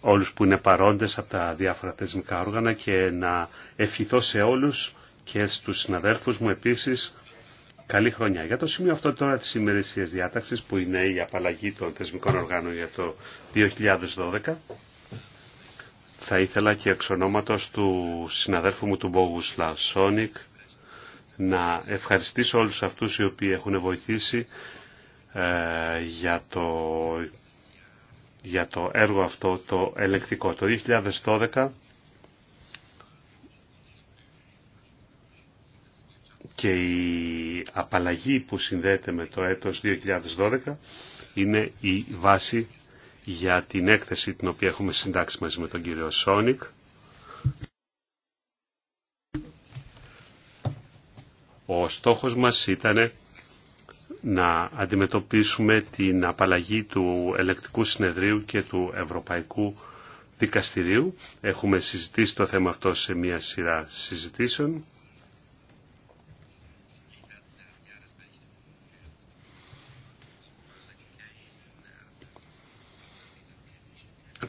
όλους που είναι παρόντες από τα διάφορα θεσμικά όργανα και να ευχηθώ σε όλους και στους συναδέλφους μου επίσης καλή χρονιά. Για το σημείο αυτό τώρα της ημερησίας διάταξης που είναι η απαλλαγή των θεσμικών οργάνων για το 2012 θα ήθελα και εξ του συναδέρφου μου του Μπόγουσλα Σόνικ να ευχαριστήσω όλους αυτούς οι οποίοι έχουν βοηθήσει ε, για, το, για το έργο αυτό το ελεκτικό. Το 2012 και η απαλλαγή που συνδέεται με το έτος 2012 είναι η βάση για την έκθεση την οποία έχουμε συντάξει μαζί με τον κύριο Σόνικ. Ο στόχος μας ήταν να αντιμετωπίσουμε την απαλλαγή του Ελεκτικού Συνεδρίου και του Ευρωπαϊκού Δικαστηρίου. Έχουμε συζητήσει το θέμα αυτό σε μία σειρά συζητήσεων.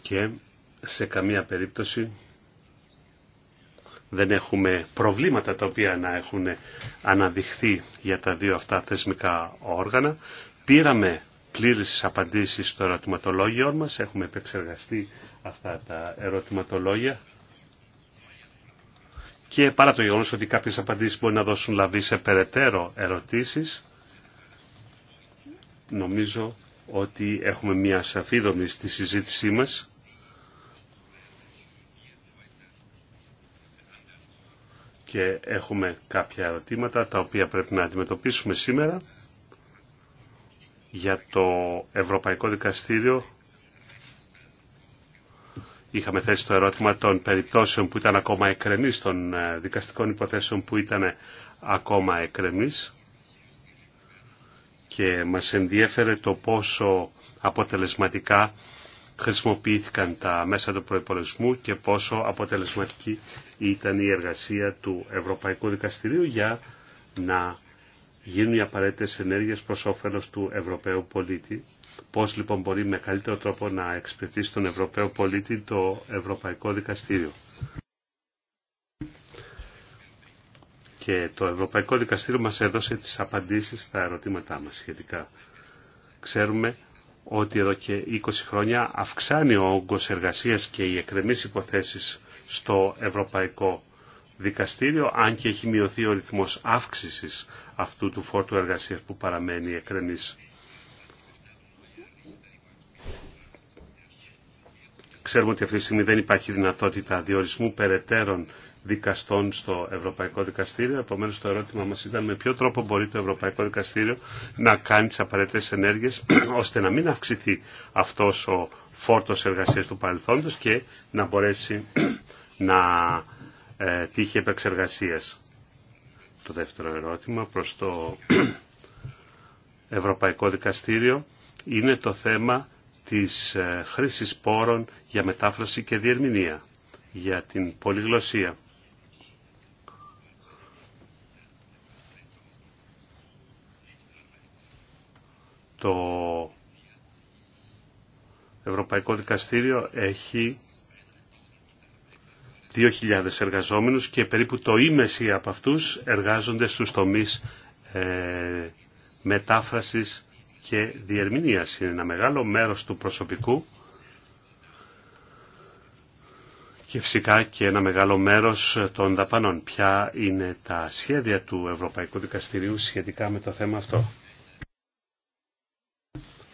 και σε καμία περίπτωση δεν έχουμε προβλήματα τα οποία να έχουν αναδειχθεί για τα δύο αυτά θεσμικά όργανα. Πήραμε πλήρες απαντήσεις στο ερωτηματολόγιο μας, έχουμε επεξεργαστεί αυτά τα ερωτηματολόγια και παρά το γεγονός ότι κάποιες απαντήσεις μπορεί να δώσουν λαβή σε περαιτέρω ερωτήσεις, νομίζω ότι έχουμε μια σαφή δομή στη συζήτησή μας και έχουμε κάποια ερωτήματα τα οποία πρέπει να αντιμετωπίσουμε σήμερα για το Ευρωπαϊκό Δικαστήριο είχαμε θέσει το ερώτημα των περιπτώσεων που ήταν ακόμα εκκρεμείς, των ε, δικαστικών υποθέσεων που ήταν ακόμα εκκρεμείς και μας ενδιέφερε το πόσο αποτελεσματικά χρησιμοποιήθηκαν τα μέσα του προϋπολογισμού και πόσο αποτελεσματική ήταν η εργασία του Ευρωπαϊκού Δικαστηρίου για να γίνουν οι απαραίτητες ενέργειες προς όφελος του Ευρωπαίου πολίτη. Πώς λοιπόν μπορεί με καλύτερο τρόπο να εξυπηρετήσει τον Ευρωπαίο πολίτη το Ευρωπαϊκό Δικαστήριο. Και το Ευρωπαϊκό Δικαστήριο μας έδωσε τις απαντήσεις στα ερωτήματά μας σχετικά. Ξέρουμε ότι εδώ και 20 χρόνια αυξάνει ο όγκος εργασίας και οι εκκρεμείς υποθέσεις στο Ευρωπαϊκό Δικαστήριο, αν και έχει μειωθεί ο ρυθμός αύξησης αυτού του φόρτου εργασίας που παραμένει εκκρεμής. Ξέρουμε ότι αυτή τη στιγμή δεν υπάρχει δυνατότητα διορισμού περαιτέρων δικαστών στο Ευρωπαϊκό Δικαστήριο. Επομένω, το ερώτημα μα ήταν με ποιο τρόπο μπορεί το Ευρωπαϊκό Δικαστήριο να κάνει τι απαραίτητε ενέργειε ώστε να μην αυξηθεί αυτό ο φόρτο εργασία του παρελθόντο και να μπορέσει να ε, τύχει επεξεργασία. Το δεύτερο ερώτημα προ το Ευρωπαϊκό Δικαστήριο είναι το θέμα της ε, χρήσης πόρων για μετάφραση και διερμηνία για την πολυγλωσία. Το Ευρωπαϊκό Δικαστήριο έχει 2.000 εργαζόμενους και περίπου το ίμεση από αυτούς εργάζονται στους τομείς ε, μετάφρασης και διερμηνίας. Είναι ένα μεγάλο μέρος του προσωπικού και φυσικά και ένα μεγάλο μέρος των δαπανών. Ποια είναι τα σχέδια του Ευρωπαϊκού Δικαστηρίου σχετικά με το θέμα αυτό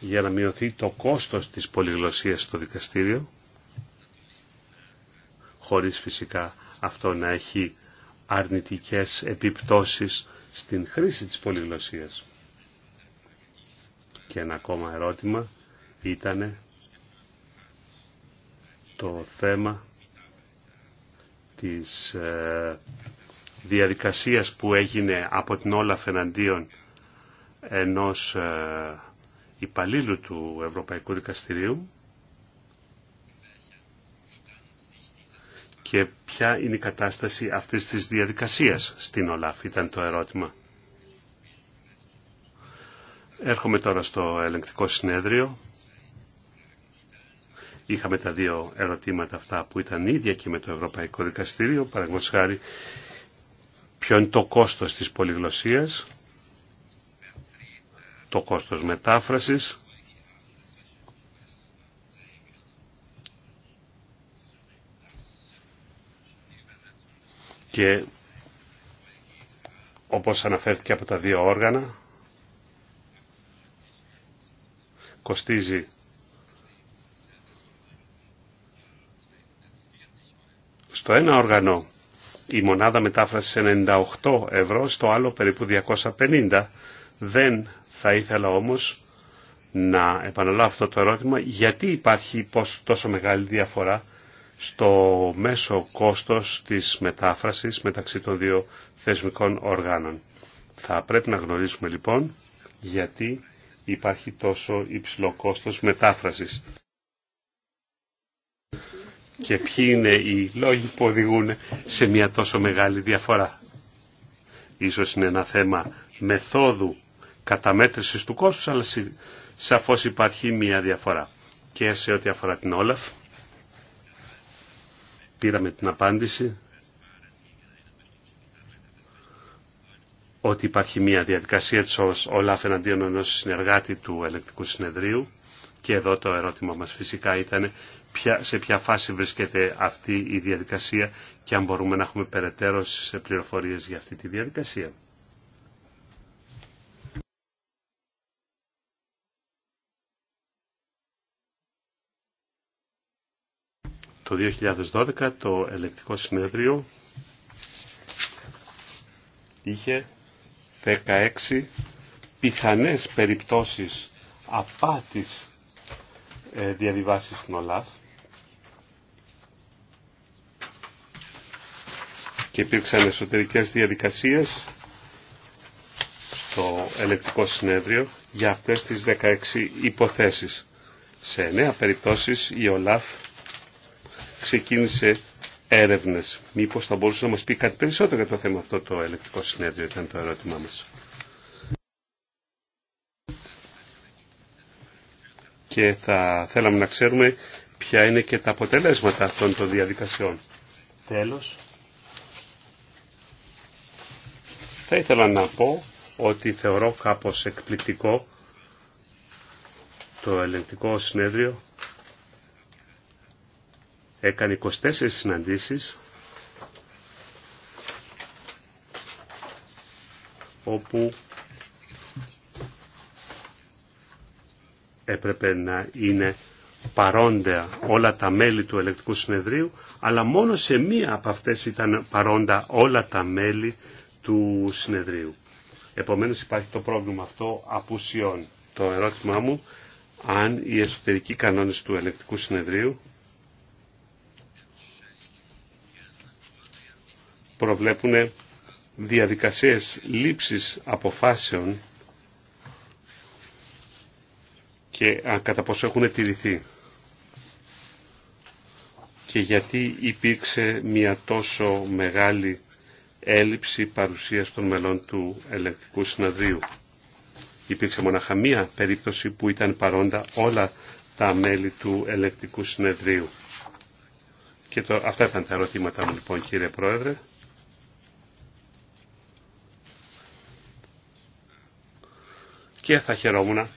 για να μειωθεί το κόστος της πολυγλωσσίας στο δικαστήριο, χωρίς φυσικά αυτό να έχει αρνητικές επιπτώσεις στην χρήση της πολυγλωσσίας. Και ένα ακόμα ερώτημα ήταν το θέμα της ε, διαδικασίας που έγινε από την όλα εναντίον ενός ε, υπαλλήλου του Ευρωπαϊκού Δικαστηρίου και ποια είναι η κατάσταση αυτής της διαδικασίας στην ΟΛΑΦ ήταν το ερώτημα. Έρχομαι τώρα στο ελεγκτικό συνέδριο. Είχαμε τα δύο ερωτήματα αυτά που ήταν ίδια και με το Ευρωπαϊκό Δικαστήριο. Παραγωγός χάρη, ποιο είναι το κόστος της πολυγλωσσίας το κόστος μετάφρασης, και όπως αναφέρθηκε από τα δύο όργανα κοστίζει στο ένα όργανο η μονάδα μετάφρασης 98 ευρώ, στο άλλο περίπου 250 δεν θα ήθελα όμως να επαναλάβω αυτό το ερώτημα γιατί υπάρχει τόσο μεγάλη διαφορά στο μέσο κόστος της μετάφρασης μεταξύ των δύο θεσμικών οργάνων. Θα πρέπει να γνωρίσουμε λοιπόν γιατί υπάρχει τόσο υψηλό κόστος μετάφρασης. Και ποιοι είναι οι λόγοι που οδηγούν σε μια τόσο μεγάλη διαφορά. Ίσως είναι ένα θέμα μεθόδου Καταμέτρηση του κόστου, αλλά σαφώ υπάρχει μία διαφορά. Και σε ό,τι αφορά την Όλαφ, πήραμε την απάντηση ότι υπάρχει μία διαδικασία της Όλαφ εναντίον ενός συνεργάτη του ελεκτικού συνεδρίου και εδώ το ερώτημα μας φυσικά ήταν σε ποια φάση βρίσκεται αυτή η διαδικασία και αν μπορούμε να έχουμε περαιτέρω πληροφορίες για αυτή τη διαδικασία. το 2012 το ελεκτικό συνέδριο είχε 16 πιθανές περιπτώσεις απάτης ε, διαβιβάσεις στην ΟΛΑΦ και υπήρξαν εσωτερικές διαδικασίες στο ελεκτικό συνέδριο για αυτές τις 16 υποθέσεις. Σε 9 περιπτώσεις η ΟΛΑΦ ξεκίνησε έρευνες. Μήπως θα μπορούσε να μας πει κάτι περισσότερο για το θέμα αυτό το ελεκτικό συνέδριο ήταν το ερώτημά μας. Και θα θέλαμε να ξέρουμε ποια είναι και τα αποτελέσματα αυτών των διαδικασιών. Τέλος. Θα ήθελα να πω ότι θεωρώ κάπως εκπληκτικό το ελεγκτικό συνέδριο έκανε 24 συναντήσεις όπου έπρεπε να είναι παρόντα όλα τα μέλη του ελεκτικού συνεδρίου, αλλά μόνο σε μία από αυτές ήταν παρόντα όλα τα μέλη του συνεδρίου. Επομένως υπάρχει το πρόβλημα αυτό απουσιών. Το ερώτημά μου, αν οι εσωτερικοί κανόνες του ελεκτικού συνεδρίου προβλέπουν διαδικασίες λήψης αποφάσεων και αν κατά πόσο έχουν τηρηθεί. Και γιατί υπήρξε μια τόσο μεγάλη έλλειψη παρουσίας των μελών του ελεκτικού συναδρίου. Υπήρξε μοναχαμία περίπτωση που ήταν παρόντα όλα τα μέλη του ελεκτικού συνεδρίου. Και το, αυτά ήταν τα ερωτήματα μου λοιπόν κύριε Πρόεδρε. και θα χαιρόμουν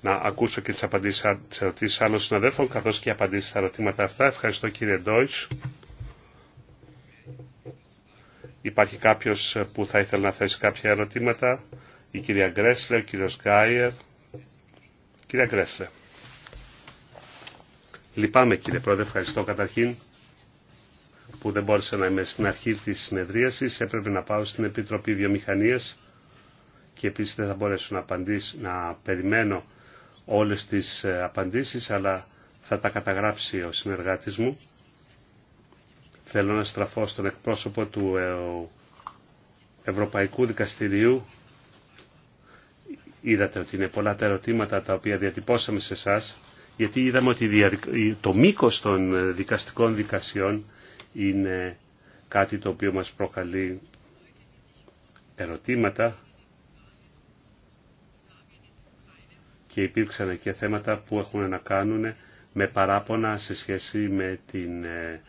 να ακούσω και τις, απαντήσεις, ερωτήσεις άλλων συναδέλφων καθώς και απαντήσεις στα ερωτήματα αυτά. Ευχαριστώ κύριε Ντόιτς. Υπάρχει κάποιος που θα ήθελε να θέσει κάποια ερωτήματα. Η κυρία Γκρέσλε, ο κύριος Γκάιερ. Κυρία Γκρέσλε. Λυπάμαι κύριε Πρόεδρε, ευχαριστώ καταρχήν που δεν μπόρεσα να είμαι στην αρχή της συνεδρίασης. Έπρεπε να πάω στην Επιτροπή Βιομηχανίας και επίση δεν θα μπορέσω να, περιμένω όλες τις ε, απαντήσεις αλλά θα τα καταγράψει ο συνεργάτης μου. Θέλω να στραφώ στον εκπρόσωπο του ε, Ευρωπαϊκού Δικαστηρίου. Είδατε ότι είναι πολλά τα ερωτήματα τα οποία διατυπώσαμε σε εσά, γιατί είδαμε ότι το μήκος των ε, δικαστικών δικασιών είναι κάτι το οποίο μας προκαλεί ερωτήματα και υπήρξαν και θέματα που έχουν να κάνουν με παράπονα σε σχέση με την ε,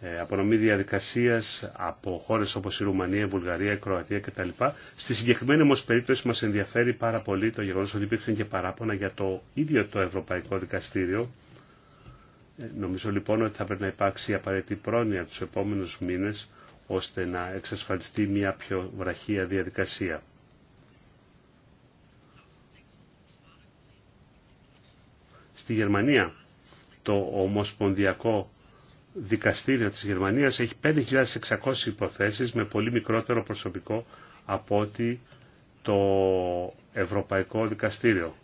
ε, απονομή διαδικασίας από χώρες όπως η Ρουμανία, η Βουλγαρία, η Κροατία κτλ. Στη συγκεκριμένη όμως περίπτωση μας ενδιαφέρει πάρα πολύ το γεγονός ότι υπήρξαν και παράπονα για το ίδιο το Ευρωπαϊκό Δικαστήριο. Ε, νομίζω λοιπόν ότι θα πρέπει να υπάρξει απαραίτητη πρόνοια τους επόμενους μήνες ώστε να εξασφαλιστεί μια πιο βραχία διαδικασία. στη Γερμανία. Το Ομοσπονδιακό Δικαστήριο της Γερμανίας έχει 5.600 υποθέσεις με πολύ μικρότερο προσωπικό από ότι το Ευρωπαϊκό Δικαστήριο.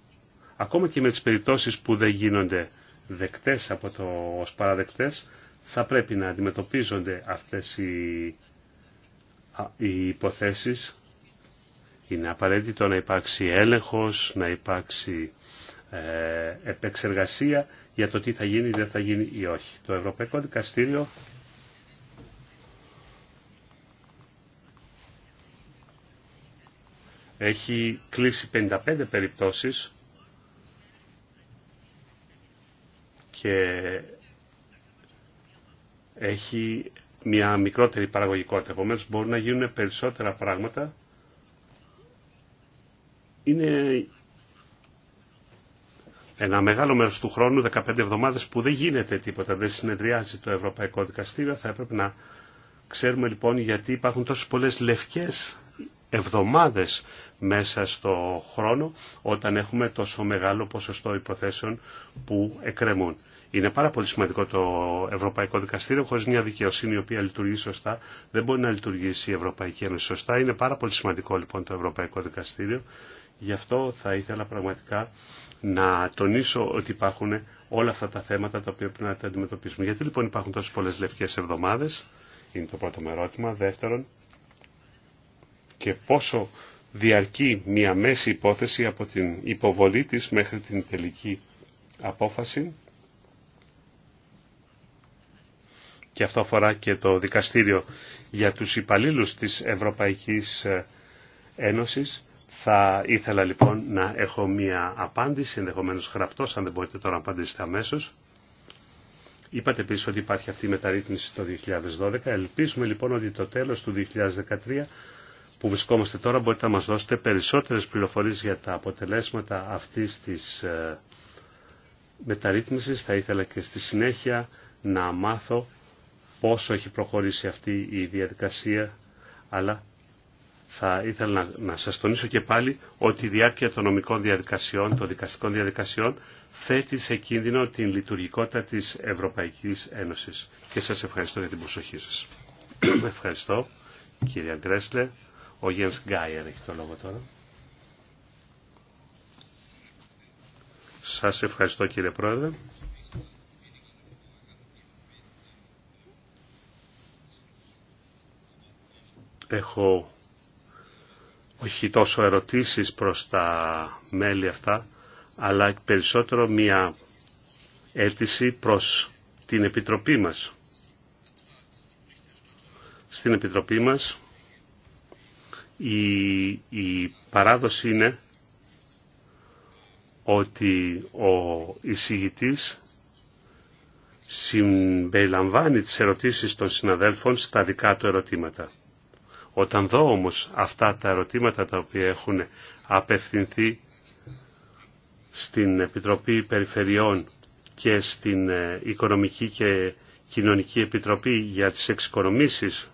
Ακόμα και με τις περιπτώσεις που δεν γίνονται δεκτές από το ως παραδεκτές, θα πρέπει να αντιμετωπίζονται αυτές οι, οι υποθέσεις. Είναι απαραίτητο να υπάρξει έλεγχος, να υπάρξει ε, επεξεργασία για το τι θα γίνει δεν θα γίνει ή όχι. Το Ευρωπαϊκό Δικαστήριο έχει κλείσει 55 περιπτώσεις και έχει μια μικρότερη παραγωγικότητα. Επομένως μπορούν να γίνουν περισσότερα πράγματα. Είναι ένα μεγάλο μέρος του χρόνου, 15 εβδομάδες που δεν γίνεται τίποτα, δεν συνεδριάζει το Ευρωπαϊκό Δικαστήριο, θα έπρεπε να ξέρουμε λοιπόν γιατί υπάρχουν τόσες πολλές λευκές εβδομάδες μέσα στο χρόνο όταν έχουμε τόσο μεγάλο ποσοστό υποθέσεων που εκκρεμούν. Είναι πάρα πολύ σημαντικό το Ευρωπαϊκό Δικαστήριο, χωρίς μια δικαιοσύνη η οποία λειτουργεί σωστά, δεν μπορεί να λειτουργήσει η Ευρωπαϊκή Ένωση σωστά. Είναι πάρα πολύ σημαντικό λοιπόν το Ευρωπαϊκό Δικαστήριο Γι' αυτό θα ήθελα πραγματικά να τονίσω ότι υπάρχουν όλα αυτά τα θέματα τα οποία πρέπει να τα αντιμετωπίσουμε. Γιατί λοιπόν υπάρχουν τόσες πολλές λευκές εβδομάδες, είναι το πρώτο μου ερώτημα. Δεύτερον, και πόσο διαρκεί μια μέση υπόθεση από την υποβολή της μέχρι την τελική απόφαση. Και αυτό αφορά και το δικαστήριο για τους υπαλλήλους της Ευρωπαϊκής Ένωσης θα ήθελα λοιπόν να έχω μία απάντηση, ενδεχομένως γραπτός, αν δεν μπορείτε τώρα να απαντήσετε αμέσως. Είπατε επίσης ότι υπάρχει αυτή η μεταρρύθμιση το 2012. Ελπίζουμε λοιπόν ότι το τέλος του 2013 που βρισκόμαστε τώρα μπορείτε να μας δώσετε περισσότερες πληροφορίες για τα αποτελέσματα αυτής της ε, μεταρρύθμισης. Θα ήθελα και στη συνέχεια να μάθω πόσο έχει προχωρήσει αυτή η διαδικασία αλλά θα ήθελα να, να σας τονίσω και πάλι ότι η διάρκεια των νομικών διαδικασιών, των δικαστικών διαδικασιών θέτει σε κίνδυνο την λειτουργικότητα της Ευρωπαϊκής Ένωσης. Και σας ευχαριστώ για την προσοχή σας. ευχαριστώ κυρία Γκρέσλε. Ο Γιένς Γκάιερ έχει το λόγο τώρα. Σας ευχαριστώ κύριε Πρόεδρε. Έχω όχι τόσο ερωτήσεις προς τα μέλη αυτά, αλλά περισσότερο μια αίτηση προς την Επιτροπή μας. Στην Επιτροπή μας η, η παράδοση είναι ότι ο εισηγητής συμπεριλαμβάνει τις ερωτήσεις των συναδέλφων στα δικά του ερωτήματα. Όταν δω όμως αυτά τα ερωτήματα τα οποία έχουν απευθυνθεί στην Επιτροπή Περιφερειών και στην ε, Οικονομική και Κοινωνική Επιτροπή για τις εξοικονομήσεις,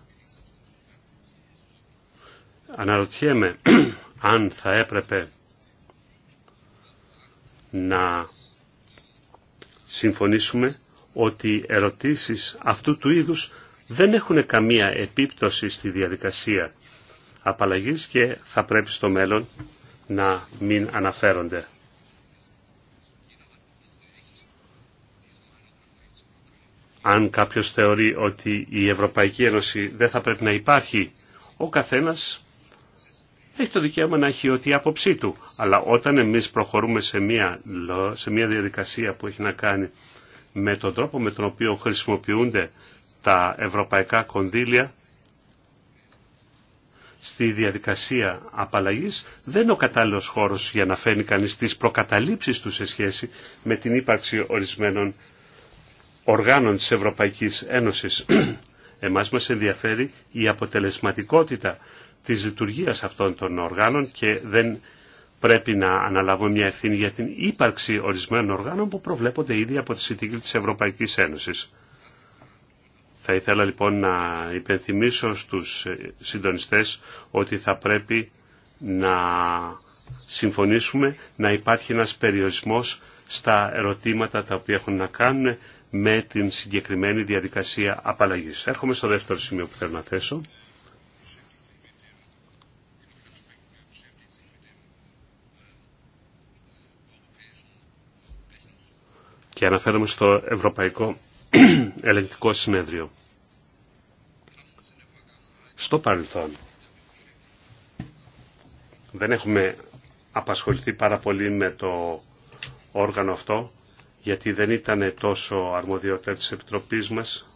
αναρωτιέμαι αν θα έπρεπε να συμφωνήσουμε ότι ερωτήσεις αυτού του είδους δεν έχουν καμία επίπτωση στη διαδικασία απαλλαγής και θα πρέπει στο μέλλον να μην αναφέρονται. Αν κάποιος θεωρεί ότι η Ευρωπαϊκή Ένωση δεν θα πρέπει να υπάρχει, ο καθένας έχει το δικαίωμα να έχει ό,τι η άποψή του. Αλλά όταν εμείς προχωρούμε σε μια, σε μια διαδικασία που έχει να κάνει με τον τρόπο με τον οποίο χρησιμοποιούνται τα ευρωπαϊκά κονδύλια στη διαδικασία απαλλαγής δεν είναι ο κατάλληλος χώρος για να φέρνει κανείς τις προκαταλήψεις του σε σχέση με την ύπαρξη ορισμένων οργάνων της Ευρωπαϊκής Ένωσης. Εμάς μας ενδιαφέρει η αποτελεσματικότητα της λειτουργίας αυτών των οργάνων και δεν πρέπει να αναλάβουμε μια ευθύνη για την ύπαρξη ορισμένων οργάνων που προβλέπονται ήδη από τη Συνθήκη της Ευρωπαϊκής Ένωσης. Θα ήθελα λοιπόν να υπενθυμίσω στους συντονιστές ότι θα πρέπει να συμφωνήσουμε να υπάρχει ένας περιορισμός στα ερωτήματα τα οποία έχουν να κάνουν με την συγκεκριμένη διαδικασία απαλλαγής. Έρχομαι στο δεύτερο σημείο που θέλω να θέσω. Και αναφέρομαι στο Ευρωπαϊκό ελεγκτικό συνέδριο. Στο παρελθόν δεν έχουμε απασχοληθεί πάρα πολύ με το όργανο αυτό γιατί δεν ήταν τόσο αρμοδιότητα της Επιτροπής μας.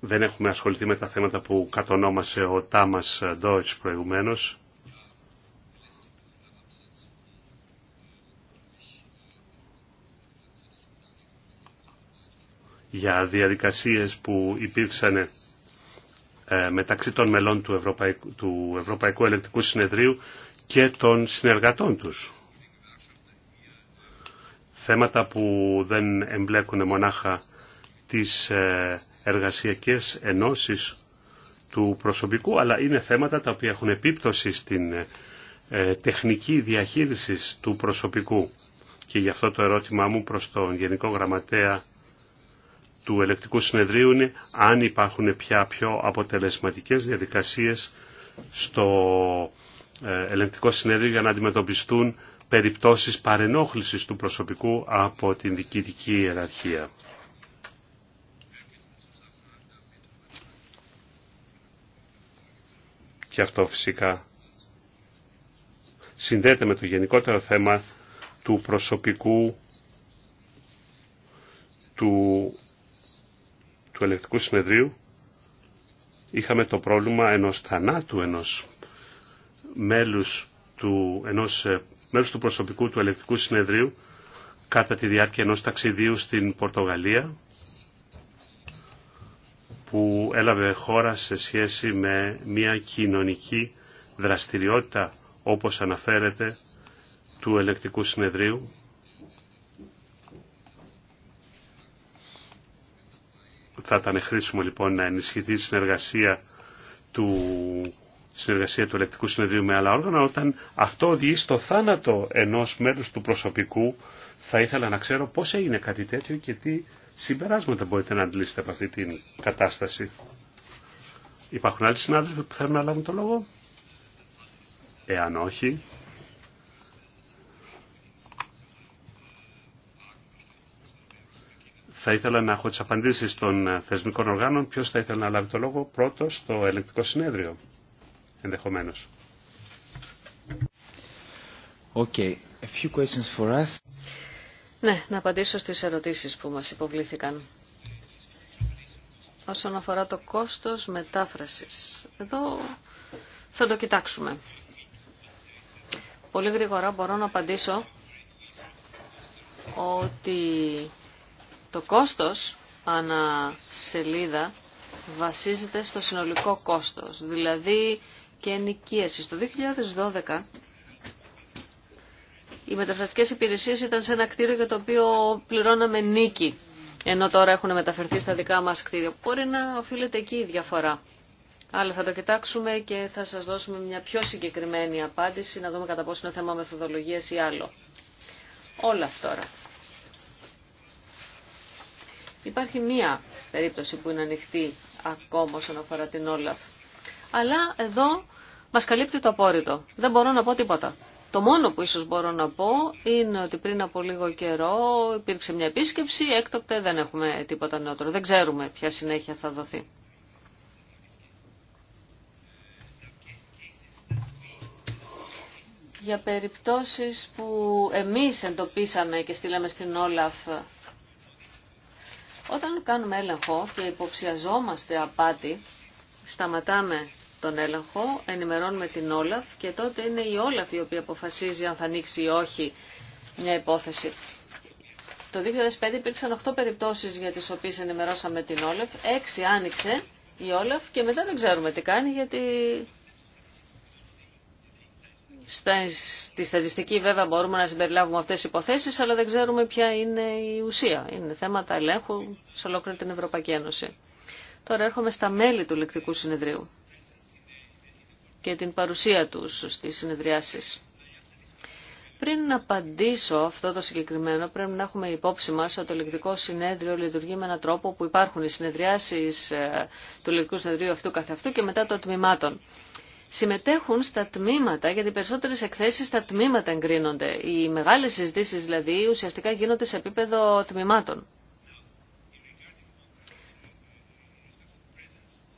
Δεν έχουμε ασχοληθεί με τα θέματα που κατονόμασε ο Τάμας Ντόιτς προηγουμένως. για διαδικασίες που υπήρξαν ε, μεταξύ των μελών του Ευρωπαϊκού, του Ευρωπαϊκού Ελεκτικού Συνεδρίου και των συνεργατών τους. Θέματα που δεν εμπλέκουν μονάχα τις ε, εργασιακές ενώσεις του προσωπικού, αλλά είναι θέματα τα οποία έχουν επίπτωση στην ε, τεχνική διαχείριση του προσωπικού. Και γι' αυτό το ερώτημά μου προς τον Γενικό Γραμματέα του ελεκτικού συνεδρίου είναι αν υπάρχουν πια πιο αποτελεσματικές διαδικασίες στο ε, ελεκτικό συνέδριο για να αντιμετωπιστούν περιπτώσεις παρενόχλησης του προσωπικού από την διοικητική ιεραρχία. Και αυτό φυσικά συνδέεται με το γενικότερο θέμα του προσωπικού του του ελεκτικού συνεδρίου είχαμε το πρόβλημα ενός θανάτου ενός μέλους του, ενός, ε, μέλους του προσωπικού του ελεκτικού συνεδρίου κατά τη διάρκεια ενός ταξιδίου στην Πορτογαλία που έλαβε χώρα σε σχέση με μια κοινωνική δραστηριότητα όπως αναφέρεται του ελεκτικού συνεδρίου Θα ήταν χρήσιμο λοιπόν να ενισχυθεί η συνεργασία του, συνεργασία του ελεκτικού συνεδρίου με άλλα όργανα. Όταν αυτό οδηγεί στο θάνατο ενός μέλους του προσωπικού, θα ήθελα να ξέρω πώς έγινε κάτι τέτοιο και τι συμπεράσματα μπορείτε να αντλήσετε από αυτή την κατάσταση. Υπάρχουν άλλοι συνάδελφοι που θέλουν να λάβουν το λόγο. Εάν όχι, Θα ήθελα να έχω τι απαντήσει των ε, θεσμικών οργάνων. Ποιο θα ήθελε να λάβει το λόγο πρώτο στο ελεκτικό συνέδριο, ενδεχομένως. Okay. A few questions for us. Ναι, να απαντήσω στις ερωτήσεις που μας υποβλήθηκαν. Όσον αφορά το κόστος μετάφρασης, εδώ θα το κοιτάξουμε. Πολύ γρήγορα μπορώ να απαντήσω ότι το κόστος ανά σελίδα βασίζεται στο συνολικό κόστος, δηλαδή και ενοικίαση. Το 2012 οι μεταφραστικές υπηρεσίες ήταν σε ένα κτίριο για το οποίο πληρώναμε νίκη, ενώ τώρα έχουν μεταφερθεί στα δικά μας κτίρια. Μπορεί να οφείλεται εκεί η διαφορά. Αλλά θα το κοιτάξουμε και θα σας δώσουμε μια πιο συγκεκριμένη απάντηση, να δούμε κατά πόσο είναι θέμα μεθοδολογίας ή άλλο. Όλα τώρα. Υπάρχει μία περίπτωση που είναι ανοιχτή ακόμα όσον αφορά την Όλαφ. Αλλά εδώ μας καλύπτει το απόρριτο. Δεν μπορώ να πω τίποτα. Το μόνο που ίσως μπορώ να πω είναι ότι πριν από λίγο καιρό υπήρξε μια επίσκεψη, έκτοτε δεν έχουμε τίποτα νεότερο. Δεν ξέρουμε ποια συνέχεια θα δοθεί. Για περιπτώσεις που εμείς εντοπίσαμε και στείλαμε στην Όλαφ όταν κάνουμε έλεγχο και υποψιαζόμαστε απάτη, σταματάμε τον έλεγχο, ενημερώνουμε την Όλαφ και τότε είναι η Όλαφ η οποία αποφασίζει αν θα ανοίξει ή όχι μια υπόθεση. Το 2005 υπήρξαν 8 περιπτώσεις για τις οποίες ενημερώσαμε την Όλαφ, 6 άνοιξε η Όλαφ και μετά δεν ξέρουμε τι κάνει γιατί Στη στατιστική βέβαια μπορούμε να συμπεριλάβουμε αυτές τις υποθέσεις, αλλά δεν ξέρουμε ποια είναι η ουσία. Είναι θέματα ελέγχου σε ολόκληρη την Ευρωπαϊκή Ένωση. Τώρα έρχομαι στα μέλη του λεκτικού συνεδρίου και την παρουσία τους στις συνεδριάσεις. Πριν απαντήσω αυτό το συγκεκριμένο, πρέπει να έχουμε υπόψη μας ότι το λεκτικό συνέδριο λειτουργεί με έναν τρόπο που υπάρχουν οι συνεδριάσεις ε, του λεκτικού συνεδρίου αυτού καθεαυτού και μετά των τμήματων συμμετέχουν στα τμήματα, γιατί περισσότερε εκθέσει στα τμήματα εγκρίνονται. Οι μεγάλε συζητήσει δηλαδή ουσιαστικά γίνονται σε επίπεδο τμήματων.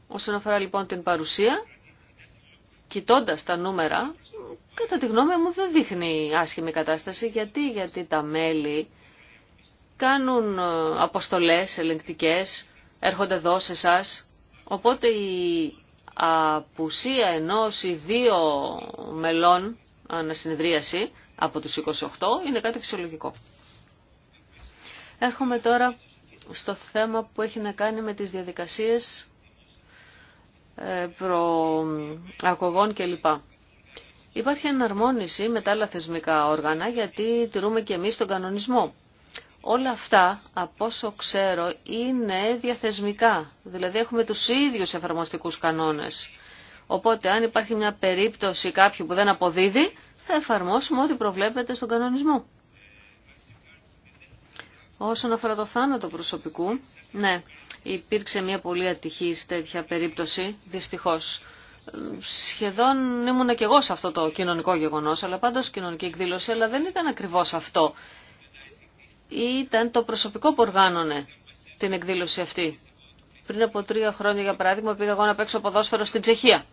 Όσον αφορά λοιπόν την παρουσία, κοιτώντα τα νούμερα, κατά τη γνώμη μου δεν δείχνει άσχημη κατάσταση. Γιατί, γιατί τα μέλη κάνουν ε, αποστολές ελεγκτικές, έρχονται εδώ σε εσά. Οπότε η απουσία ενός ή δύο μελών ανασυνεδρίαση από τους 28 είναι κάτι φυσιολογικό. Έρχομαι τώρα στο θέμα που έχει να κάνει με τις διαδικασίες ε, προακογών κλπ. Υπάρχει εναρμόνιση με τα άλλα θεσμικά όργανα γιατί τηρούμε και εμείς τον κανονισμό όλα αυτά, από όσο ξέρω, είναι διαθεσμικά. Δηλαδή έχουμε τους ίδιους εφαρμοστικούς κανόνες. Οπότε αν υπάρχει μια περίπτωση κάποιου που δεν αποδίδει, θα εφαρμόσουμε ό,τι προβλέπεται στον κανονισμό. Όσον αφορά το θάνατο προσωπικού, ναι, υπήρξε μια πολύ ατυχής τέτοια περίπτωση, δυστυχώς. Σχεδόν ήμουν και εγώ σε αυτό το κοινωνικό γεγονός, αλλά πάντως κοινωνική εκδήλωση, αλλά δεν ήταν ακριβώς αυτό ήταν το προσωπικό που οργάνωνε την εκδήλωση αυτή. Πριν από τρία χρόνια, για παράδειγμα, πήγα εγώ να παίξω ποδόσφαιρο στην Τσεχία.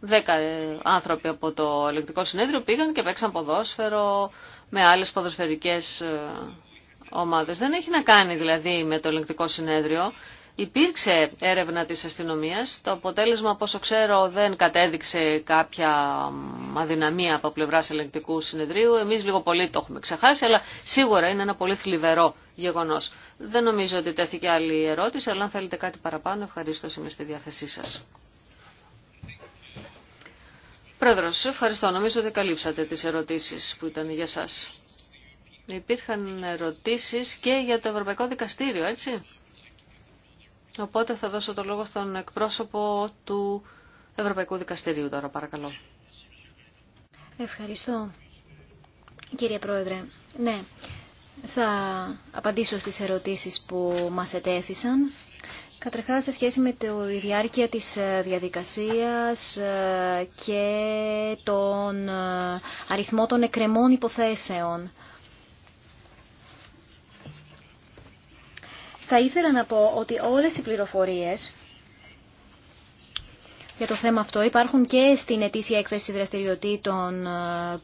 Δέκα ε, άνθρωποι από το ελεκτικό συνέδριο πήγαν και παίξαν ποδόσφαιρο με άλλες ποδοσφαιρικές ε, ομάδες. Δεν έχει να κάνει δηλαδή με το ελεκτικό συνέδριο. Υπήρξε έρευνα της αστυνομίας, το αποτέλεσμα πόσο ξέρω δεν κατέδειξε κάποια αδυναμία από πλευράς ελεγκτικού συνεδρίου. Εμείς λίγο πολύ το έχουμε ξεχάσει, αλλά σίγουρα είναι ένα πολύ θλιβερό γεγονός. Δεν νομίζω ότι τέθηκε άλλη ερώτηση, αλλά αν θέλετε κάτι παραπάνω, ευχαρίστω είμαι στη διάθεσή σας. Πρόεδρος, ευχαριστώ. Νομίζω ότι καλύψατε τις ερωτήσεις που ήταν για σας. Υπήρχαν ερωτήσεις και για το Ευρωπαϊκό Δικαστήριο, έτσι. Οπότε θα δώσω το λόγο στον εκπρόσωπο του Ευρωπαϊκού Δικαστηρίου τώρα, παρακαλώ. Ευχαριστώ, κύριε Πρόεδρε. Ναι, θα απαντήσω στις ερωτήσεις που μας ετέθησαν. Καταρχάς, σε σχέση με τη διάρκεια της ε, διαδικασίας ε, και τον ε, αριθμό των εκκρεμών υποθέσεων. θα ήθελα να πω ότι όλες οι πληροφορίες για το θέμα αυτό υπάρχουν και στην ετήσια έκθεση δραστηριοτήτων ε,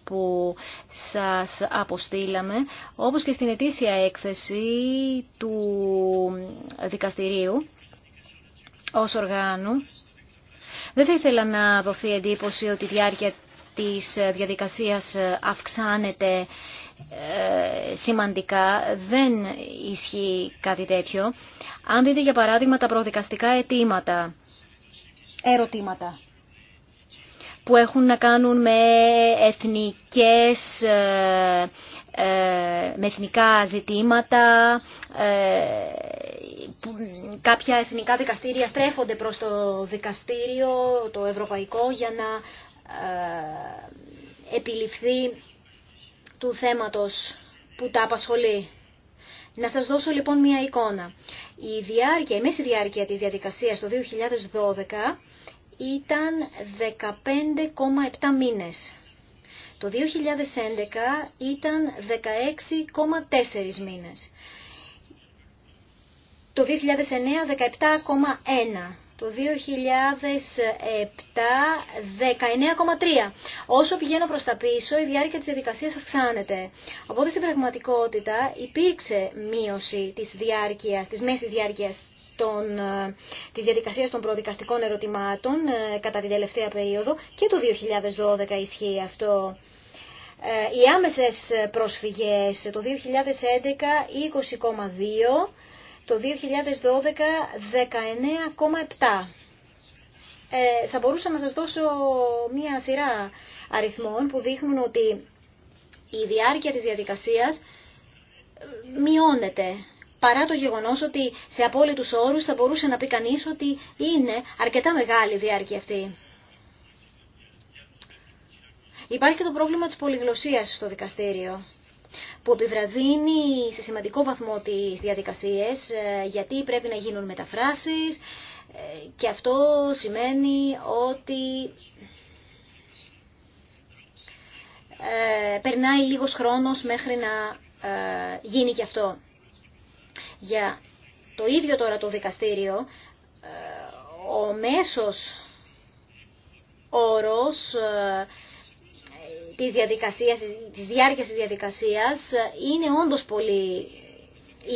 που σας αποστήλαμε, όπως και στην ετήσια έκθεση του δικαστηρίου ως οργάνου. Δεν θα ήθελα να δοθεί εντύπωση ότι η διάρκεια της διαδικασίας ε, αυξάνεται ε, σημαντικά δεν ισχύει κάτι τέτοιο. Αν δείτε για παράδειγμα τα προδικαστικά αιτήματα, ερωτήματα που έχουν να κάνουν με εθνικές ε, ε, με εθνικά ζητήματα, κάποια εθνικά δικαστήρια στρέφονται προς το δικαστήριο, το ευρωπαϊκό, για να επιληφθεί του θέματος που τα απασχολεί. Να σας δώσω λοιπόν μία εικόνα. Η, διάρκεια, η μέση διάρκεια της διαδικασίας το 2012 ήταν 15,7 μήνες. Το 2011 ήταν 16,4 μήνες. Το 2009 17,1 το 2007, 19,3. Όσο πηγαίνω προς τα πίσω, η διάρκεια της διαδικασίας αυξάνεται. Οπότε στην πραγματικότητα υπήρξε μείωση της διάρκειας, της μέσης διάρκειας των, ε, της διαδικασίας των προδικαστικών ερωτημάτων ε, κατά την τελευταία περίοδο και το 2012 ισχύει αυτό. Ε, οι άμεσες προσφυγές το 2011 20,2 το 2012 19,7. Ε, θα μπορούσα να σας δώσω μία σειρά αριθμών που δείχνουν ότι η διάρκεια της διαδικασίας ε, μειώνεται παρά το γεγονός ότι σε απόλυτους όρους θα μπορούσε να πει κανείς ότι είναι αρκετά μεγάλη η διάρκεια αυτή. Υπάρχει και το πρόβλημα της πολυγλωσσίας στο δικαστήριο που επιβραδύνει σε σημαντικό βαθμό τις διαδικασίες, ε, γιατί πρέπει να γίνουν μεταφράσεις ε, και αυτό σημαίνει ότι ε, περνάει λίγος χρόνος μέχρι να γίνει και αυτό. Για το ίδιο τώρα το δικαστήριο, ο μέσος όρος τη διαδικασίας, της διάρκειας της διαδικασίας είναι όντως πολύ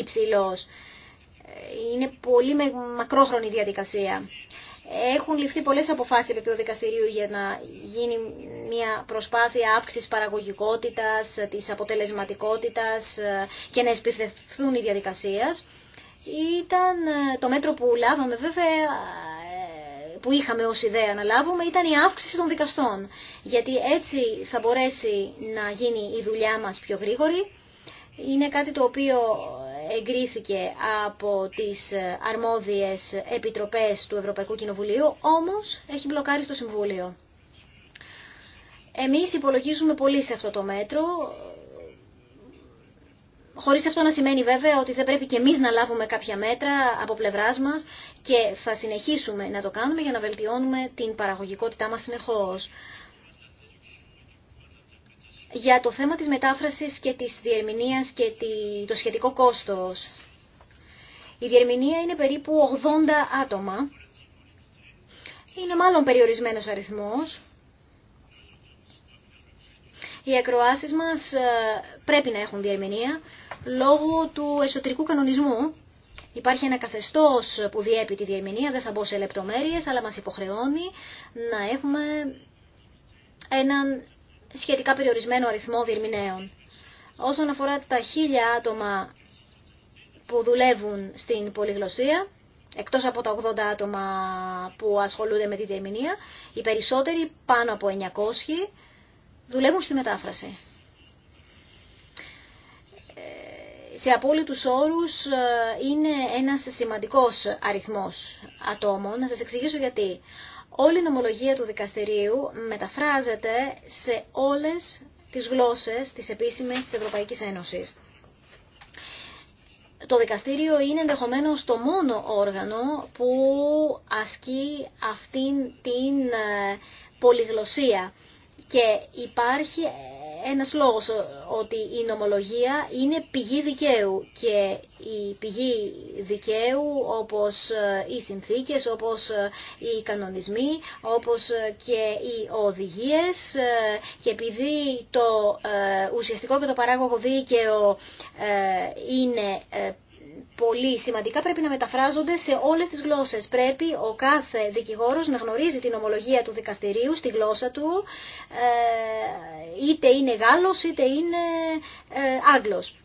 υψηλός. Είναι πολύ μακρόχρονη διαδικασία. Έχουν ληφθεί πολλές αποφάσεις επί του δικαστηρίου για να γίνει μια προσπάθεια αύξησης παραγωγικότητας, της αποτελεσματικότητας και να εσπιθευθούν οι διαδικασίες. Ήταν το μέτρο που λάβαμε βέβαια που είχαμε ως ιδέα να λάβουμε ήταν η αύξηση των δικαστών. Γιατί έτσι θα μπορέσει να γίνει η δουλειά μας πιο γρήγορη. Είναι κάτι το οποίο εγκρίθηκε από τις αρμόδιες επιτροπές του Ευρωπαϊκού Κοινοβουλίου, όμως έχει μπλοκάρει στο Συμβούλιο. Εμείς υπολογίζουμε πολύ σε αυτό το μέτρο, Χωρίς αυτό να σημαίνει βέβαια ότι δεν πρέπει και εμείς να λάβουμε κάποια μέτρα από πλευρά μα και θα συνεχίσουμε να το κάνουμε για να βελτιώνουμε την παραγωγικότητά μας συνεχώς. Για το θέμα της μετάφρασης και της διερμηνίας και το σχετικό κόστος. Η διερμηνία είναι περίπου 80 άτομα. Είναι μάλλον περιορισμένος αριθμός. Οι ακροάσεις μας ε, πρέπει να έχουν διερμηνία λόγω του εσωτερικού κανονισμού. Υπάρχει ένα καθεστώς που διέπει τη διερμηνία, δεν θα μπω σε αλλά μας υποχρεώνει να έχουμε έναν σχετικά περιορισμένο αριθμό διερμηνέων. Όσον αφορά τα χίλια άτομα που δουλεύουν στην πολυγλωσία, εκτός από τα 80 άτομα που ασχολούνται με τη διερμηνία, οι περισσότεροι πάνω από 900 δουλεύουν στη μετάφραση. Ε, σε απόλυτους όρους ε, είναι ένας σημαντικός αριθμός ατόμων. Να σας εξηγήσω γιατί. Όλη η νομολογία του δικαστηρίου μεταφράζεται σε όλες τις γλώσσες της επίσημης της Ευρωπαϊκής Ένωσης. Το δικαστήριο είναι ενδεχομένω το μόνο όργανο που ασκεί αυτήν την ε, πολυγλωσία. Και υπάρχει ένας λόγος ότι η νομολογία είναι πηγή δικαίου και η πηγή δικαίου όπως οι συνθήκες, όπως οι κανονισμοί, όπως και οι οδηγίες και επειδή το ε, ουσιαστικό και το παράγωγο δίκαιο ε, είναι ε, πολύ σημαντικά πρέπει να μεταφράζονται σε όλες τις γλώσσες. Πρέπει ο κάθε δικηγόρος να γνωρίζει την ομολογία του δικαστηρίου στη γλώσσα του, ε, είτε είναι Γάλλος είτε είναι ε, Άγγλος.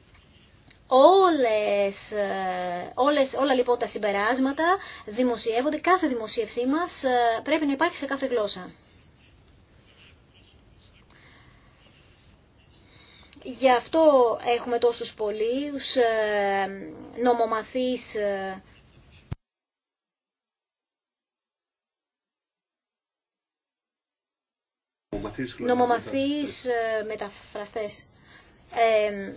Όλες, ε, όλες, όλα λοιπόν τα συμπεράσματα δημοσιεύονται, κάθε δημοσίευσή μας πρέπει να υπάρχει σε κάθε γλώσσα. Γι' αυτό έχουμε τόσους πολλούς ε, νομομαθείς ε, νομομαθείς δηλαδή, ε, μεταφραστές. Ε,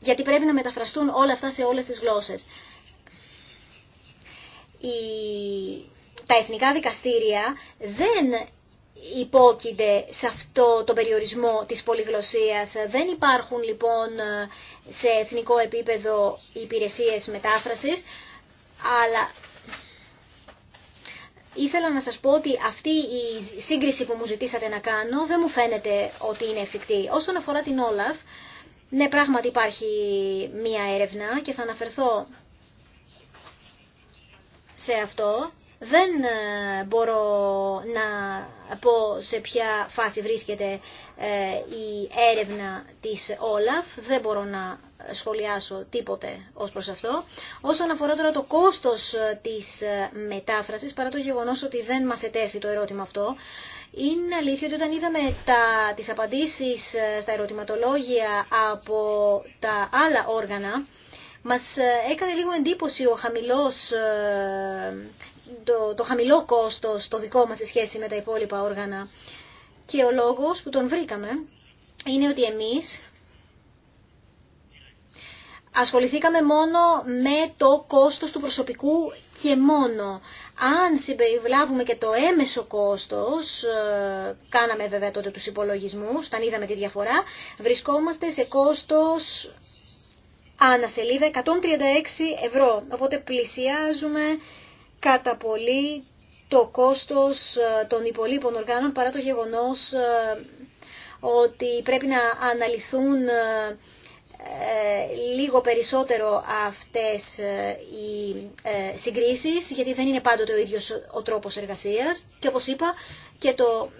γιατί πρέπει να μεταφραστούν όλα αυτά σε όλες τις γλώσσες. τα εθνικά δικαστήρια δεν υπόκεινται σε αυτό το περιορισμό της πολυγλωσσίας. Δεν υπάρχουν λοιπόν σε εθνικό επίπεδο υπηρεσίες μετάφρασης, αλλά ήθελα να σας πω ότι αυτή η σύγκριση που μου ζητήσατε να κάνω δεν μου φαίνεται ότι είναι εφικτή. Όσον αφορά την Όλαφ, ναι πράγματι υπάρχει μία έρευνα και θα αναφερθώ σε αυτό. Δεν ε, μπορώ να πω σε ποια φάση βρίσκεται ε, η έρευνα της Όλαφ. Δεν μπορώ να σχολιάσω τίποτε ως προς αυτό. Όσον αφορά τώρα το κόστος ε, της μετάφρασης, παρά το γεγονός ότι δεν μας ετέθη το ερώτημα αυτό, είναι αλήθεια ότι όταν είδαμε τα, τις απαντήσεις στα ερωτηματολόγια από τα άλλα όργανα, μας έκανε λίγο εντύπωση ο χαμηλός το, το χαμηλό κόστος το δικό μας σε σχέση με τα υπόλοιπα όργανα. Και ο λόγος που τον βρήκαμε είναι ότι εμείς ασχοληθήκαμε μόνο με το κόστος του προσωπικού και μόνο. Αν συμπεριβλάβουμε και το έμεσο κόστος, ε, κάναμε βέβαια τότε τους υπολογισμούς, όταν είδαμε τη διαφορά, βρισκόμαστε σε κόστος ανασελίδα 136 ευρώ. Οπότε πλησιάζουμε κατά πολύ το κόστος ε, των υπολείπων οργάνων παρά το γεγονός ε, ότι πρέπει να αναλυθούν ε, λίγο περισσότερο αυτές οι συγκρίσεις γιατί δεν είναι πάντοτε ο ίδιος ο τρόπος εργασίας και όπως είπα και το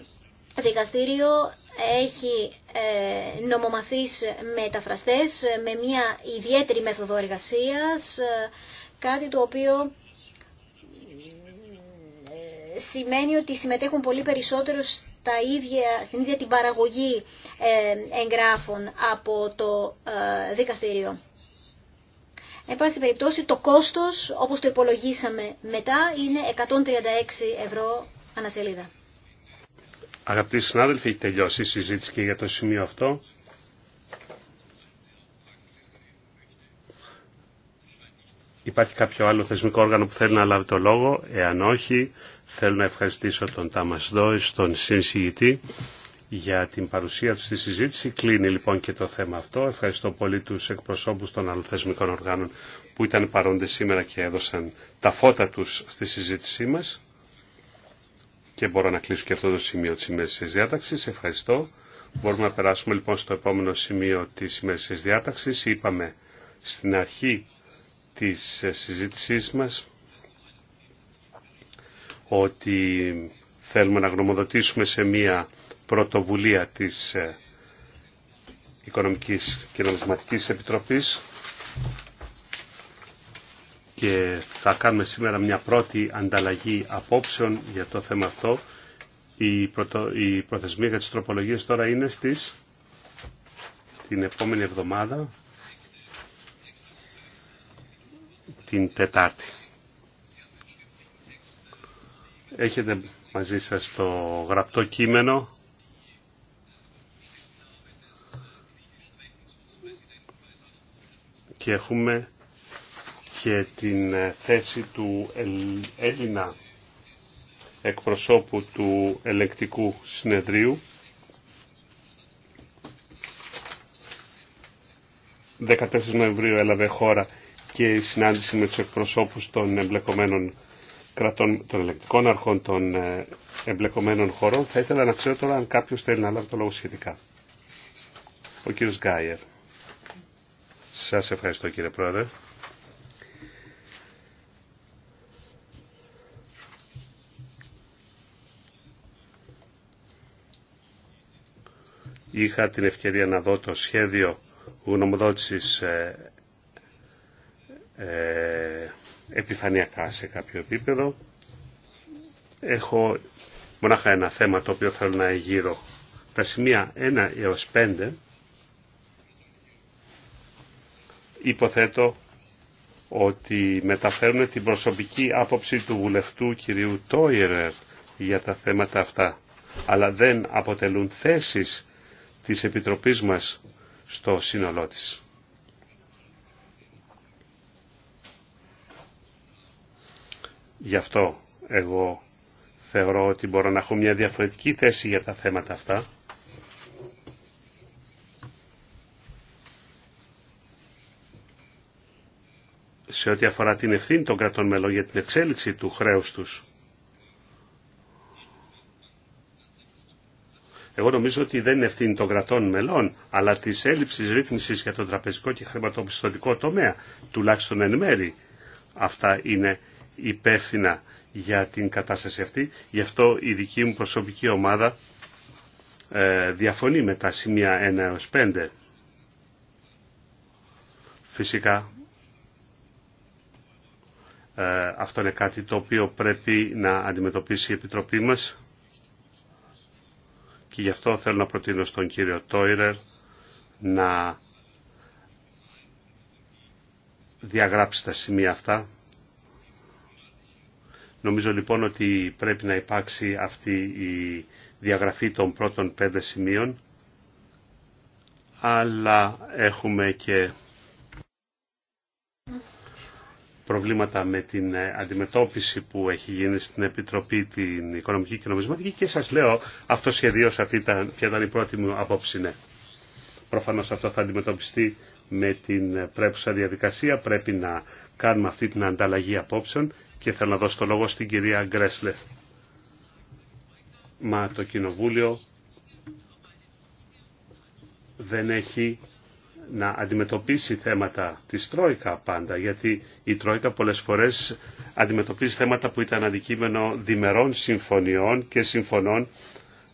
δικαστήριο έχει νομομαθείς μεταφραστές με μια ιδιαίτερη μέθοδο εργασίας κάτι το οποίο σημαίνει ότι συμμετέχουν πολύ περισσότερο στα ίδια, στην ίδια την παραγωγή ε, εγγράφων από το ε, δικαστήριο. Εν πάση περιπτώσει το κόστος όπως το υπολογίσαμε μετά είναι 136 ευρώ ανασελίδα. Αγαπητοί συνάδελφοι, έχει τελειώσει η συζήτηση και για το σημείο αυτό. Υπάρχει κάποιο άλλο θεσμικό όργανο που θέλει να λάβει το λόγο. Εάν όχι, Θέλω να ευχαριστήσω τον Τάμας Δόης, τον συνσηγητή, για την παρουσία του στη συζήτηση. Κλείνει λοιπόν και το θέμα αυτό. Ευχαριστώ πολύ τους εκπροσώπους των αλλοθεσμικών οργάνων που ήταν παρόντες σήμερα και έδωσαν τα φώτα τους στη συζήτησή μας. Και μπορώ να κλείσω και αυτό το σημείο της ημέρησης διάταξης. Ευχαριστώ. Μπορούμε να περάσουμε λοιπόν στο επόμενο σημείο της ημέρησης διάταξης. Είπαμε στην αρχή της συζήτησής μας ότι θέλουμε να γνωμοδοτήσουμε σε μία πρωτοβουλία της ε, Οικονομικής και Νομισματικής Επιτροπής και θα κάνουμε σήμερα μια πρώτη ανταλλαγή απόψεων για το θέμα αυτό. Η, πρωτο, η προθεσμία για τις τροπολογίες τώρα είναι στις την επόμενη εβδομάδα την Τετάρτη. Έχετε μαζί σας το γραπτό κείμενο. Και έχουμε και την ε, θέση του Έλληνα εκπροσώπου του ελεκτικού συνεδρίου. 14 Νοεμβρίου έλαβε χώρα και η συνάντηση με τους εκπροσώπους των εμπλεκομένων κρατών, των ελεκτικών αρχών των ε, εμπλεκομένων χωρών. Θα ήθελα να ξέρω τώρα αν κάποιο θέλει να λάβει το λόγο σχετικά. Ο κύριος Γκάιερ. Σας ευχαριστώ κύριε Πρόεδρε. Είχα την ευκαιρία να δω το σχέδιο γνωμοδότησης ε, ε επιφανειακά σε κάποιο επίπεδο. Έχω μονάχα ένα θέμα το οποίο θέλω να εγείρω. Τα σημεία 1 έως 5 υποθέτω ότι μεταφέρουν την προσωπική άποψη του βουλευτού κυρίου Τόιρερ για τα θέματα αυτά, αλλά δεν αποτελούν θέσεις της Επιτροπής μας στο σύνολό της. Γι' αυτό εγώ θεωρώ ότι μπορώ να έχω μια διαφορετική θέση για τα θέματα αυτά. σε ό,τι αφορά την ευθύνη των κρατών μελών για την εξέλιξη του χρέους τους. Εγώ νομίζω ότι δεν είναι ευθύνη των κρατών μελών, αλλά της έλλειψη ρύθμισης για τον τραπεζικό και χρηματοπιστωτικό τομέα, τουλάχιστον εν μέρη. Αυτά είναι υπεύθυνα για την κατάσταση αυτή. Γι' αυτό η δική μου προσωπική ομάδα ε, διαφωνεί με τα σημεία 1 έως 5. Φυσικά ε, αυτό είναι κάτι το οποίο πρέπει να αντιμετωπίσει η Επιτροπή μας και γι' αυτό θέλω να προτείνω στον κύριο Τόιρερ να διαγράψει τα σημεία αυτά Νομίζω λοιπόν ότι πρέπει να υπάρξει αυτή η διαγραφή των πρώτων πέντε σημείων, αλλά έχουμε και προβλήματα με την αντιμετώπιση που έχει γίνει στην Επιτροπή την Οικονομική και Νομισματική και σας λέω αυτό σχεδίως αυτή ήταν, ποια ήταν η πρώτη μου απόψη. Ναι. Προφανώς αυτό θα αντιμετωπιστεί με την πρέπουσα διαδικασία. Πρέπει να κάνουμε αυτή την ανταλλαγή απόψεων και θέλω να δώσω το λόγο στην κυρία Γκρέσλε. Μα το Κοινοβούλιο δεν έχει να αντιμετωπίσει θέματα της Τρόικα πάντα, γιατί η Τρόικα πολλές φορές αντιμετωπίζει θέματα που ήταν αντικείμενο διμερών συμφωνιών και συμφωνών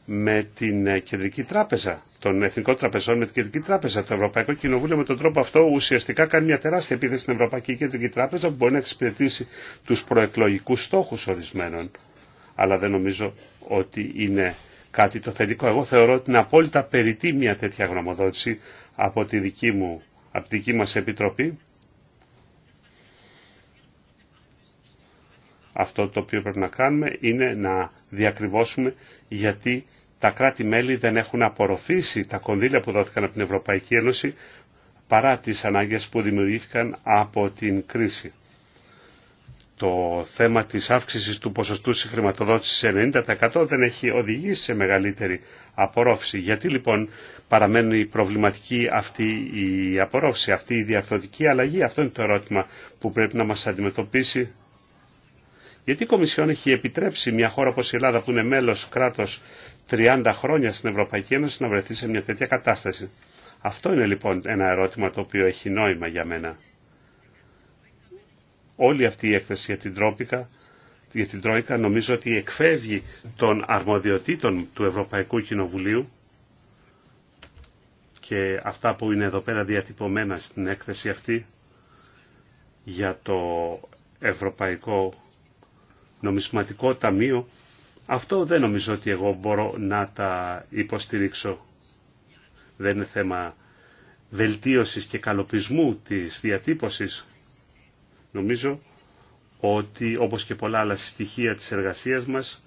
με την ε, Κεντρική Τράπεζα, των Εθνικών Τραπεζών με την Κεντρική Τράπεζα. Το Ευρωπαϊκό Κοινοβούλιο με τον τρόπο αυτό ουσιαστικά κάνει μια τεράστια επίθεση στην Ευρωπαϊκή Κεντρική Τράπεζα που μπορεί να εξυπηρετήσει τους προεκλογικούς στόχους ορισμένων. Αλλά δεν νομίζω ότι είναι κάτι το θετικό. Εγώ θεωρώ ότι είναι απόλυτα περιττή μια τέτοια γνωμοδότηση από τη δική μου, από τη δική μας Επιτροπή. Αυτό το οποίο πρέπει να κάνουμε είναι να διακριβώσουμε γιατί τα κράτη-μέλη δεν έχουν απορροφήσει τα κονδύλια που δόθηκαν από την Ευρωπαϊκή Ένωση παρά τις ανάγκες που δημιουργήθηκαν από την κρίση. Το θέμα της αύξησης του ποσοστού χρηματοδότησης σε 90% δεν έχει οδηγήσει σε μεγαλύτερη απορρόφηση. Γιατί λοιπόν παραμένει προβληματική αυτή η απορρόφηση, αυτή η διαρθρωτική αλλαγή. Αυτό είναι το ερώτημα που πρέπει να μας αντιμετωπίσει. Γιατί η Κομισιόν έχει επιτρέψει μια χώρα όπως η Ελλάδα που είναι μέλος κράτος 30 χρόνια στην Ευρωπαϊκή Ένωση να βρεθεί σε μια τέτοια κατάσταση. Αυτό είναι λοιπόν ένα ερώτημα το οποίο έχει νόημα για μένα. Όλη αυτή η έκθεση για την Τρόπικα Τρόικα νομίζω ότι εκφεύγει των αρμοδιοτήτων του Ευρωπαϊκού Κοινοβουλίου και αυτά που είναι εδώ πέρα διατυπωμένα στην έκθεση αυτή για το Ευρωπαϊκό Νομισματικό Ταμείο αυτό δεν νομίζω ότι εγώ μπορώ να τα υποστηρίξω. Δεν είναι θέμα βελτίωσης και καλοπισμού της διατύπωσης. Νομίζω ότι όπως και πολλά άλλα στοιχεία της εργασίας μας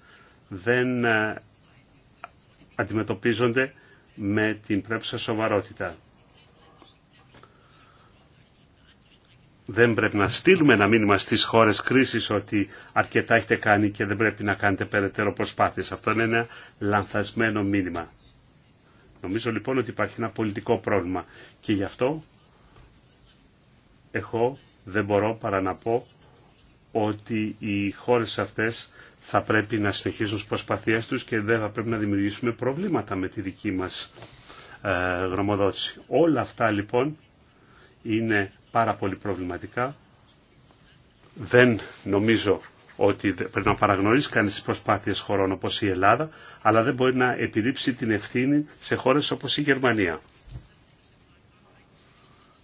δεν ε, αντιμετωπίζονται με την πρέπουσα σοβαρότητα. δεν πρέπει να στείλουμε ένα μήνυμα στις χώρες κρίσης ότι αρκετά έχετε κάνει και δεν πρέπει να κάνετε περαιτέρω προσπάθειες. Αυτό είναι ένα λανθασμένο μήνυμα. Νομίζω λοιπόν ότι υπάρχει ένα πολιτικό πρόβλημα και γι' αυτό εγώ δεν μπορώ παρά να πω ότι οι χώρες αυτές θα πρέπει να συνεχίσουν τις προσπαθίε τους και δεν θα πρέπει να δημιουργήσουμε προβλήματα με τη δική μας ε, Όλα αυτά λοιπόν είναι πάρα πολύ προβληματικά. Δεν νομίζω ότι πρέπει να παραγνωρίσει κανείς τις προσπάθειες χωρών όπως η Ελλάδα, αλλά δεν μπορεί να επιρρύψει την ευθύνη σε χώρες όπως η Γερμανία.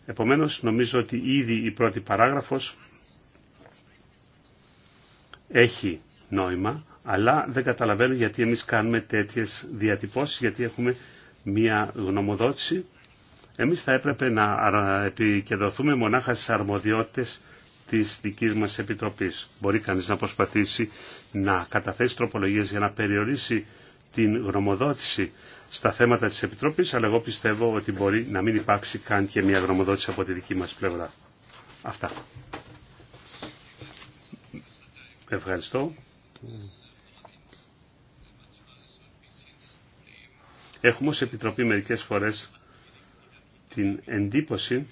Επομένως, νομίζω ότι ήδη η πρώτη παράγραφος έχει νόημα, αλλά δεν καταλαβαίνω γιατί εμείς κάνουμε τέτοιες διατυπώσεις, γιατί έχουμε μία γνωμοδότηση εμείς θα έπρεπε να επικεντρωθούμε μονάχα στις αρμοδιότητες της δικής μας Επιτροπής. Μπορεί κανείς να προσπαθήσει να καταθέσει τροπολογίες για να περιορίσει την γνωμοδότηση στα θέματα της Επιτροπής, αλλά εγώ πιστεύω ότι μπορεί να μην υπάρξει καν και μια γνωμοδότηση από τη δική μας πλευρά. Αυτά. Ευχαριστώ. Έχουμε ως Επιτροπή μερικές φορές την εντύπωση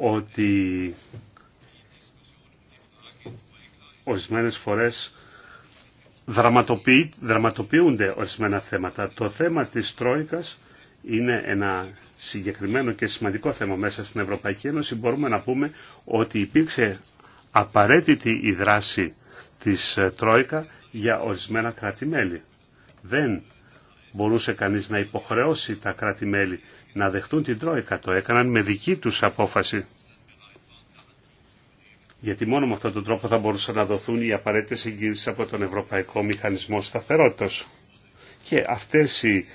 ότι ορισμένες φορές δραματοποιούνται ορισμένα θέματα. Το θέμα της Τρόικας είναι ένα συγκεκριμένο και σημαντικό θέμα μέσα στην Ευρωπαϊκή Ένωση. Μπορούμε να πούμε ότι υπήρξε απαραίτητη η δράση της ε, Τρόικα για ορισμένα κράτη-μέλη. Δεν μπορούσε κανείς να υποχρεώσει τα κράτη-μέλη να δεχτούν την Τρόικα. Το έκαναν με δική τους απόφαση. Γιατί μόνο με αυτόν τον τρόπο θα μπορούσαν να δοθούν οι απαραίτητες εγγύησεις από τον Ευρωπαϊκό Μηχανισμό Σταθερότητας. Και αυτές οι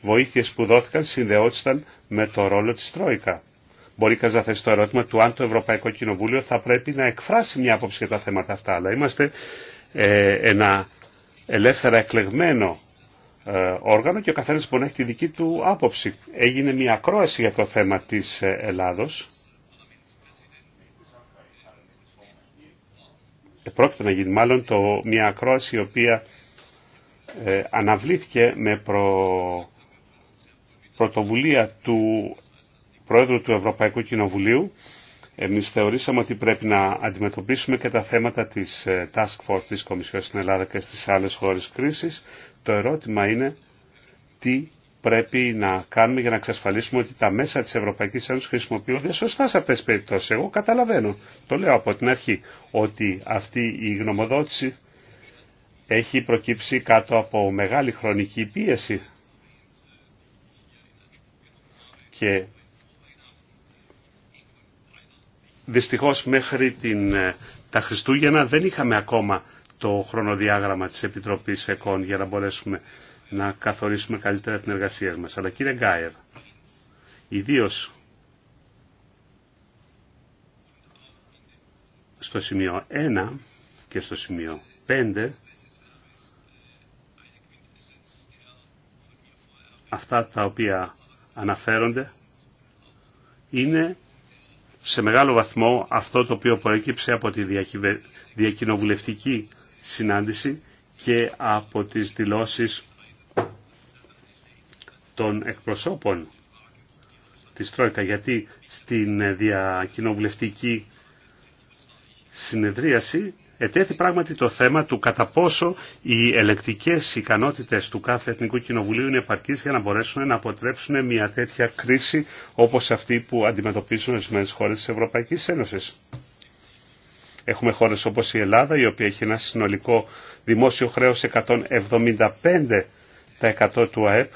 βοήθειες που δόθηκαν συνδεόταν με το ρόλο της Τρόικα. Μπορεί κανείς να θέσει το ερώτημα του αν το Ευρωπαϊκό Κοινοβούλιο θα πρέπει να εκφράσει μια άποψη για τα θέματα αυτά. Αλλά είμαστε ε, ένα ελεύθερα εκλεγμένο ε, όργανο και ο καθένας μπορεί να έχει τη δική του άποψη. Έγινε μια ακρόαση για το θέμα της ε, Ελλάδος. Ε, πρόκειται να γίνει μάλλον το, μια ακρόαση η οποία αναβλήθηκε με προ, πρωτοβουλία του Πρόεδρου του Ευρωπαϊκού Κοινοβουλίου εμείς θεωρήσαμε ότι πρέπει να αντιμετωπίσουμε και τα θέματα της ε, Task Force της Κομισιόν στην Ελλάδα και στις άλλες χώρες κρίσης. Το ερώτημα είναι τι πρέπει να κάνουμε για να εξασφαλίσουμε ότι τα μέσα της Ευρωπαϊκής Ένωσης χρησιμοποιούνται σωστά σε αυτές τις περιπτώσεις. Εγώ καταλαβαίνω, το λέω από την αρχή, ότι αυτή η γνωμοδότηση έχει προκύψει κάτω από μεγάλη χρονική πίεση και Δυστυχώς μέχρι την, ε, τα Χριστούγεννα δεν είχαμε ακόμα το χρονοδιάγραμμα της Επιτροπής ΕΚΟΝ για να μπορέσουμε να καθορίσουμε καλύτερα την εργασία μας. Αλλά κύριε Γκάιερ, ιδίω στο σημείο 1 και στο σημείο 5 αυτά τα οποία αναφέρονται είναι σε μεγάλο βαθμό αυτό το οποίο προέκυψε από τη διακοινοβουλευτική συνάντηση και από τις δηλώσεις των εκπροσώπων της Τρόικα, γιατί στην διακοινοβουλευτική συνεδρίαση ετέθη πράγματι το θέμα του κατά πόσο οι ελεκτικές ικανότητες του κάθε Εθνικού Κοινοβουλίου είναι επαρκείς για να μπορέσουν να αποτρέψουν μια τέτοια κρίση όπως αυτή που αντιμετωπίζουν ορισμένε χώρες της Ευρωπαϊκής Ένωσης. Έχουμε χώρες όπως η Ελλάδα, η οποία έχει ένα συνολικό δημόσιο χρέος 175% του ΑΕΠ,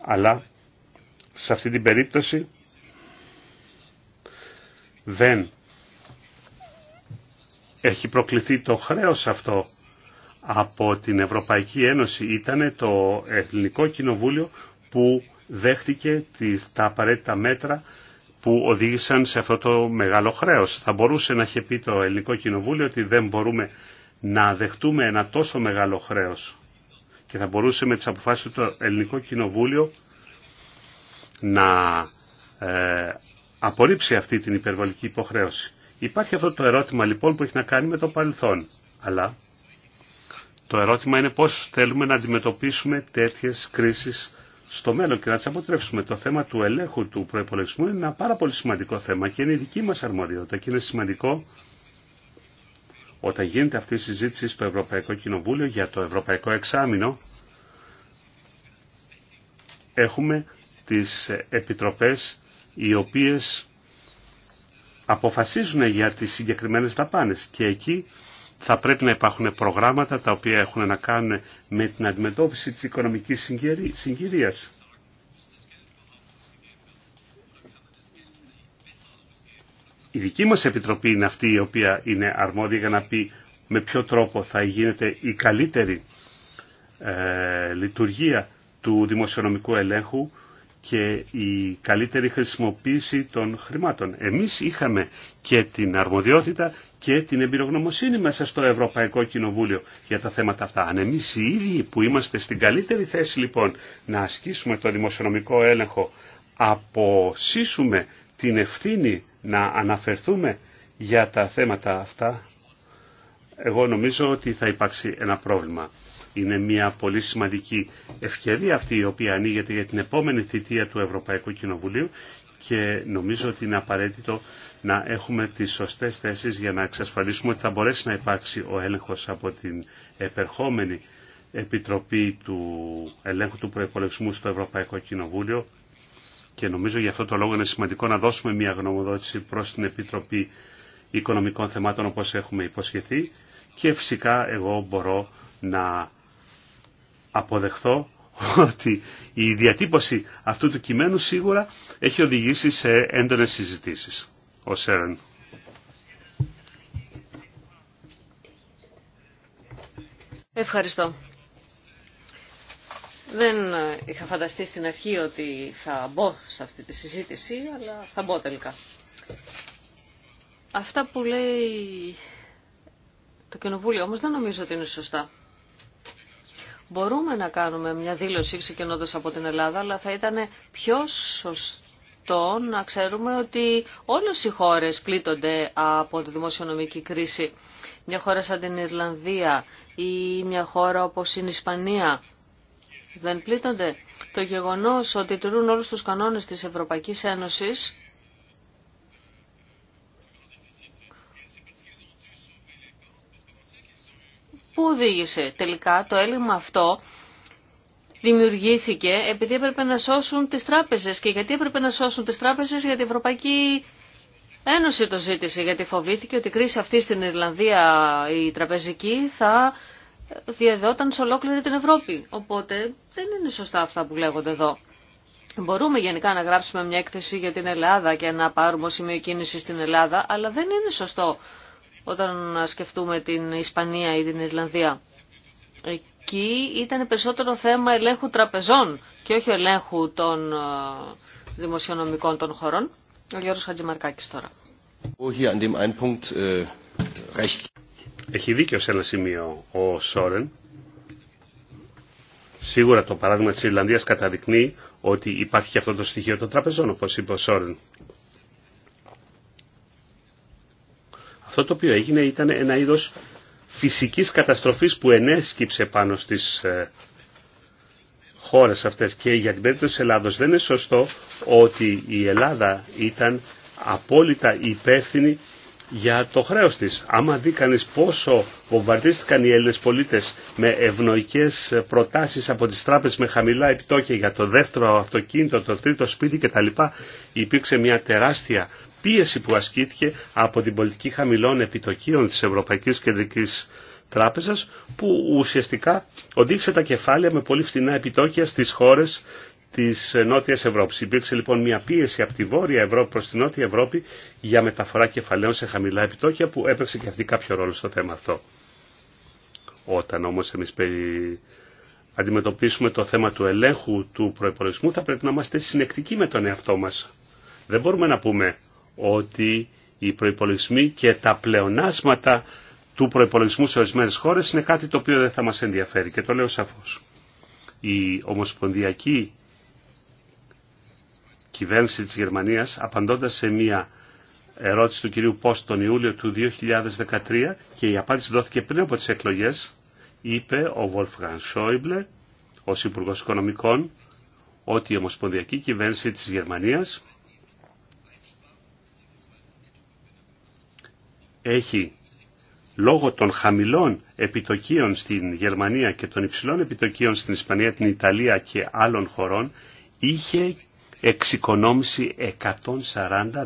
αλλά σε αυτή την περίπτωση δεν έχει προκληθεί το χρέος αυτό από την Ευρωπαϊκή Ένωση. Ήταν το Εθνικό Κοινοβούλιο που δέχτηκε τα απαραίτητα μέτρα που οδήγησαν σε αυτό το μεγάλο χρέος. Θα μπορούσε να είχε πει το Ελληνικό Κοινοβούλιο ότι δεν μπορούμε να δεχτούμε ένα τόσο μεγάλο χρέος και θα μπορούσε με τις αποφάσεις του το Ελληνικό Κοινοβούλιο να ε, απορρίψει αυτή την υπερβολική υποχρέωση. Υπάρχει αυτό το ερώτημα λοιπόν που έχει να κάνει με το παρελθόν. Αλλά το ερώτημα είναι πώς θέλουμε να αντιμετωπίσουμε τέτοιες κρίσεις στο μέλλον και να τι αποτρέψουμε. Το θέμα του ελέγχου του προπολογισμού είναι ένα πάρα πολύ σημαντικό θέμα και είναι η δική μα αρμοδιότητα και είναι σημαντικό όταν γίνεται αυτή η συζήτηση στο Ευρωπαϊκό Κοινοβούλιο για το Ευρωπαϊκό Εξάμεινο. Έχουμε τις επιτροπές οι οποίες αποφασίζουν για τις συγκεκριμένες δαπάνε. και εκεί θα πρέπει να υπάρχουν προγράμματα τα οποία έχουν να κάνουν με την αντιμετώπιση της οικονομικής συγκυρίας. Η δική μας επιτροπή είναι αυτή η οποία είναι αρμόδια για να πει με ποιο τρόπο θα γίνεται η καλύτερη ε, λειτουργία του δημοσιονομικού ελέγχου και η καλύτερη χρησιμοποίηση των χρημάτων. Εμείς είχαμε και την αρμοδιότητα και την εμπειρογνωμοσύνη μέσα στο Ευρωπαϊκό Κοινοβούλιο για τα θέματα αυτά. Αν εμείς οι ίδιοι που είμαστε στην καλύτερη θέση λοιπόν να ασκήσουμε το δημοσιονομικό έλεγχο αποσύσουμε την ευθύνη να αναφερθούμε για τα θέματα αυτά, εγώ νομίζω ότι θα υπάρξει ένα πρόβλημα. Είναι μια πολύ σημαντική ευκαιρία αυτή η οποία ανοίγεται για την επόμενη θητεία του Ευρωπαϊκού Κοινοβουλίου και νομίζω ότι είναι απαραίτητο να έχουμε τις σωστές θέσεις για να εξασφαλίσουμε ότι θα μπορέσει να υπάρξει ο έλεγχος από την επερχόμενη Επιτροπή του Ελέγχου του Προϋπολογισμού στο Ευρωπαϊκό Κοινοβούλιο και νομίζω γι' αυτό το λόγο είναι σημαντικό να δώσουμε μια γνωμοδότηση προς την Επιτροπή Οικονομικών Θεμάτων όπως έχουμε υποσχεθεί και φυσικά εγώ μπορώ να αποδεχθώ ότι η διατύπωση αυτού του κειμένου σίγουρα έχει οδηγήσει σε έντονες συζητήσεις. Ο Σέρεν. Ευχαριστώ. Δεν είχα φανταστεί στην αρχή ότι θα μπω σε αυτή τη συζήτηση, αλλά θα μπω τελικά. Αυτά που λέει το Κοινοβούλιο όμως δεν νομίζω ότι είναι σωστά. Μπορούμε να κάνουμε μια δήλωση ξεκινώντα από την Ελλάδα, αλλά θα ήταν πιο σωστό να ξέρουμε ότι όλες οι χώρες πλήττονται από τη δημοσιονομική κρίση. Μια χώρα σαν την Ιρλανδία ή μια χώρα όπως η Ισπανία δεν πλήττονται. Το γεγονός ότι τηρούν όλους τους κανόνες της Ευρωπαϊκής Ένωσης πού οδήγησε τελικά το έλλειμμα αυτό δημιουργήθηκε επειδή έπρεπε να σώσουν τις τράπεζες. Και γιατί έπρεπε να σώσουν τις τράπεζες, γιατί η Ευρωπαϊκή Ένωση το ζήτησε, γιατί φοβήθηκε ότι η κρίση αυτή στην Ιρλανδία η τραπεζική θα διαδόταν σε ολόκληρη την Ευρώπη. Οπότε δεν είναι σωστά αυτά που λέγονται εδώ. Μπορούμε γενικά να γράψουμε μια έκθεση για την Ελλάδα και να πάρουμε σημείο κίνηση στην Ελλάδα, αλλά δεν είναι σωστό όταν σκεφτούμε την Ισπανία ή την Ιρλανδία. Εκεί ήταν περισσότερο θέμα ελέγχου τραπεζών και όχι ελέγχου των ε, δημοσιονομικών των χωρών. Ο Γιώργος Χατζημαρκάκης τώρα. Äh, Έχει δίκιο σε ένα σημείο ο Σόρεν. Σίγουρα το παράδειγμα της Ιρλανδίας καταδεικνύει ότι υπάρχει και αυτό το στοιχείο των τραπεζών, όπως είπε ο Σόρεν. Αυτό το οποίο έγινε ήταν ένα είδος φυσικής καταστροφής που ενέσκυψε πάνω στις ε, χώρες αυτές και για την περίπτωση της Ελλάδος δεν είναι σωστό ότι η Ελλάδα ήταν απόλυτα υπεύθυνη για το χρέος της. Άμα δει πόσο βομβαρδίστηκαν οι Έλληνες πολίτες με ευνοϊκές προτάσεις από τις τράπεζες με χαμηλά επιτόκια για το δεύτερο αυτοκίνητο, το τρίτο σπίτι κτλ. Υπήρξε μια τεράστια πίεση που ασκήθηκε από την πολιτική χαμηλών επιτοκίων της Ευρωπαϊκής Κεντρικής Τράπεζας που ουσιαστικά οδήγησε τα κεφάλαια με πολύ φθηνά επιτόκια στις χώρες της Νότιας Ευρώπης. Υπήρξε λοιπόν μια πίεση από τη Βόρεια Ευρώπη προς τη Νότια Ευρώπη για μεταφορά κεφαλαίων σε χαμηλά επιτόκια που έπαιξε και αυτή κάποιο ρόλο στο θέμα αυτό. Όταν όμως εμείς περι αντιμετωπίσουμε το θέμα του ελέγχου του προπολογισμού θα πρέπει να είμαστε συνεκτικοί με τον εαυτό μας. Δεν μπορούμε να πούμε ότι οι προϋπολογισμοί και τα πλεονάσματα του προϋπολογισμού σε ορισμένες χώρες είναι κάτι το οποίο δεν θα μας ενδιαφέρει και το λέω σαφώς. Η Ομοσπονδιακή Κυβέρνηση της Γερμανίας απαντώντας σε μια ερώτηση του κυρίου Πόστ τον Ιούλιο του 2013 και η απάντηση δόθηκε πριν από τις εκλογές είπε ο Βολφγαν Σόιμπλε ως Υπουργό Οικονομικών ότι η Ομοσπονδιακή Κυβέρνηση της Γερμανίας έχει λόγω των χαμηλών επιτοκίων στην Γερμανία και των υψηλών επιτοκίων στην Ισπανία, την Ιταλία και άλλων χωρών, είχε εξοικονόμηση 140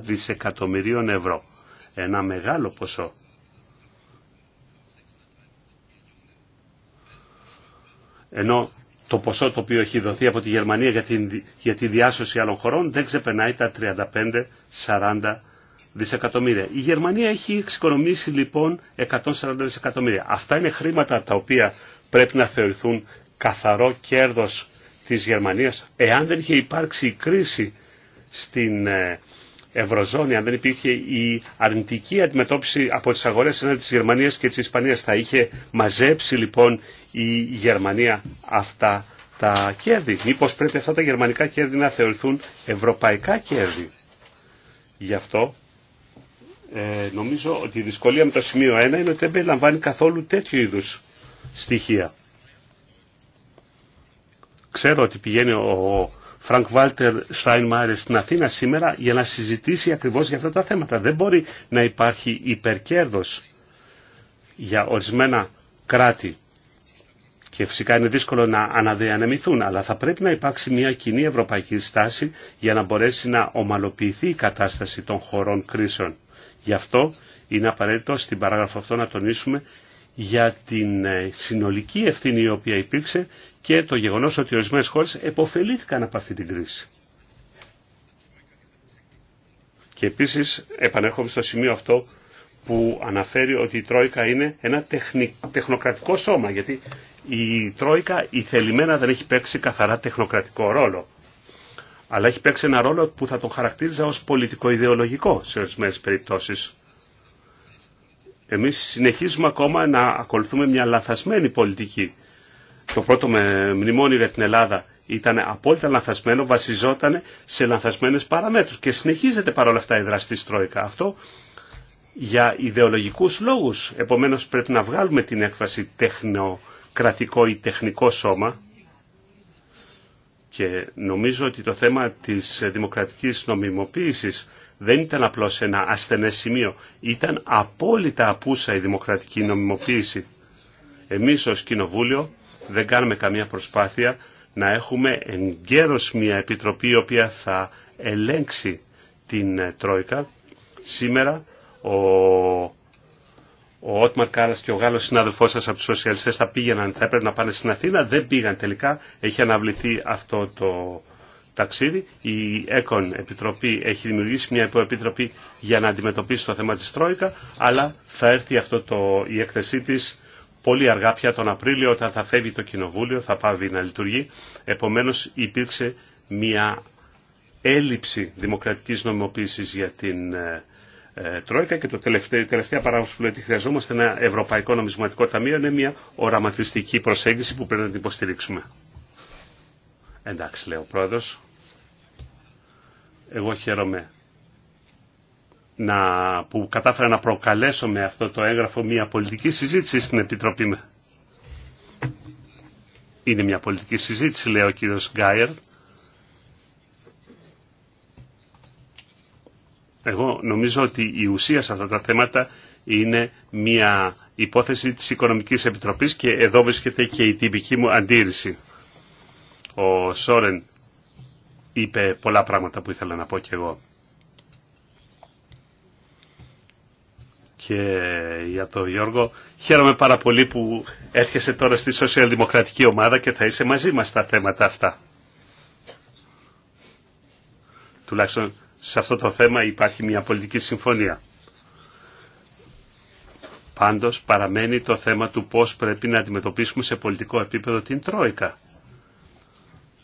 δισεκατομμυρίων ευρώ. Ένα μεγάλο ποσό. Ενώ το ποσό το οποίο έχει δοθεί από τη Γερμανία για τη, διάσωση άλλων χωρών δεν ξεπερνάει τα 35-40 δισεκατομμύρια. Η Γερμανία έχει εξοικονομήσει λοιπόν 140 δισεκατομμύρια. Αυτά είναι χρήματα τα οποία πρέπει να θεωρηθούν καθαρό κέρδος της Γερμανίας. Εάν δεν είχε υπάρξει η κρίση στην ε, Ευρωζώνη, αν δεν υπήρχε η αρνητική αντιμετώπιση από τις αγορές τη της Γερμανίας και της Ισπανίας, θα είχε μαζέψει λοιπόν η Γερμανία αυτά τα κέρδη. Μήπως πρέπει αυτά τα γερμανικά κέρδη να θεωρηθούν ευρωπαϊκά κέρδη. Γι' αυτό ε, νομίζω ότι η δυσκολία με το σημείο 1 είναι ότι δεν περιλαμβάνει καθόλου τέτοιου είδους στοιχεία. Ξέρω ότι πηγαίνει ο Φρανκ Βάλτερ Μάρες στην Αθήνα σήμερα για να συζητήσει ακριβώς για αυτά τα θέματα. Δεν μπορεί να υπάρχει υπερκέρδος για ορισμένα κράτη και φυσικά είναι δύσκολο να αναδιανεμηθούν, αλλά θα πρέπει να υπάρξει μια κοινή ευρωπαϊκή στάση για να μπορέσει να ομαλοποιηθεί η κατάσταση των χωρών κρίσεων. Γι' αυτό είναι απαραίτητο στην παράγραφο αυτό να τονίσουμε για την ε, συνολική ευθύνη η οποία υπήρξε και το γεγονός ότι ορισμένες χώρες επωφελήθηκαν από αυτή την κρίση. Και επίσης επανέρχομαι στο σημείο αυτό που αναφέρει ότι η Τρόικα είναι ένα τεχνοκρατικό σώμα, γιατί η Τρόικα η θελημένα δεν έχει παίξει καθαρά τεχνοκρατικό ρόλο αλλά έχει παίξει ένα ρόλο που θα τον χαρακτήριζα ως πολιτικο-ιδεολογικό σε ορισμένε περιπτώσεις. Εμείς συνεχίζουμε ακόμα να ακολουθούμε μια λαθασμένη πολιτική. Το πρώτο με μνημόνιο για την Ελλάδα ήταν απόλυτα λανθασμένο, βασιζόταν σε λαθασμένες παραμέτρους και συνεχίζεται παρόλα αυτά η δραστή στρόικα. Αυτό για ιδεολογικούς λόγους. Επομένως πρέπει να βγάλουμε την έκφραση τεχνοκρατικό ή τεχνικό σώμα και νομίζω ότι το θέμα της δημοκρατικής νομιμοποίησης δεν ήταν απλώς ένα ασθενές σημείο. Ήταν απόλυτα απούσα η δημοκρατική νομιμοποίηση. Εμείς ως Κοινοβούλιο δεν κάνουμε καμία προσπάθεια να έχουμε εγκαίρως μια επιτροπή η οποία θα ελέγξει την ε, Τρόικα. Σήμερα ο ο Ότμαρ Κάρα και ο Γάλλο συνάδελφό σα από του σοσιαλιστέ θα πήγαιναν, θα έπρεπε να πάνε στην Αθήνα. Δεν πήγαν τελικά. Έχει αναβληθεί αυτό το ταξίδι. Η ΕΚΟΝ Επιτροπή έχει δημιουργήσει μια υποεπιτροπή για να αντιμετωπίσει το θέμα τη Τρόικα. Αλλά θα έρθει αυτό το, η έκθεσή τη πολύ αργά πια τον Απρίλιο όταν θα φεύγει το Κοινοβούλιο, θα πάει να λειτουργεί. Επομένως υπήρξε μια έλλειψη δημοκρατικής νομιμοποίησης για την ε, ε, Τρόικα και το τελευταίο, τελευταία παράγωση που λέει ότι χρειαζόμαστε ένα Ευρωπαϊκό Νομισματικό Ταμείο είναι μια οραματιστική προσέγγιση που πρέπει να την υποστηρίξουμε. Εντάξει, λέει ο πρόεδρος. Εγώ χαίρομαι να, που κατάφερα να προκαλέσω με αυτό το έγγραφο μια πολιτική συζήτηση στην Επιτροπή. Είναι μια πολιτική συζήτηση, λέει ο κύριος Γκάιερ, Εγώ νομίζω ότι η ουσία σε αυτά τα θέματα είναι μια υπόθεση της Οικονομικής Επιτροπής και εδώ βρίσκεται και η τυπική μου αντίρρηση. Ο Σόρεν είπε πολλά πράγματα που ήθελα να πω και εγώ. Και για τον Γιώργο, χαίρομαι πάρα πολύ που έρχεσαι τώρα στη σοσιαλδημοκρατική ομάδα και θα είσαι μαζί μας στα θέματα αυτά. Τουλάχιστον σε αυτό το θέμα υπάρχει μια πολιτική συμφωνία. Πάντως παραμένει το θέμα του πώς πρέπει να αντιμετωπίσουμε σε πολιτικό επίπεδο την Τρόικα.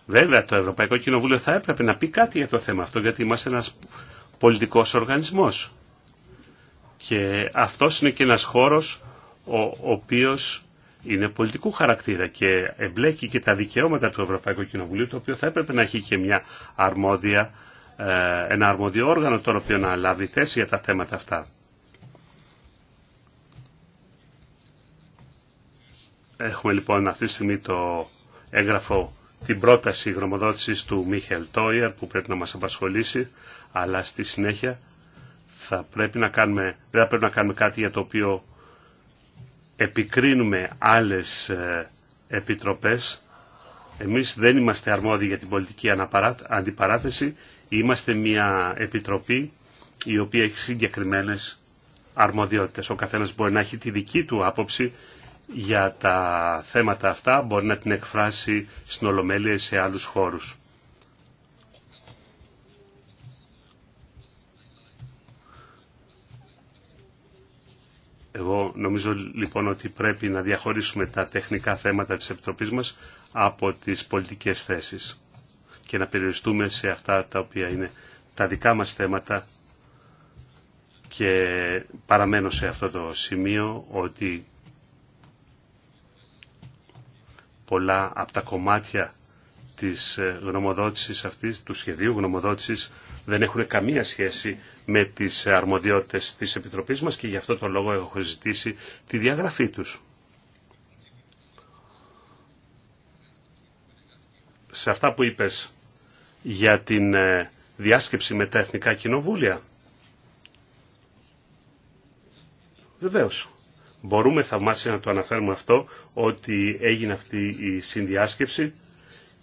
Βέβαια το Ευρωπαϊκό Κοινοβούλιο θα έπρεπε να πει κάτι για το θέμα αυτό γιατί είμαστε ένας πολιτικός οργανισμός. Και αυτός είναι και ένας χώρος ο οποίος είναι πολιτικού χαρακτήρα και εμπλέκει και τα δικαιώματα του Ευρωπαϊκού Κοινοβουλίου το οποίο θα έπρεπε να έχει και μια αρμόδια ε, ένα αρμόδιο όργανο το οποίο να λάβει θέση για τα θέματα αυτά. Έχουμε λοιπόν αυτή τη στιγμή το έγγραφο, την πρόταση γνωμοδότησης του Μίχελ Τόιερ που πρέπει να μας απασχολήσει, αλλά στη συνέχεια θα πρέπει να κάνουμε, δεν θα πρέπει να κάνουμε κάτι για το οποίο επικρίνουμε άλλες ε, επιτροπές. Εμείς δεν είμαστε αρμόδιοι για την πολιτική αντιπαράθεση Είμαστε μια επιτροπή η οποία έχει συγκεκριμένες αρμοδιότητες. Ο καθένας μπορεί να έχει τη δική του άποψη για τα θέματα αυτά, μπορεί να την εκφράσει στην Ολομέλεια σε άλλους χώρους. Εγώ νομίζω λοιπόν ότι πρέπει να διαχωρίσουμε τα τεχνικά θέματα της Επιτροπής μας από τις πολιτικές θέσεις και να περιοριστούμε σε αυτά τα οποία είναι τα δικά μας θέματα και παραμένω σε αυτό το σημείο ότι πολλά από τα κομμάτια της ε, γνωμοδότησης αυτής, του σχεδίου γνωμοδότησης, δεν έχουν καμία σχέση με τις ε, αρμοδιότητες της Επιτροπής μας και γι' αυτό το λόγο έχω ζητήσει τη διαγραφή τους. Σε αυτά που είπες για την ε, διάσκεψη με τα εθνικά κοινοβούλια. Βεβαίως. Μπορούμε θαυμάσια να το αναφέρουμε αυτό ότι έγινε αυτή η συνδιάσκεψη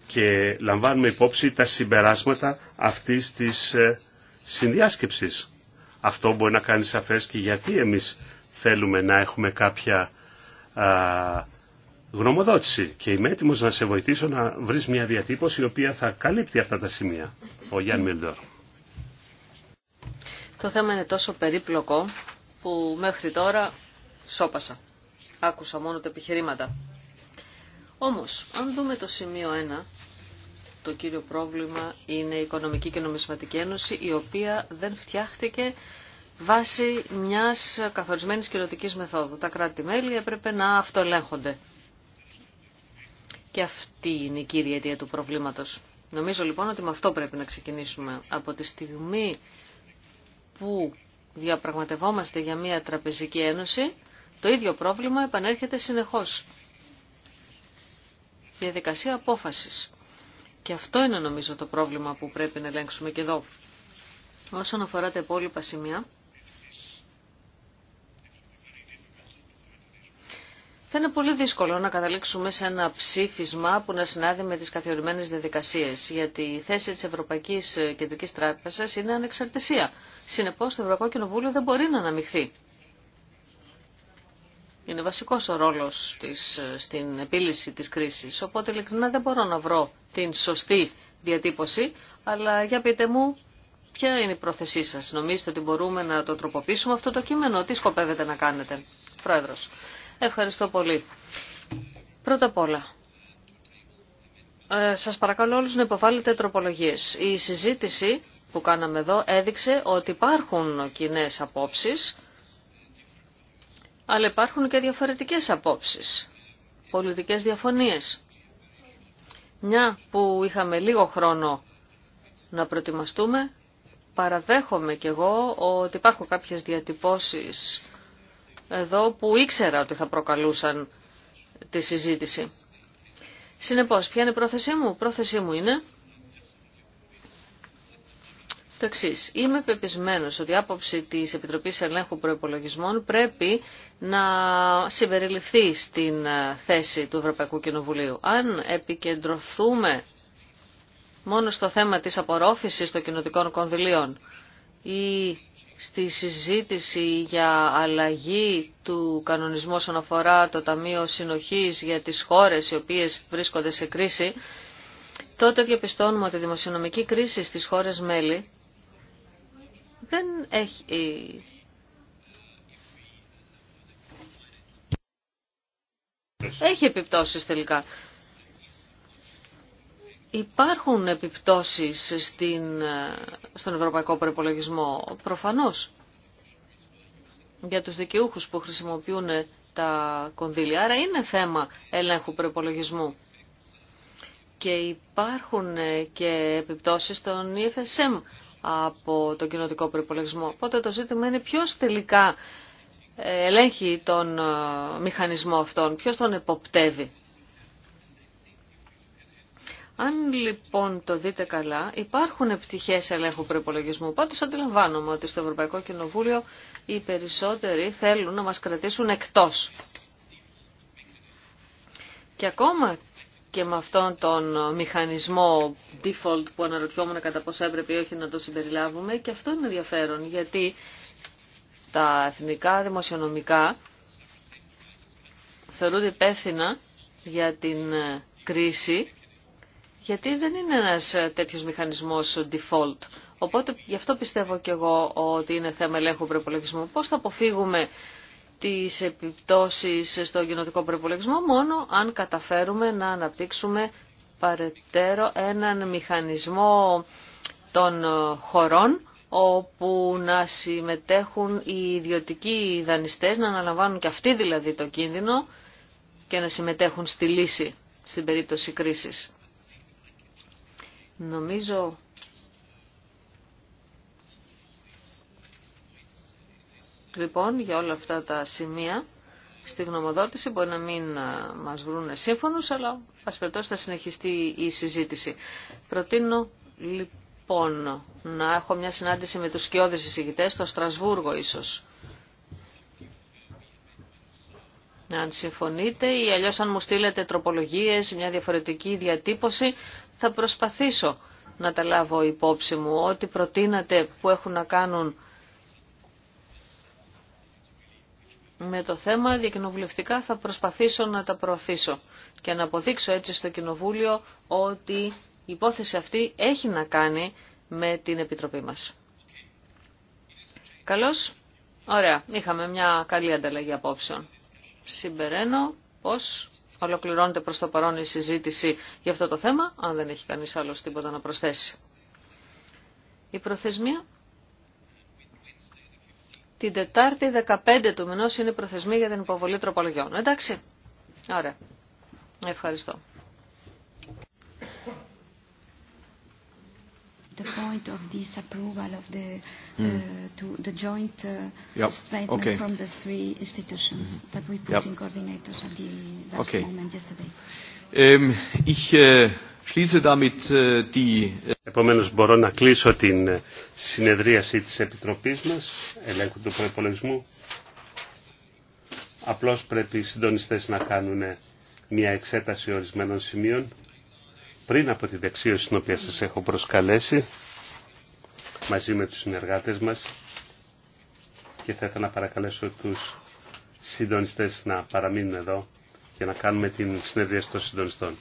και λαμβάνουμε υπόψη τα συμπεράσματα αυτής της ε, συνδιάσκεψης. Αυτό μπορεί να κάνει σαφές και γιατί εμείς θέλουμε να έχουμε κάποια γνωμοδότηση και είμαι έτοιμο να σε βοηθήσω να βρει μια διατύπωση η οποία θα καλύπτει αυτά τα σημεία. Ο Γιάννη Μιλντόρ. Το θέμα είναι τόσο περίπλοκο που μέχρι τώρα σώπασα. Άκουσα μόνο τα επιχειρήματα. Όμως, αν δούμε το σημείο 1, το κύριο πρόβλημα είναι η Οικονομική και Νομισματική Ένωση, η οποία δεν φτιάχτηκε βάσει μιας καθορισμένης κοινωτικής μεθόδου. Τα κράτη-μέλη έπρεπε να αυτολέγχονται. Και αυτή είναι η κύρια αιτία του προβλήματος. Νομίζω λοιπόν ότι με αυτό πρέπει να ξεκινήσουμε. Από τη στιγμή που διαπραγματευόμαστε για μια τραπεζική ένωση, το ίδιο πρόβλημα επανέρχεται συνεχώς. Διαδικασία απόφασης. Και αυτό είναι νομίζω το πρόβλημα που πρέπει να ελέγξουμε και εδώ. Όσον αφορά τα υπόλοιπα σημεία, θα είναι πολύ δύσκολο να καταλήξουμε σε ένα ψήφισμα που να συνάδει με τις καθιερωμένες διαδικασίες, γιατί η θέση της Ευρωπαϊκής Κεντρικής Τράπεζας είναι ανεξαρτησία. Συνεπώς το Ευρωπαϊκό Κοινοβούλιο δεν μπορεί να αναμειχθεί. Είναι βασικός ο ρόλος της, στην επίλυση της κρίσης, οπότε ειλικρινά δεν μπορώ να βρω την σωστή διατύπωση, αλλά για πείτε μου ποια είναι η πρόθεσή σας. Νομίζετε ότι μπορούμε να το τροποποιήσουμε αυτό το κείμενο, τι σκοπεύετε να κάνετε. Πρόεδρος. Ευχαριστώ πολύ. Πρώτα απ' όλα, ε, σας παρακαλώ όλους να υποβάλλετε τροπολογίες. Η συζήτηση που κάναμε εδώ έδειξε ότι υπάρχουν κοινέ απόψεις, αλλά υπάρχουν και διαφορετικές απόψεις, πολιτικές διαφωνίες. Μια που είχαμε λίγο χρόνο να προετοιμαστούμε, παραδέχομαι κι εγώ ότι υπάρχουν κάποιες διατυπώσεις εδώ που ήξερα ότι θα προκαλούσαν τη συζήτηση. Συνεπώς, ποια είναι η πρόθεσή μου. Η πρόθεσή μου είναι το εξή. Είμαι πεπισμένο ότι η άποψη τη Επιτροπή Ελέγχου Προπολογισμών πρέπει να συμπεριληφθεί στην ε, θέση του Ευρωπαϊκού Κοινοβουλίου. Αν επικεντρωθούμε μόνο στο θέμα της απορρόφησης των κοινοτικών κονδυλίων ή στη συζήτηση για αλλαγή του κανονισμού όσον αφορά το Ταμείο Συνοχής για τις χώρες οι οποίες βρίσκονται σε κρίση, τότε διαπιστώνουμε ότι η δημοσιονομική κρίση στις χώρες μέλη δεν έχει Έχει επιπτώσεις τελικά υπάρχουν επιπτώσεις στην, στον ευρωπαϊκό προπολογισμό προφανώς για τους δικαιούχους που χρησιμοποιούν τα κονδύλια. Άρα είναι θέμα ελέγχου προπολογισμού. Και υπάρχουν και επιπτώσεις στον EFSM από τον κοινοτικό προπολογισμό. Οπότε το ζήτημα είναι ποιος τελικά ελέγχει τον μηχανισμό αυτόν, ποιος τον εποπτεύει. Αν λοιπόν το δείτε καλά, υπάρχουν πτυχέ ελέγχου προπολογισμού. Πάντως αντιλαμβάνομαι ότι στο Ευρωπαϊκό Κοινοβούλιο οι περισσότεροι θέλουν να μα κρατήσουν εκτό. Και ακόμα και με αυτόν τον μηχανισμό default που αναρωτιόμουν κατά πόσο έπρεπε ή όχι να το συμπεριλάβουμε και αυτό είναι ενδιαφέρον γιατί τα εθνικά δημοσιονομικά θεωρούνται υπεύθυνα για την κρίση γιατί δεν είναι ένας ε, τέτοιος μηχανισμός default. Οπότε γι' αυτό πιστεύω και εγώ ότι είναι θέμα ελέγχου προπολογισμού. Πώς θα αποφύγουμε τις επιπτώσεις στο κοινοτικό προπολογισμό μόνο αν καταφέρουμε να αναπτύξουμε παρετέρω έναν μηχανισμό των ε, χωρών όπου να συμμετέχουν οι ιδιωτικοί δανειστές, να αναλαμβάνουν και αυτοί δηλαδή το κίνδυνο και να συμμετέχουν στη λύση στην περίπτωση κρίσης. Νομίζω λοιπόν για όλα αυτά τα σημεία στη γνωμοδότηση μπορεί να μην ε, μας βρουν σύμφωνους, αλλά ας περιπτώσει θα συνεχιστεί η συζήτηση. Προτείνω λοιπόν να έχω μια συνάντηση με τους σκιώδες εισηγητές στο Στρασβούργο ίσως. Αν συμφωνείτε ή αλλιώς αν μου στείλετε τροπολογίες, μια διαφορετική διατύπωση, θα προσπαθήσω να τα λάβω υπόψη μου ό,τι προτείνατε που έχουν να κάνουν με το θέμα διακοινοβουλευτικά θα προσπαθήσω να τα προωθήσω και να αποδείξω έτσι στο Κοινοβούλιο ότι η υπόθεση αυτή έχει να κάνει με την Επιτροπή μας. Καλώς. Ωραία. Είχαμε μια καλή ανταλλαγή απόψεων. Συμπεραίνω πως Ολοκληρώνεται προς το παρόν η συζήτηση για αυτό το θέμα, αν δεν έχει κανείς άλλος τίποτα να προσθέσει. Η προθεσμία. Την Τετάρτη 15 του μηνός είναι η προθεσμία για την υποβολή τροπολογιών. Εντάξει. Ωραία. Ευχαριστώ. the point of this approval of the uh, mm. to the joint uh, yep. statement okay. from the three institutions mm -hmm. that we put yep. in coordinators at the last okay. moment yesterday. Ich schließe damit die Επομένως μπορώ να κλείσω την συνεδρίαση της Επιτροπής μας, ελέγχου του προϋπολογισμού. Απλώς πρέπει οι συντονιστές να κάνουν μια εξέταση ορισμένων σημείων πριν από τη δεξίωση την οποία σας έχω προσκαλέσει μαζί με τους συνεργάτες μας και θα ήθελα να παρακαλέσω τους συντονιστές να παραμείνουν εδώ για να κάνουμε την συνεδρία των συντονιστών.